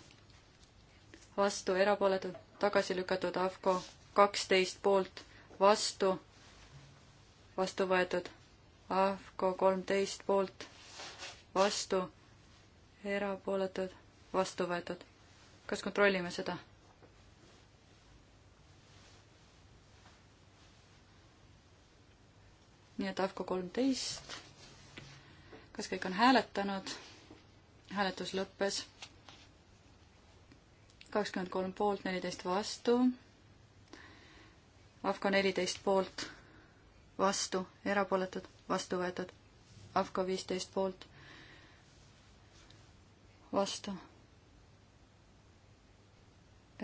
vastu, erapooletud, tagasi lükatud, AFCO kaksteist poolt, vastu, vastu võetud, AFCO kolmteist poolt, vastu, erapooletud, vastu võetud. kas kontrollime seda? nii et AFCO kolmteist. kas kõik on hääletanud? hääletus lõppes. kakskümmend kolm poolt, neliteist vastu. AFCO neliteist poolt, vastu, erapooletud, vastu võetud. AFCO viisteist poolt, vastu,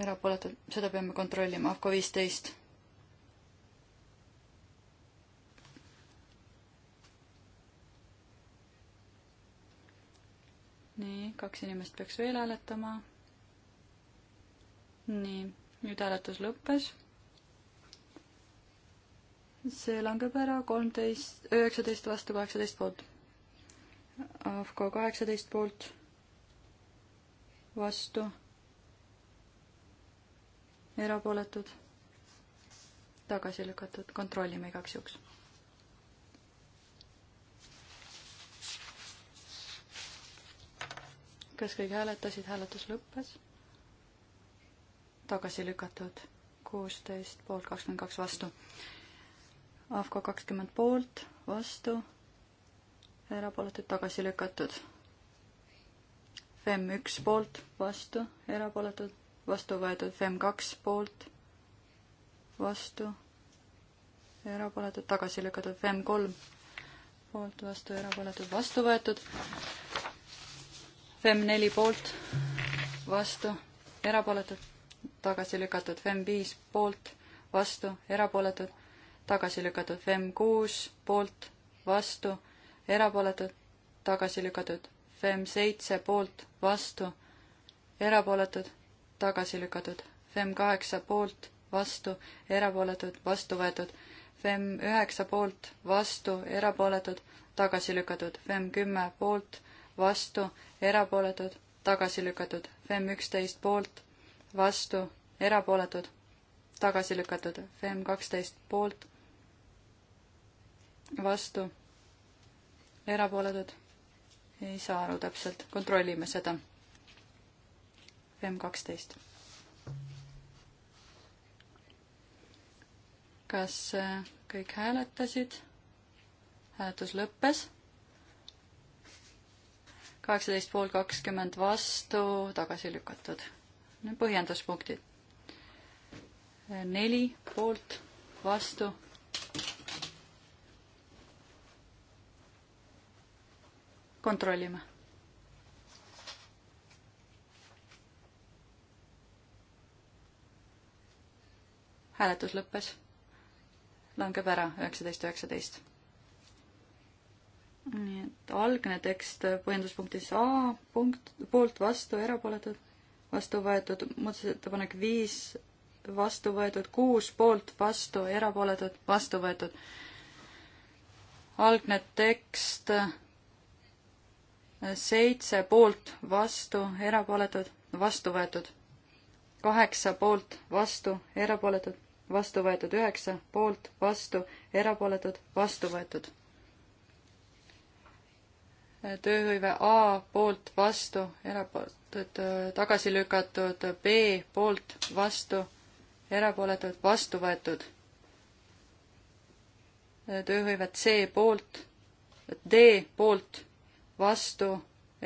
erapooletud, seda peame kontrollima, AFCO viisteist nii, kaks inimest peaks veel hääletama. nii, nüüd hääletus lõppes. see langeb ära kolmteist, üheksateist vastu kaheksateist poolt. AFCO kaheksateist poolt vastu, erapooletud, tagasi lükatud, kontrollime igaks juhuks kas kõik hääletasid, hääletus lõppes? tagasi lükatud kuusteist poolt, kakskümmend kaks vastu. AFCO kakskümmend poolt, vastu, erapooletud, tagasi lükatud. FEM üks poolt, vastu, erapooletud, vastu võetud, FEM kaks poolt, vastu, erapooletud, tagasi lükatud, FEM kolm poolt, vastu, erapooletud, vastu võetud FEM neli poolt, vastu, erapooletud, tagasi lükatud, FEM viis poolt, vastu, erapooletud, tagasi lükatud, FEM kuus poolt, vastu, erapooletud, tagasi lükatud, FEM seitse poolt, vastu, erapooletud, tagasi lükatud, FEM kaheksa poolt, vastu, erapooletud, vastu võetud, FEM üheksa poolt, vastu, erapooletud, tagasi lükatud, FEM kümme poolt, vastu, erapooletud, tagasi lükatud. FEM üksteist poolt, vastu, erapooletud, tagasi lükatud. FEM kaksteist poolt, vastu, erapooletud. ei saa aru täpselt, kontrollime seda. FEM kaksteist. kas äh, kõik hääletasid? hääletus lõppes kaheksateist pool kakskümmend vastu, tagasi lükatud. põhjenduspunktid. neli poolt, vastu. kontrollime. hääletus lõppes. langeb ära üheksateist, üheksateist nii et algne tekst põhjenduspunktis A punkt, poolt vastu, erapooletud, vastu võetud, muudatusettepanek viis, vastu võetud, kuus poolt vastu, erapooletud, vastu võetud. algne tekst seitse poolt vastu, erapooletud, vastu võetud. kaheksa poolt vastu, erapooletud, vastu võetud, üheksa poolt vastu, erapooletud, vastu võetud tööhõive A poolt vastu, erapooletud äh, tagasi lükatud, B poolt vastu, erapooletud vastu võetud. Äh, tööhõive C poolt, D poolt vastu,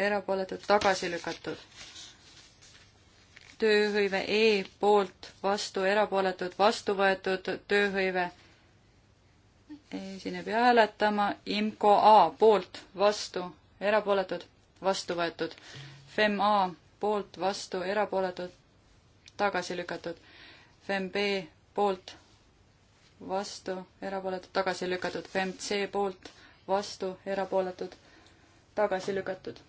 erapooletud tagasi lükatud. tööhõive E poolt vastu, erapooletud vastu võetud, tööhõive e siin ei pea hääletama, IMCO A poolt vastu, erapooletud, vastu võetud. Fem A poolt, vastu, erapooletud, tagasi lükatud. Fem B poolt, vastu, erapooletud, tagasi lükatud. Fem C poolt, vastu, erapooletud, tagasi lükatud.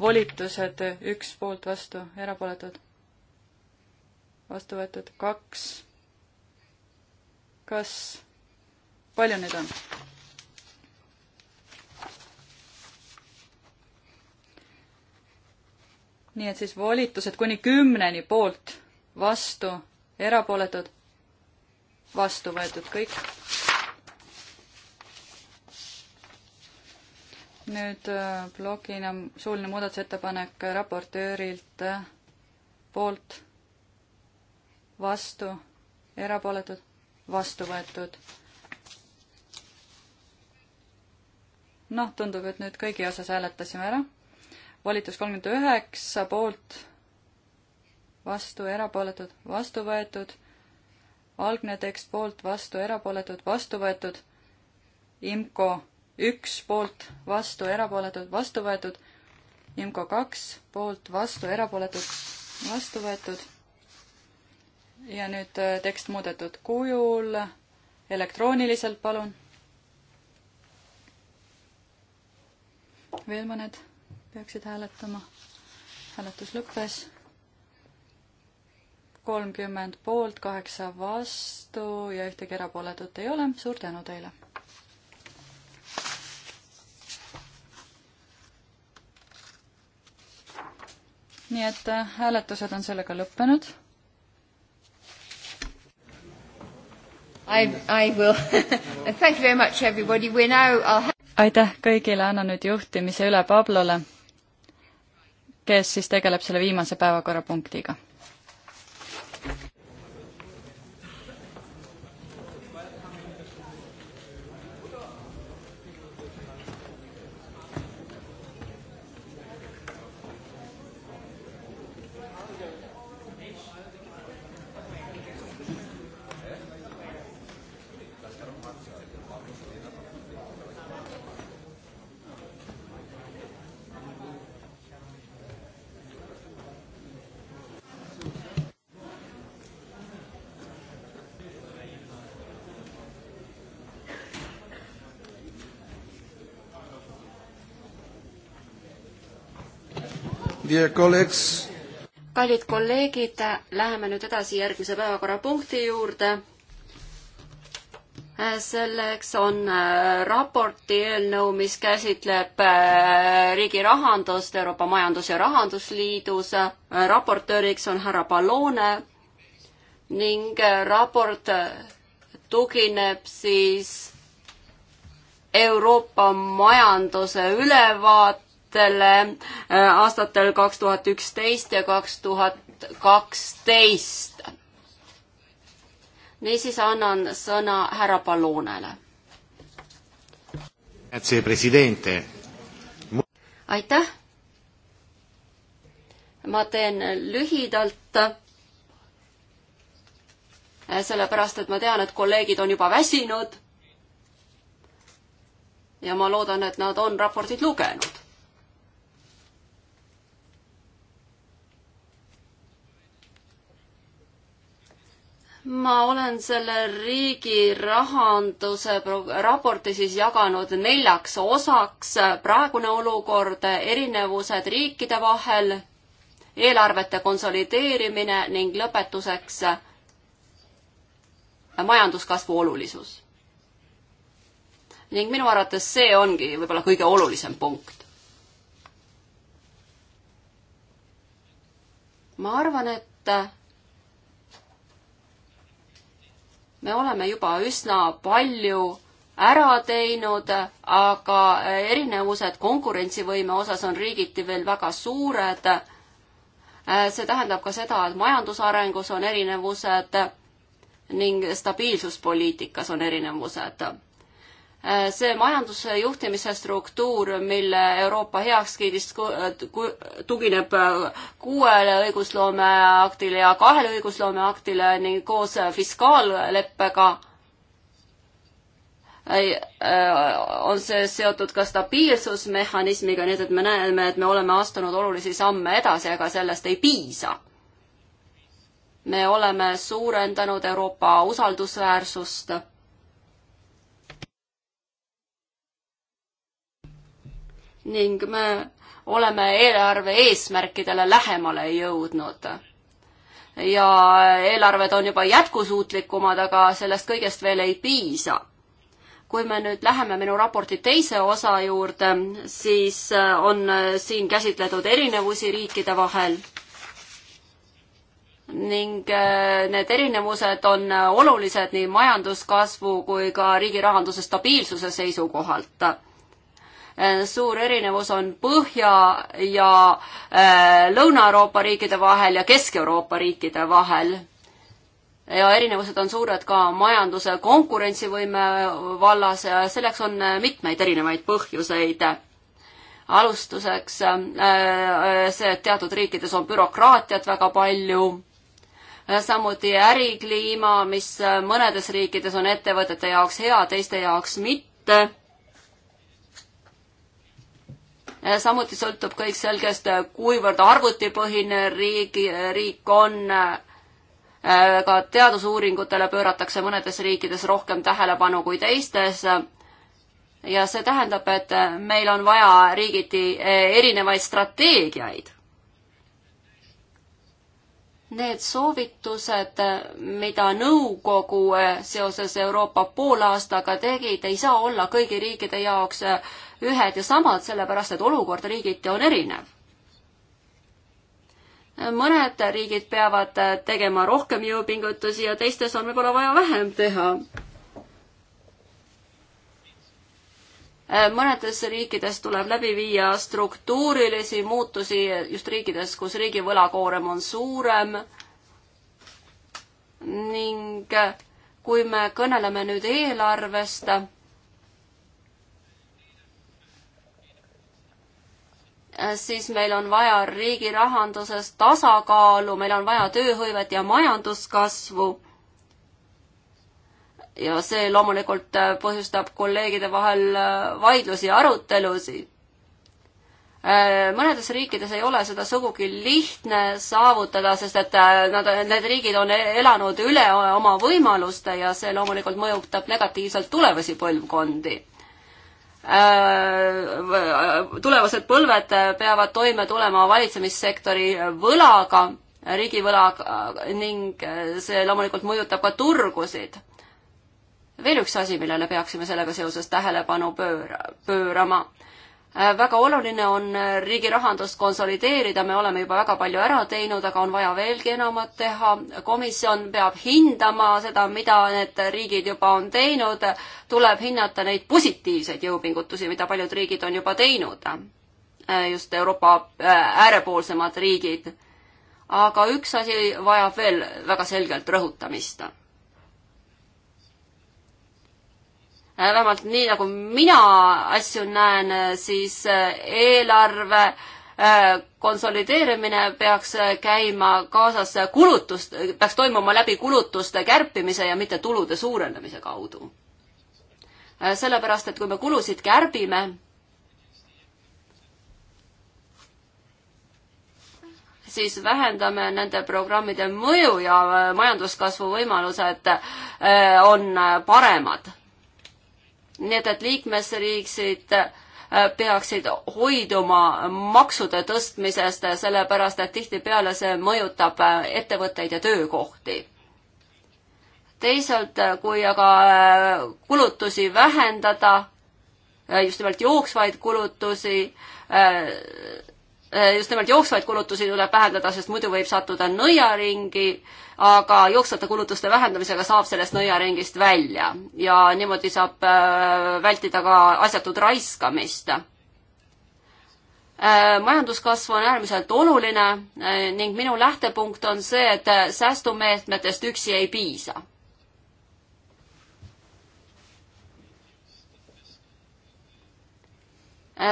volitused üks poolt vastu, erapooletud, vastu võetud kaks kas, palju neid on? nii et siis volitused kuni kümneni poolt, vastu, erapooletud, vastu võetud kõik. nüüd blogina äh, suuline muudatusettepanek raportöörilt äh, poolt, vastu, erapooletud, vastu võetud. noh, tundub, et nüüd kõigi osas hääletasime ära. volitus kolmkümmend üheksa poolt, vastu, erapooletud, vastu võetud. algne tekst poolt, vastu, erapooletud, vastu võetud. IMCO üks poolt, vastu, erapooletud, vastu võetud. IMCO kaks poolt, vastu, erapooletud, vastu võetud ja nüüd äh, tekst muudetud kujul elektrooniliselt, palun. veel mõned peaksid hääletama. hääletus lõppes. kolmkümmend poolt, kaheksa vastu ja ühtegi erapooletut ei ole. suur tänu teile. nii et äh, hääletused on sellega lõppenud I, I will thank you very much everybody, we now I'll aitäh kõigile, annan nüüd juhtimise üle Pablole, kes siis tegeleb selle viimase päevakorrapunktiga kallid kolleegid, läheme nüüd edasi järgmise päevakorrapunkti juurde. selleks on äh, raporti eelnõu, mis käsitleb äh, riigi rahandust Euroopa Majandus- ja Rahandusliidus. raportööriks on härra Pallone ning äh, raport tugineb siis Euroopa majanduse ülevaate aastatele, äh, aastatel kaks tuhat üksteist ja kaks tuhat kaksteist. niisiis annan sõna härra Pallonele. aitäh. ma teen lühidalt äh, sellepärast et ma tean, et kolleegid on juba väsinud. ja ma loodan, et nad on raportit lugenud. ma olen selle riigi rahanduse raporti siis jaganud neljaks osaks, praegune olukord, erinevused riikide vahel, eelarvete konsolideerimine ning lõpetuseks majanduskasvu olulisus. ning minu arvates see ongi võib-olla kõige olulisem punkt. ma arvan, et me oleme juba üsna palju ära teinud, aga erinevused konkurentsivõime osas on riigiti veel väga suured. see tähendab ka seda, et majandusarengus on erinevused ning stabiilsuspoliitikas on erinevused Äh, see majanduse juhtimise struktuur, mille Euroopa heakskiidist tugineb äh, kuuele õigusloome aktile ja kahele õigusloome aktile ning koos äh, fiskaalleppega on see seotud ka stabiilsusmehhanismiga, nii et me näeme, et me oleme astunud olulisi samme edasi, aga sellest ei piisa. me oleme suurendanud Euroopa usaldusväärsust ning me oleme eelarve eesmärkidele lähemale jõudnud. ja eelarved on juba jätkusuutlikumad, aga sellest kõigest veel ei piisa. kui me nüüd läheme minu raporti teise osa juurde, siis on siin käsitletud erinevusi riikide vahel ning äh, need erinevused on olulised nii majanduskasvu kui ka riigi rahanduse stabiilsuse seisukohalt Äh, suur erinevus on Põhja- ja äh, Lõuna-Euroopa riikide vahel ja Kesk-Euroopa riikide vahel. ja erinevused on suured ka majanduse konkurentsivõime vallas ja selleks on äh, mitmeid erinevaid põhjuseid alustuseks see, et teatud riikides on bürokraatiat väga palju samuti ärikliima, mis mõnedes riikides on ettevõtete jaoks hea, teiste jaoks mitte. Eh, samuti sõltub kõik selgest, eh, kuivõrd arvutipõhine riigi, eh, riik on. ka teadusuuringutele pööratakse mõnedes riikides rohkem tähelepanu kui teistes. ja see tähendab, et meil on vaja riigiti erinevaid strateegiaid need soovitused, mida nõukogu seoses Euroopa poolaastaga tegid, ei saa olla kõigi riikide jaoks ühed ja samad, sellepärast et olukord riigiti on erinev mõned riigid peavad tegema rohkem jõupingutusi ja teistes on võib-olla vaja vähem teha. mõnedes riikides tuleb läbi viia struktuurilisi muutusi just riikides, kus riigi võlakoorem on suurem. ning kui me kõneleme nüüd eelarvest Äh, siis meil on vaja riigi rahanduses tasakaalu, meil on vaja tööhõivet ja majanduskasvu. ja see loomulikult äh, põhjustab kolleegide vahel äh, vaidlusi ja arutelusid. mõnedes riikides ei ole seda sugugi lihtne saavutada, sest et nad, need riigid on elanud üle oma võimaluste ja see loomulikult mõjutab negatiivselt tulevasi põlvkondi Äh, äh, tulevased põlved peavad toime tulema valitsemissektori võlaga, riigivõlaga äh, ning see loomulikult mõjutab ka turgusid. veel üks asi, millele peaksime sellega seoses tähelepanu pööra, pöörama Äh, väga oluline on äh, riigi rahandust konsolideerida, me oleme juba väga palju ära teinud, aga on vaja veelgi enamat teha. komisjon peab hindama seda, mida need riigid juba on teinud, tuleb hinnata neid positiivseid jõupingutusi, mida paljud riigid on juba teinud. Äh, just Euroopa äärepoolsemad riigid. aga üks asi vajab veel väga selgelt rõhutamist Äh, vähemalt nii, nagu mina asju näen, äh, siis äh, eelarve konsolideerimine peaks käima kaasas kulutust, peaks toimuma läbi kulutuste kärpimise ja mitte tulude suurendamise kaudu. sellepärast, et kui me kulusid kärbime, siis vähendame nende programmide mõju ja majanduskasvu võimalused on paremad nii et, et liikmesriigid äh, peaksid hoiduma maksude tõstmisest, sellepärast et tihtipeale see mõjutab äh, ettevõtteid ja töökohti. teisalt, äh, kui aga kulutusi vähendada, just nimelt jooksvaid kulutusi, just nimelt jooksvaid kulutusi tuleb vähendada, sest muidu võib sattuda nõiaringi aga jooksvate kulutuste vähendamisega saab sellest nõiaringist välja ja niimoodi saab äh, vältida ka asjatut raiskamist. Äh, majanduskasv on äärmiselt oluline äh, ning minu lähtepunkt on see, et säästumeetmetest üksi ei piisa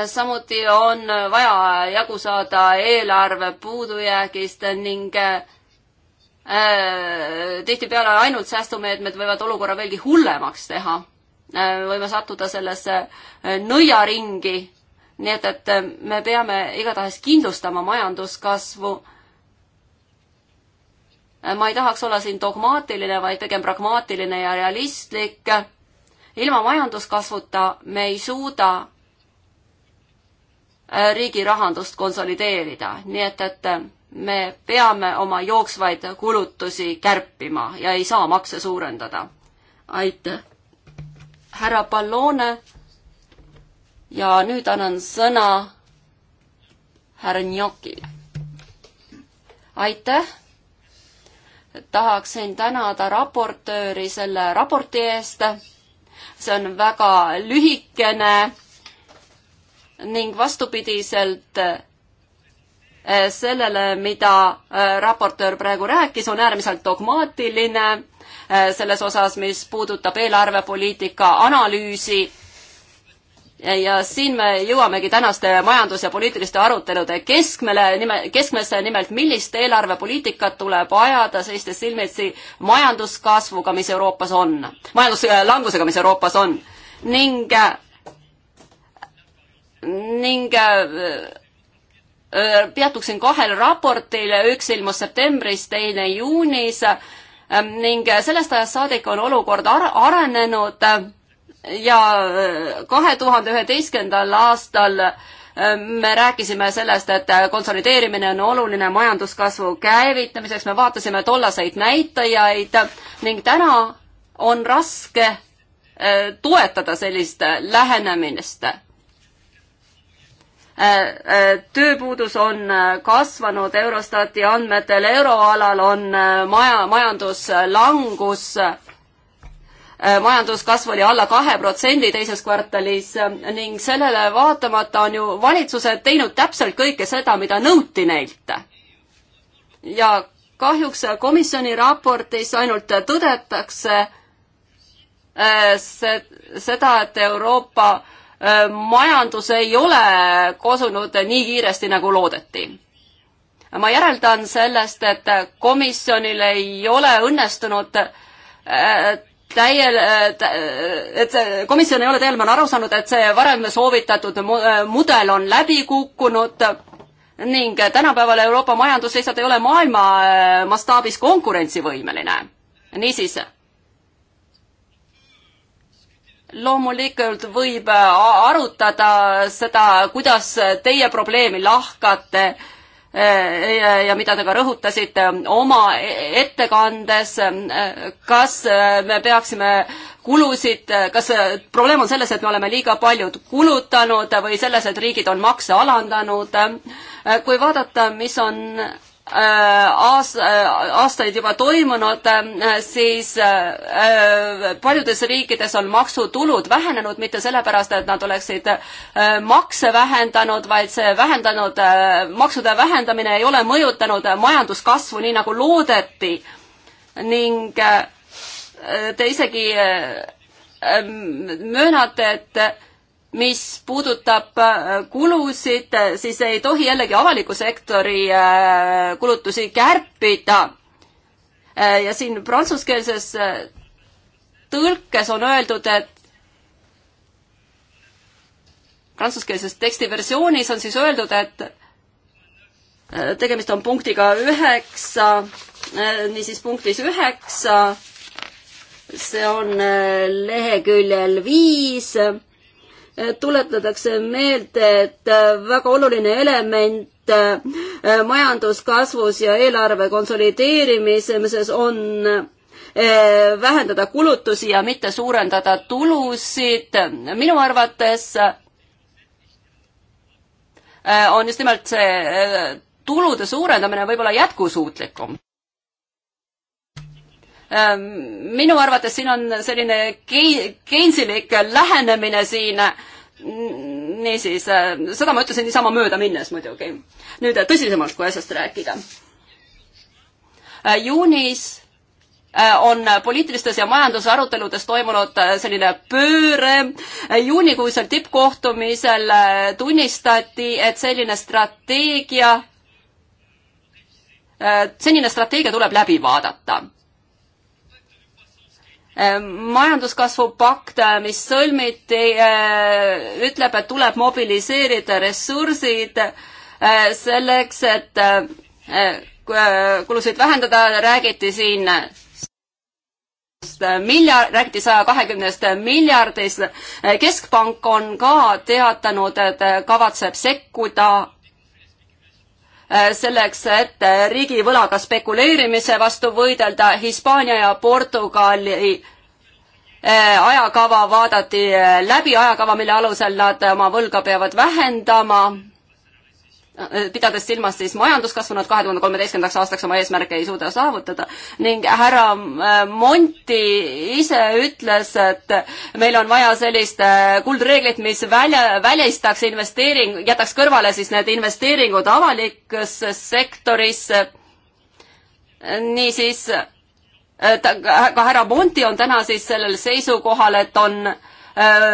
samuti on vaja jagu saada eelarve puudujäägist ning äh, Äh, tihtipeale ainult säästumeetmed võivad olukorra veelgi hullemaks teha. Äh, võime sattuda sellesse äh, nõiaringi, nii et, et me peame igatahes kindlustama majanduskasvu. ma ei tahaks olla siin dogmaatiline, vaid pigem pragmaatiline ja realistlik. ilma majanduskasvuta me ei suuda riigi rahandust konsolideerida, nii et, et me peame oma jooksvaid kulutusi kärpima ja ei saa makse suurendada. aitäh! härra Pallone ja nüüd annan sõna härra Njokile. aitäh! tahaksin tänada raportööri selle raporti eest. see on väga lühikene ning vastupidiselt Eh, sellele, mida eh, raportöör praegu rääkis, on äärmiselt dogmaatiline eh, selles osas, mis puudutab eelarvepoliitika analüüsi. ja siin me jõuamegi tänaste majandus- ja poliitiliste arutelude keskmele, nime, keskmesse nimelt, millist eelarvepoliitikat tuleb ajada seistes silmitsi majanduskasvuga, mis Euroopas on, majanduslangusega, mis Euroopas on ning ning peatuksin kahel raportil, üks ilmus septembris, teine juunis ning sellest ajast saadik on olukord ar arenenud ja kahe tuhande üheteistkümnendal aastal me rääkisime sellest, et konsolideerimine on oluline majanduskasvu käivitamiseks, me vaatasime tollaseid näitajaid ning täna on raske toetada sellist lähenemist Äh, äh, tööpuudus on äh, kasvanud Eurostati andmetel, euroalal on maja, majanduslangus, majanduskasv oli alla kahe protsendi teises kvartalis ning sellele vaatamata on ju valitsused teinud täpselt kõike seda, mida nõuti neilt. ja kahjuks komisjoni raportis ainult tõdetakse see, seda, et Euroopa Äh, majandus ei ole kosunud nii kiiresti, nagu loodeti. ma järeldan sellest, et komisjonil ei ole õnnestunud äh, täiel, äh, et see komisjon ei ole täiel määral aru saanud, et see varem soovitatud mudel on läbi kukkunud ning tänapäeval Euroopa majandus lihtsalt ei ole maailma mastaabis konkurentsivõimeline. niisiis loomulikult võib äh, arutada seda, kuidas teie probleemi lahkate äh, ja, ja mida te ka rõhutasite oma ettekandes, äh, kas me peaksime kulusid, kas probleem on selles, et me oleme liiga palju kulutanud või selles, et riigid on makse alandanud? kui vaadata, mis on Äh, aast-, äh, aastaid juba toimunud, äh, siis paljudes riikides on maksutulud vähenenud mitte sellepärast, et nad oleksid makse vähendanud, vaid see vähendanud, maksude vähendamine ei ole mõjutanud majanduskasvu nii, nagu loodeti. ning te isegi möönate, et mis puudutab äh, kulusid, siis ei tohi jällegi avaliku sektori äh, kulutusi kärpida. Äh, ja siin prantsuskeelses tõlkes on öeldud, et prantsuskeelses tekstiversioonis on siis öeldud, et tegemist on punktiga üheksa, niisiis punktis üheksa, see on leheküljel viis tuletatakse meelde, et äh, väga oluline element äh, majanduskasvus ja eelarve konsolideerimises on äh, vähendada kulutusi ja mitte suurendada tulusid. minu arvates on just nimelt see tulude suurendamine võib-olla jätkusuutlikum. Ähm, minu arvates siin on selline keinsilik lähenemine siin. niisiis, äh, seda ma ütlesin niisama mööda minnes muidugi. nüüd äh, tõsisemalt, kui asjast rääkida. Äh, juunis on poliitilistes ja majandusaruteludes toimunud selline pööre. juunikuisel tippkohtumisel tunnistati, et selline strateegia, senine strateegia tuleb läbi vaadata Ehm, majanduskasvupakt, äh, mis sõlmiti, äh, ütleb, et tuleb mobiliseerida ressursid äh, selleks, et kulusid vähendada, räägiti siin miljard, räägiti saja kahekümnest miljardist. keskpank on ka teatanud, et kavatseb sekkuda Äh, selleks, et äh, riigivõlaga spekuleerimise vastu võidelda. Hispaania ja Portugali äh, ajakava vaadati läbi, ajakava, mille alusel nad oma võlga peavad vähendama Äh, pidades silmas siis majanduskasvu, nad kahe tuhande kolmeteistkümnendaks aastaks oma eesmärke ei suuda saavutada ning härra äh, Monti ise ütles, et meil on vaja sellist äh, kuldreeglit, mis välja, välistaks investeering, jätaks kõrvale siis need investeeringud avalikusse sektorisse. niisiis ta, ka härra Monti on täna siis sellel seisukohal, et on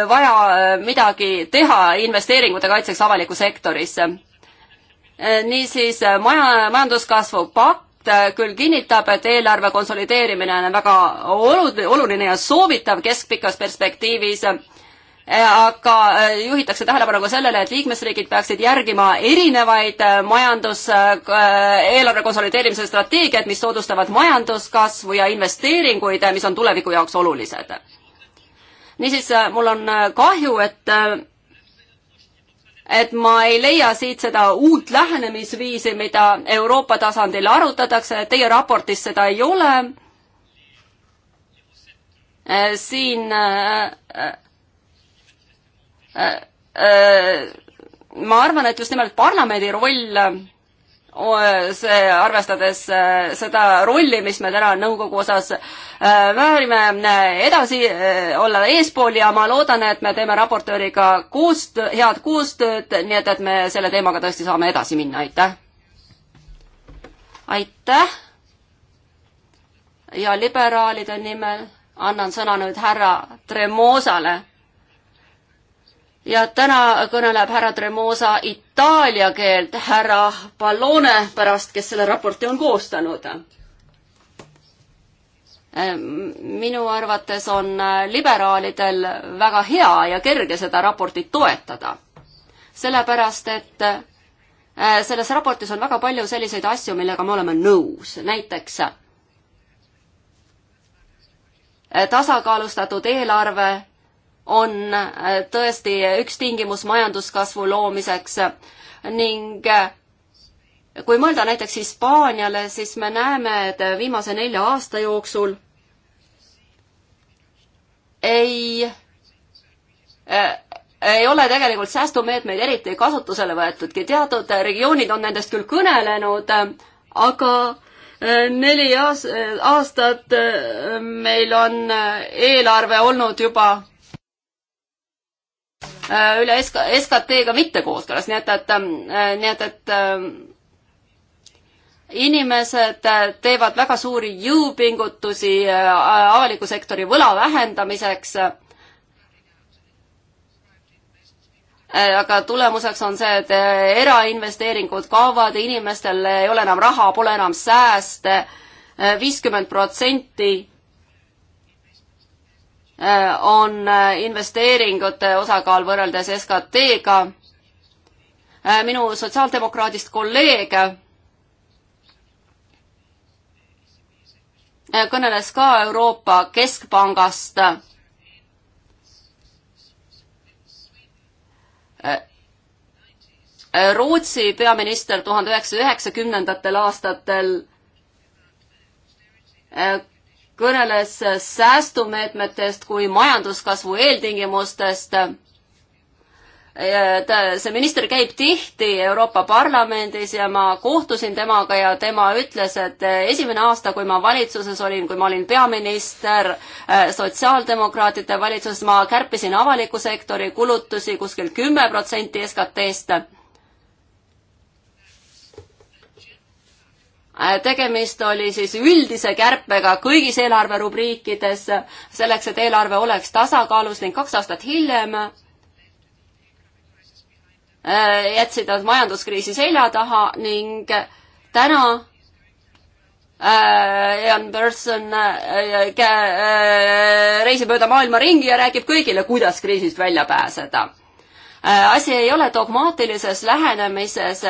vaja midagi teha investeeringute kaitseks avalikku sektorisse Eh, niisiis eh, maja, majanduskasvu pakk eh, küll kinnitab, et eelarve konsolideerimine on väga oluline ja soovitav keskpikas perspektiivis, aga juhitakse tähelepanu ka sellele, et liikmesriigid peaksid järgima erinevaid majandus, eelarve konsolideerimise strateegiaid, mis soodustavad majanduskasvu ja investeeringuid, mis on tuleviku jaoks olulised. niisiis, mul on kahju, et et ma ei leia siit seda uut lähenemisviisi, mida Euroopa tasandil arutatakse, teie raportis seda ei ole. Äh, siin äh, äh, ma arvan, et just nimelt parlamendi roll see, arvestades äh, seda rolli, mis me täna nõukogu osas äh, väärime, äh, edasi olla eespool ja ma loodan, et me teeme raportööriga koostöö, head koostööd, nii et, et me selle teemaga tõesti saame edasi minna, aitäh! aitäh! ja liberaalide nimel annan sõna nüüd härra Tremosale ja täna kõneleb härra Tremosa itaalia keelt, härra Pallone pärast, kes selle raporti on koostanud. Ehm, minu arvates on äh, liberaalidel väga hea ja kerge seda raportit toetada, sellepärast et äh, selles raportis on väga palju selliseid asju, millega me oleme nõus, näiteks äh, tasakaalustatud eelarve on äh, tõesti üks tingimus majanduskasvu loomiseks ning äh, kui mõelda näiteks Hispaaniale, siis me näeme, et viimase nelja aasta jooksul ei äh, ei ole tegelikult säästumeetmeid eriti kasutusele võetudki, teatud regioonid on nendest küll kõnelenud, aga neli aastat meil on eelarve olnud juba Äh, üle SK, SKT-ga mitte kooskõlas, nii et, et, äh, nii et, et äh, inimesed teevad väga suuri jõupingutusi avaliku sektori võla vähendamiseks. aga tulemuseks on see, et erainvesteeringud kaovad, inimestel ei ole enam raha, pole enam sääste, viiskümmend protsenti Äh, on äh, investeeringute osakaal võrreldes SKT-ga. Äh, minu sotsiaaldemokraadist kolleeg kõneles ka Euroopa Keskpangast. Rootsi peaminister tuhande üheksasaja üheksakümnendatel aastatel kõneles säästumeetmetest kui majanduskasvu eeltingimustest. see minister käib tihti Euroopa Parlamendis ja ma kohtusin temaga ja tema ütles, et eh, esimene aasta, kui ma valitsuses olin, kui ma olin peaminister eh, sotsiaaldemokraatide valitsuses, ma kärpisin avaliku sektori kulutusi kuskil kümme protsenti SKT-st Äh, tegemist oli siis üldise kärpega kõigis eelarverubriikides, selleks et eelarve oleks tasakaalus ning kaks aastat hiljem äh, jätsid nad majanduskriisi selja taha ning täna äh, Ian Person reisib mööda maailma ringi ja räägib kõigile, kuidas kriisist välja pääseda. asi ei ole dogmaatilises lähenemises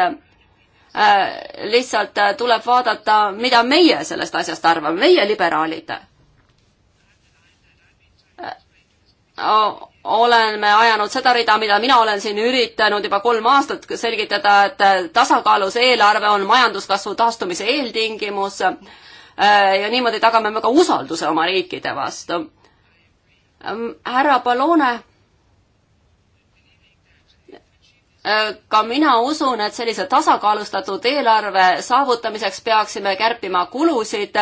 Äh, lihtsalt äh, tuleb vaadata, mida meie sellest asjast arvame, meie liberaalid. Äh, oleme ajanud seda rida, mida mina olen siin üritanud juba kolm aastat selgitada, et tasakaalus eelarve on majanduskasvu taastumise eeltingimus ja niimoodi tagame me ka usalduse oma riikide vastu. härra Palone Äh, ka mina usun, et sellise tasakaalustatud eelarve saavutamiseks peaksime kärpima kulusid,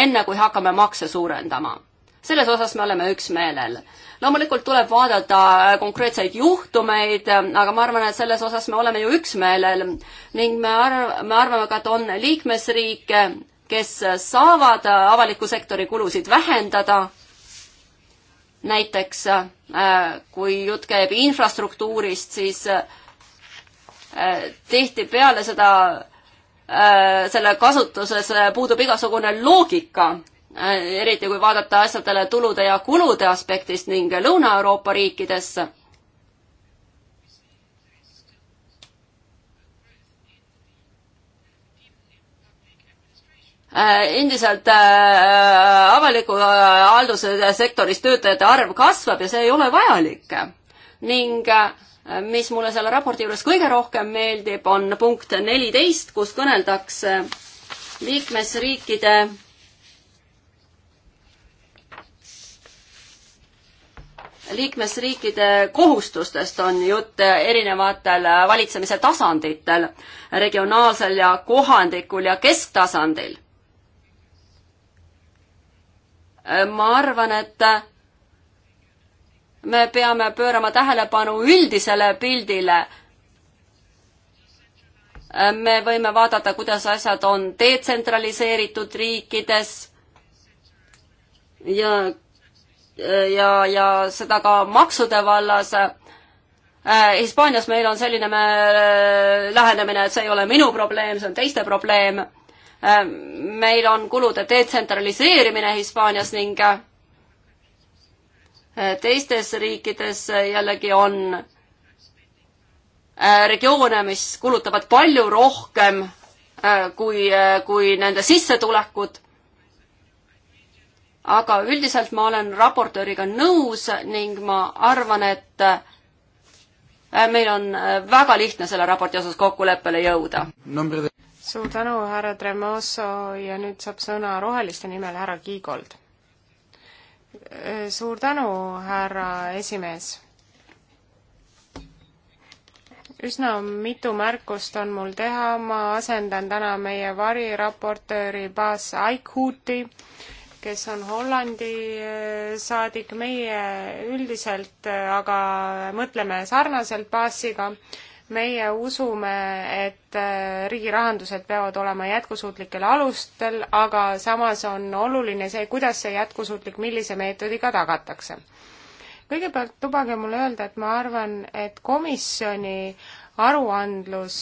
enne kui hakkame makse suurendama. selles osas me oleme üksmeelel. loomulikult tuleb vaadata äh, konkreetseid juhtumeid, äh, aga ma arvan, et selles osas me oleme ju üksmeelel ning me arv-, me arvame ka, et on liikmesriike, kes saavad avaliku sektori kulusid vähendada näiteks kui jutt käib infrastruktuurist, siis Äh, tihtipeale seda, äh, selle kasutuses äh, puudub igasugune loogika, eriti kui vaadata asjadele tulude ja kulude aspektist ning Lõuna-Euroopa riikides endiselt äh, avaliku halduse äh, sektoris töötajate arv kasvab ja see ei ole vajalik. ning äh, mis mulle selle raporti juures kõige rohkem meeldib, on punkt neliteist, kus kõneldakse liikmesriikide liikmesriikide kohustustest on jutt erinevatel valitsemise tasanditel, regionaalsel ja kohandikul ja kesktasandil. ma arvan, et me peame pöörama tähelepanu üldisele pildile. me võime vaadata, kuidas asjad on detsentraliseeritud riikides ja, ja, ja seda ka maksude vallas äh, Hispaanias meil on selline lähenemine, et see ei ole minu probleem, see on teiste probleem. Äh, meil on kulude detsentraliseerimine Hispaanias ning äh, Äh, teistes riikides äh, jällegi on äh, regioone, mis kulutavad palju rohkem kui, kui nende sissetulekud. aga üldiselt ma olen raportööriga nõus ning ma arvan, et meil on väga lihtne selle raporti osas kokkuleppele jõuda. suur tänu, härra Tremoso ja nüüd saab sõna roheliste nimel härra Kiigold suur tänu, härra esimees. üsna mitu märkust on mul teha, ma asendan täna meie variraportööri Bas Aikhuti, kes on Hollandi äh, saadik, meie üldiselt äh, aga mõtleme sarnaselt Basiga meie usume, et äh, riigi rahandused peavad olema jätkusuutlikel alustel, aga samas on oluline see, kuidas see jätkusuutlik, millise meetodiga tagatakse. kõigepealt lubage mulle öelda, et ma arvan, et komisjoni aruandlus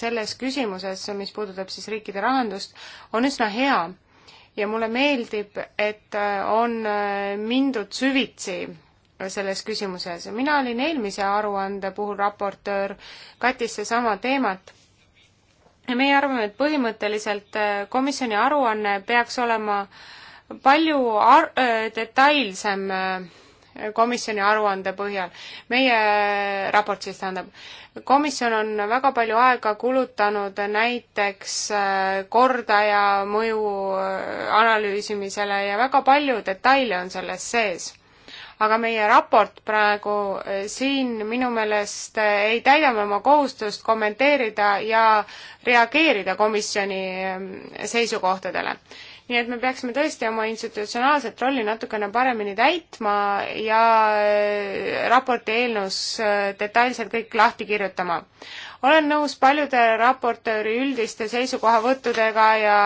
selles küsimuses, mis puudutab siis riikide rahandust, on üsna hea ja mulle meeldib, et äh, on äh, mindud süvitsi selles küsimuses. mina olin eelmise aruande puhul raportöör, kattis seesama teemat ja meie arvame, et põhimõtteliselt äh, komisjoni aruanne peaks olema palju ar-, äh, detailsem äh, komisjoni aruande põhjal. meie raport siis tähendab, komisjon on väga palju aega kulutanud näiteks kordaja mõju analüüsimisele ja väga palju detaile on selles sees aga meie raport praegu eh, siin minu meelest eh, ei täida me oma kohustust kommenteerida ja reageerida komisjoni eh, seisukohtadele nii et me peaksime tõesti oma institutsionaalset rolli natukene paremini täitma ja äh, raporti eelnõus äh, detailselt kõik lahti kirjutama. olen nõus paljude raportööri üldiste seisukohavõttudega ja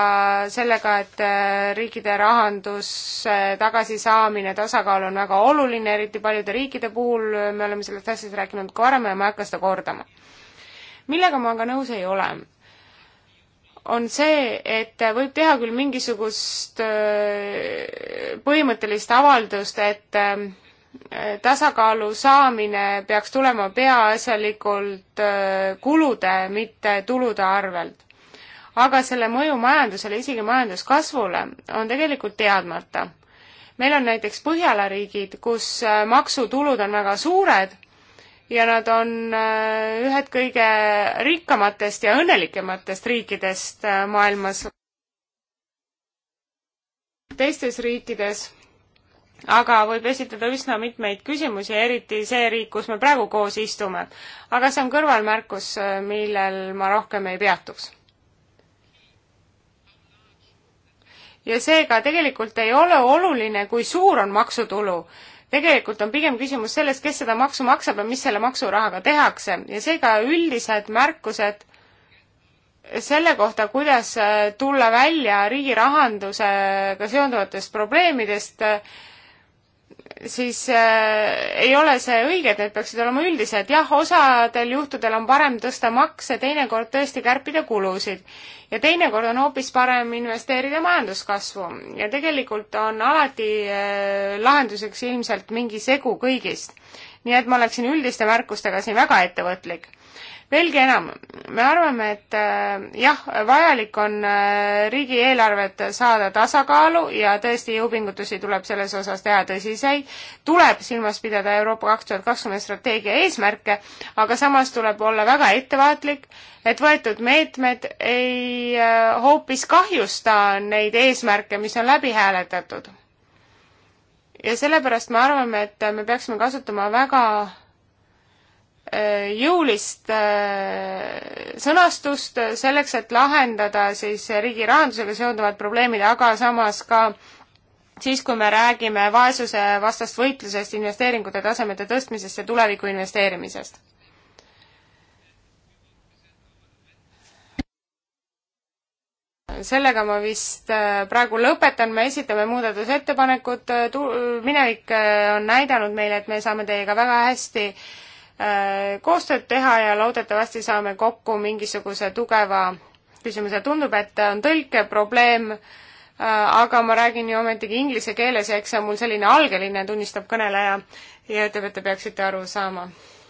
sellega, et äh, riikide rahandus tagasisaamine, tasakaal on väga oluline, eriti paljude riikide puhul, me oleme sellest asjast rääkinud ka varem ja ma ei hakka seda kordama. millega ma aga nõus ei ole on see, et võib teha küll mingisugust äh, põhimõttelist avaldust, et äh, tasakaalu saamine peaks tulema peaasjalikult äh, kulude, mitte tulude arvelt. aga selle mõju majandusele, isegi majanduskasvule, on tegelikult teadmata. meil on näiteks Põhjala riigid, kus maksutulud on väga suured ja nad on äh, ühed kõige rikkamatest ja õnnelikematest riikidest äh, maailmas. teistes riikides aga võib esitada üsna mitmeid küsimusi, eriti see riik, kus me praegu koos istume. aga see on kõrvalmärkus, äh, millel ma rohkem ei peatuks. ja seega tegelikult ei ole oluline, kui suur on maksutulu tegelikult on pigem küsimus selles, kes seda maksu maksab ja mis selle maksurahaga tehakse ja seega üldised märkused selle kohta, kuidas tulla välja riigi rahandusega seonduvatest probleemidest, siis äh, ei ole see õige, et need peaksid olema üldised. jah, osadel juhtudel on parem tõsta makse, teinekord tõesti kärpida kulusid ja teinekord on hoopis parem investeerida majanduskasvu ja tegelikult on alati äh, lahenduseks ilmselt mingi segu kõigist. nii et ma oleksin üldiste märkustega siin väga ettevõtlik veelgi enam, me arvame, et äh, jah, vajalik on äh, riigieelarvet saada tasakaalu ja tõesti jõupingutusi tuleb selles osas teha tõsiseid, tuleb silmas pidada Euroopa kaks tuhat kakskümmend strateegia eesmärke, aga samas tuleb olla väga ettevaatlik, et võetud meetmed ei äh, hoopis kahjusta neid eesmärke, mis on läbi hääletatud. ja sellepärast me arvame, et me peaksime kasutama väga jõulist äh, sõnastust selleks, et lahendada siis riigi rahandusega seonduvad probleemid, aga samas ka siis, kui me räägime vaesuse vastast võitlusest, investeeringute tasemete tõstmisest ja tuleviku investeerimisest. sellega ma vist äh, praegu lõpetan, me esitame muudatusettepanekud, minevik äh, on näidanud meile, et me saame teiega väga hästi äh, Äh, koostööd teha ja loodetavasti saame kokku mingisuguse tugeva küsimuse. tundub, et on tõlkeprobleem, äh, aga ma räägin ju ometigi inglise keeles ja eks see on mul selline algeline, tunnistab kõneleja ja ütleb, et te peaksite aru saama.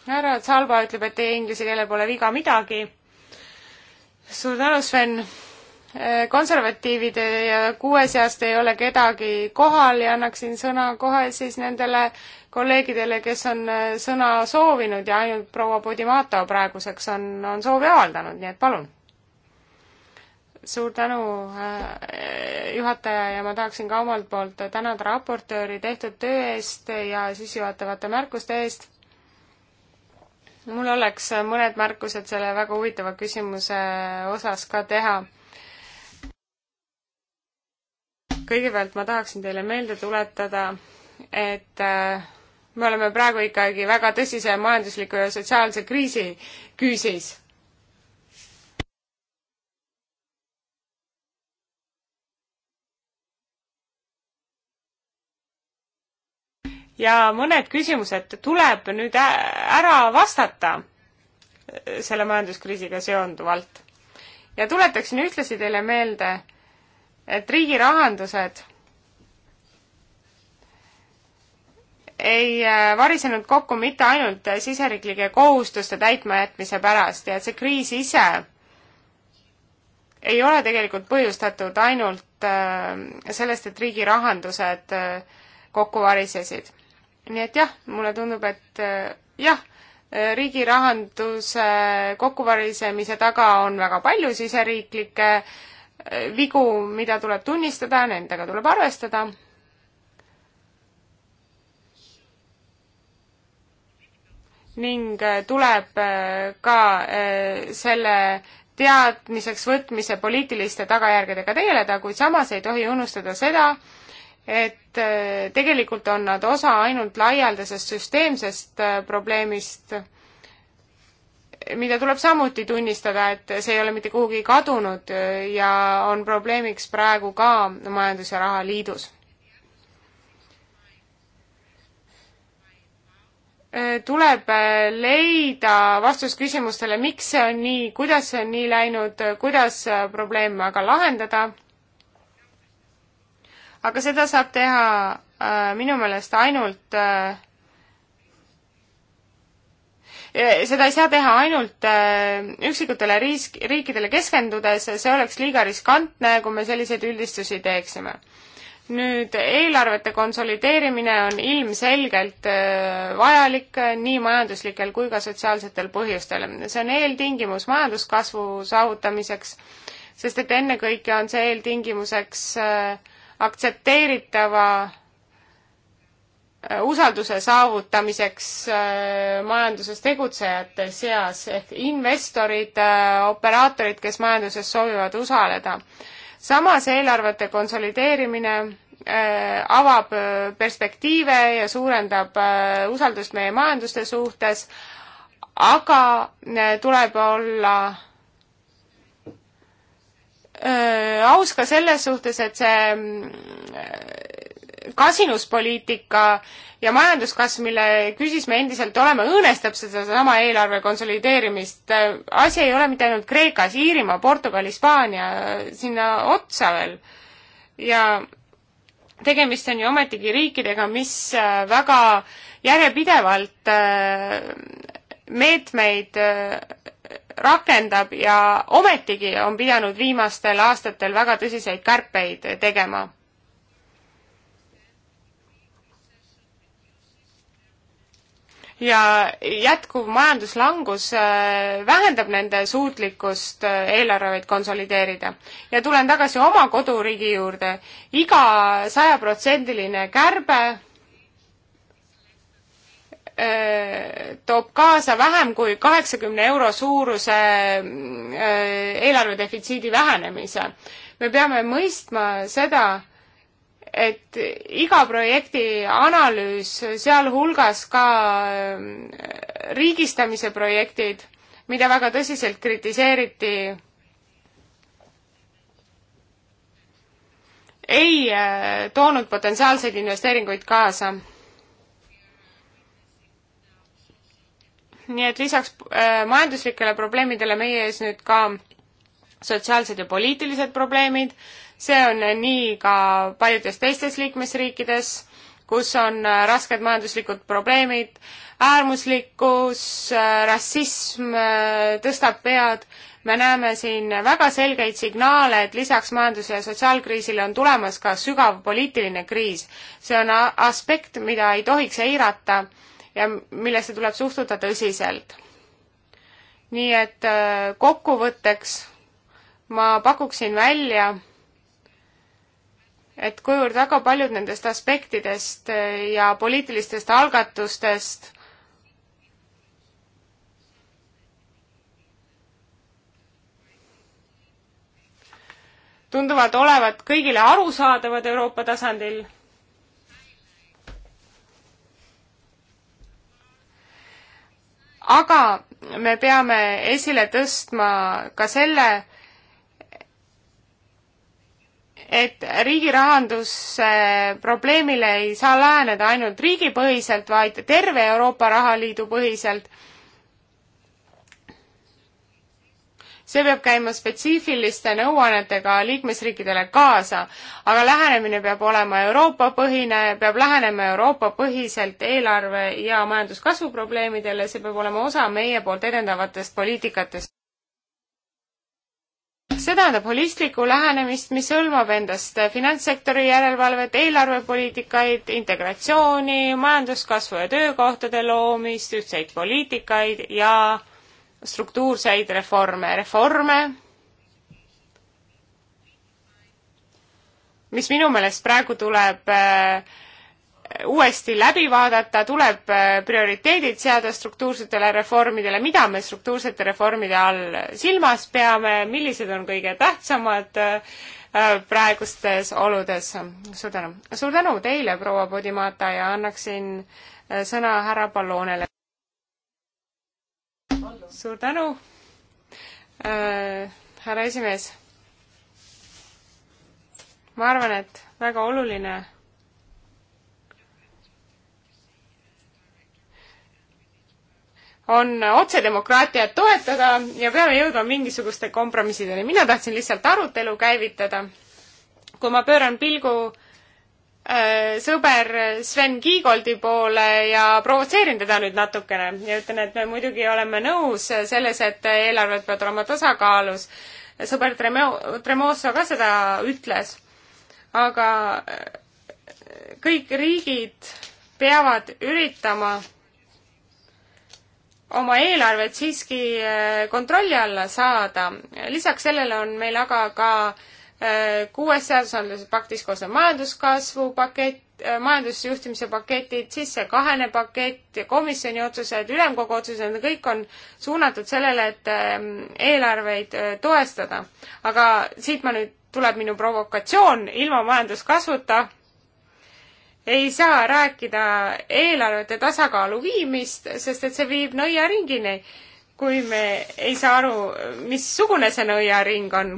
härra Salba ütleb, et teie inglise keelel pole viga midagi. suur tänu, Sven äh, konservatiivide ja kuue seast ei ole kedagi kohal ja annaksin sõna kohe siis nendele kolleegidele, kes on äh, sõna soovinud ja ainult proua Podimata praeguseks on, on soovi avaldanud, nii et palun. suur tänu, äh, juhataja, ja ma tahaksin ka omalt poolt tänada raportööri tehtud töö eest ja sissejuhatavate märkuste eest. mul oleks mõned märkused selle väga huvitava küsimuse osas ka teha kõigepealt ma tahaksin teile meelde tuletada, et äh, me oleme praegu ikkagi väga tõsise majandusliku ja sotsiaalse kriisi küüsis. ja mõned küsimused tuleb nüüd ära vastata selle majanduskriisiga seonduvalt. ja tuletaksin ühtlasi teile meelde, et riigi rahandused ei äh, varisenud kokku mitte ainult siseriiklike kohustuste täitmajätmise pärast ja et see kriis ise ei ole tegelikult põhjustatud ainult äh, sellest, et riigi rahandused äh, kokku varisesid. nii et jah, mulle tundub, et jah, riigi rahanduse kokkuvarisemise taga on väga palju siseriiklikke vigu, mida tuleb tunnistada, nendega tuleb arvestada ning äh, tuleb äh, ka äh, selle teadmiseks võtmise poliitiliste tagajärgedega tegeleda, kuid samas ei tohi unustada seda, et tegelikult on nad osa ainult laialdasest süsteemsest probleemist, mida tuleb samuti tunnistada, et see ei ole mitte kuhugi kadunud ja on probleemiks praegu ka Majandus- ja Rahaliidus Äh, tuleb äh, leida vastus küsimustele, miks see on nii, kuidas see on nii läinud, äh, kuidas probleeme aga lahendada. aga seda saab teha minu meelest ainult seda ei saa teha ainult üksikutele riis-, riikidele keskendudes, see oleks liiga riskantne, kui me selliseid üldistusi teeksime nüüd eelarvete konsolideerimine on ilmselgelt äh, vajalik äh, nii majanduslikel kui ka sotsiaalsetel põhjustel. see on eeltingimus majanduskasvu saavutamiseks, sest et ennekõike on see eeltingimuseks äh, aktsepteeritava usalduse saavutamiseks majanduses tegutsejate seas ehk investorid, operaatorid, kes majanduses soovivad osaleda samas eelarvete konsolideerimine äh, avab äh, perspektiive ja suurendab äh, usaldust meie majanduste suhtes, aga tuleb olla aus ka selles suhtes, et see mm, kasinuspoliitika ja majanduskasv, mille küsis me endiselt oleme, õõnestab sedasama eelarve konsolideerimist. asi ei ole mitte ainult Kreekas, Iirimaa, Portugal, Hispaania, sinna otsa veel. ja tegemist on ju ometigi riikidega, mis äh, väga järjepidevalt äh, meetmeid äh, rakendab ja ometigi on pidanud viimastel aastatel väga tõsiseid kärpeid tegema ja jätkuv majanduslangus äh, vähendab nende suutlikkust äh, eelarveid konsolideerida. ja tulen tagasi oma koduriigi juurde iga, iga sajaprotsendiline kärbe äh, toob kaasa vähem kui kaheksakümne euro suuruse eelarvedefitsiidi vähenemise. me peame mõistma seda, et iga projekti analüüs, sealhulgas ka ähm, riigistamise projektid, mida väga tõsiselt kritiseeriti, ei äh, toonud potentsiaalseid investeeringuid kaasa. nii et lisaks äh, majanduslikele probleemidele meie ees nüüd ka sotsiaalsed ja poliitilised probleemid äh,, see on nii ka paljudes teistes liikmesriikides, kus on äh, rasked majanduslikud probleemid, äärmuslikkus, äh, rassism äh, tõstab pead, me näeme siin väga selgeid signaale, et lisaks majandus- ja sotsiaalkriisile on tulemas ka sügav poliitiline kriis. see on aspekt, mida ei tohiks eirata ja millesse tuleb suhtuda tõsiselt. nii et kokkuvõtteks ma pakuksin välja et kuivõrd väga paljud nendest aspektidest eh, ja poliitilistest algatustest tunduvad olevat kõigile arusaadavad Euroopa tasandil. aga me peame esile tõstma ka selle, et riigi rahanduse probleemile ei saa läheneda ainult riigipõhiselt, vaid terve Euroopa Rahaliidu põhiselt. see peab käima spetsiifiliste nõuannetega liikmesriikidele kaasa, aga lähenemine peab olema Euroopa-põhine, peab lähenema Euroopa-põhiselt eelarve ja majanduskasvu probleemidele, see peab olema osa meie poolt edendavatest poliitikatest see tähendab holistlikku lähenemist, mis hõlmab endast finantssektori järelevalvet, eelarvepoliitikaid, integratsiooni, majanduskasvu ja töökohtade loomist, ühtseid poliitikaid ja struktuurseid reforme, reforme, mis minu meelest praegu tuleb äh, uuesti läbi vaadata, tuleb äh, prioriteedid seada struktuursetele reformidele, mida me struktuursete reformide all silmas peame, millised on kõige tähtsamad äh, praegustes oludes. suur tänu. suur tänu teile, proua Podimata ja annaksin äh, sõna härra Pallonele. suur tänu, härra esimees. ma arvan, et väga oluline on otsedemokraatiat toetada ja peame jõudma mingisuguste kompromissideni. mina tahtsin lihtsalt arutelu käivitada. kui ma pööran pilgu äh, sõber Sven Kiigoldi poole ja provotseerin teda nüüd natukene ja ütlen, et me muidugi oleme nõus selles, et eelarved peavad olema tasakaalus. sõber Tremo-, Tremoso ka seda ütles. aga äh, kõik riigid peavad üritama oma eelarvet siiski äh, kontrolli alla saada. lisaks sellele on meil aga ka äh, kuues seadusandluse paktis koosnev majanduskasvu pakett, äh, majandusjuhtimise paketid, siis see kahene pakett, komisjoni otsused, ülemkogu otsused, need kõik on suunatud sellele, et ähm, eelarveid toestada. aga siit ma nüüd, tuleb minu provokatsioon ilma majanduskasvuta ei saa rääkida eelarvete tasakaalu viimist, sest et see viib nõiaringini, kui me ei saa aru, missugune see nõiaring on.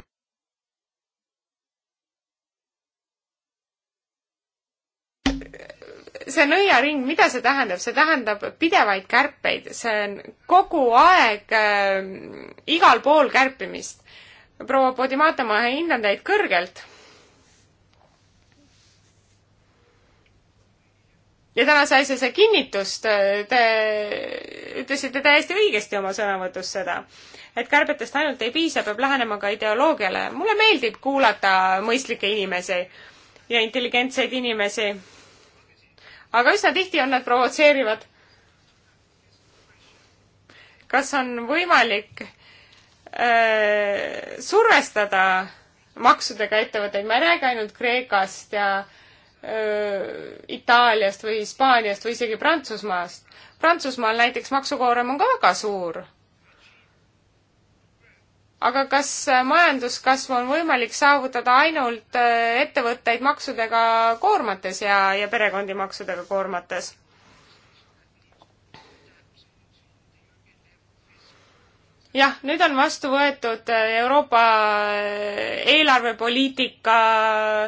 see nõiaring, mida see tähendab, see tähendab pidevaid kärpeid, see on kogu aeg äh, igal pool kärpimist. proua Podimata, ma hindan teid kõrgelt ja täna sai see, see kinnitust, te ütlesite täiesti õigesti oma sõnavõtus seda, et kärbetest ainult ei piisa, peab lähenema ka ideoloogiale. mulle meeldib kuulata mõistlikke inimesi ja intelligentseid inimesi. aga üsna tihti on nad provotseerivad. kas on võimalik öö, äh, survestada maksudega ettevõtteid, ma ei räägi ainult Kreekast ja öö, Äh, Itaaliast või Hispaaniast või isegi Prantsusmaast. Prantsusmaal näiteks maksukoorem on ka väga suur. aga kas äh, majanduskasvu on võimalik saavutada ainult äh, ettevõtteid maksudega koormates ja, ja perekondi maksudega koormates? jah, nüüd on vastu võetud Euroopa eelarvepoliitika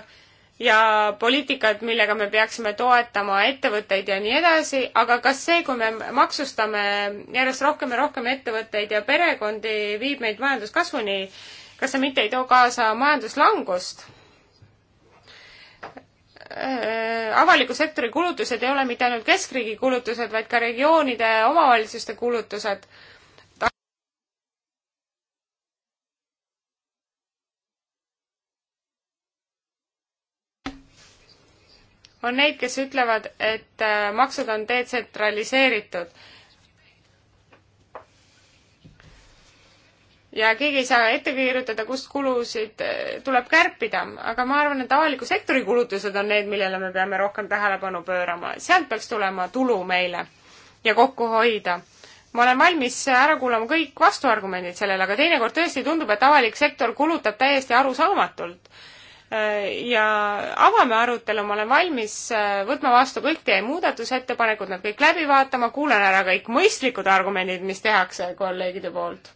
äh, ja poliitikat, millega me peaksime toetama ettevõtteid ja nii edasi, aga kas see, kui me maksustame järjest rohkem ja rohkem ettevõtteid ja perekondi, viib meid majanduskasvuni, kas see mitte ei too kaasa majanduslangust? Äh, avaliku sektori kulutused ei ole mitte ainult keskriigi kulutused, vaid ka regioonide omavalitsuste kulutused on neid, kes ütlevad, et äh, maksud on detsentraliseeritud. ja keegi ei saa ette kirjutada, kust kulusid äh, tuleb kärpida, aga ma arvan, et avaliku sektori kulutused on need, millele me peame rohkem tähelepanu pöörama, sealt peaks tulema tulu meile ja kokku hoida ma olen valmis ära kuulama kõik vastuargumendid sellele, aga teinekord tõesti tundub, et avalik sektor kulutab täiesti arusaamatult Äh, ja avame arutelu, ma olen valmis äh, võtma vastu kõik teie muudatusettepanekud, nad kõik läbi vaatama, kuulan ära kõik mõistlikud argumendid, mis tehakse kolleegide poolt.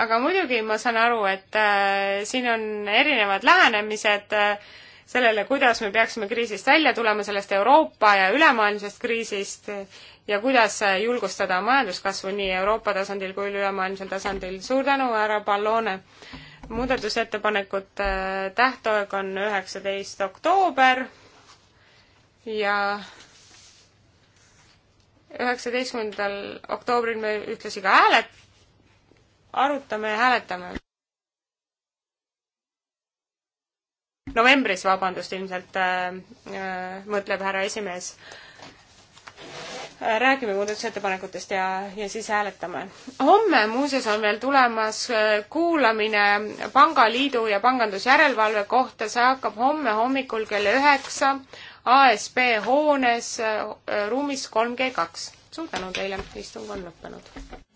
aga muidugi ma saan aru, et äh, siin on erinevad lähenemised äh, sellele, kuidas me peaksime kriisist välja tulema, sellest Euroopa ja ülemaailmsest kriisist äh, ja kuidas julgustada majanduskasvu nii Euroopa tasandil kui ülemaailmsel tasandil. suur tänu, härra Pallone! muudatusettepanekute äh, tähtaeg on üheksateist oktoober ja üheksateistkümnendal oktoobril me ühtlasi ka häälet-, arutame ja hääletame. novembris, vabandust, ilmselt äh, äh mõtleb härra esimees äh, räägime muudatusettepanekutest ja, ja siis hääletame. homme muuseas on veel tulemas äh, kuulamine Pangaliidu ja pangandusjärelevalve kohta, see hakkab homme hommikul kell üheksa ASB hoones äh, ruumis kolm G kaks. suur tänu teile, istung on lõppenud.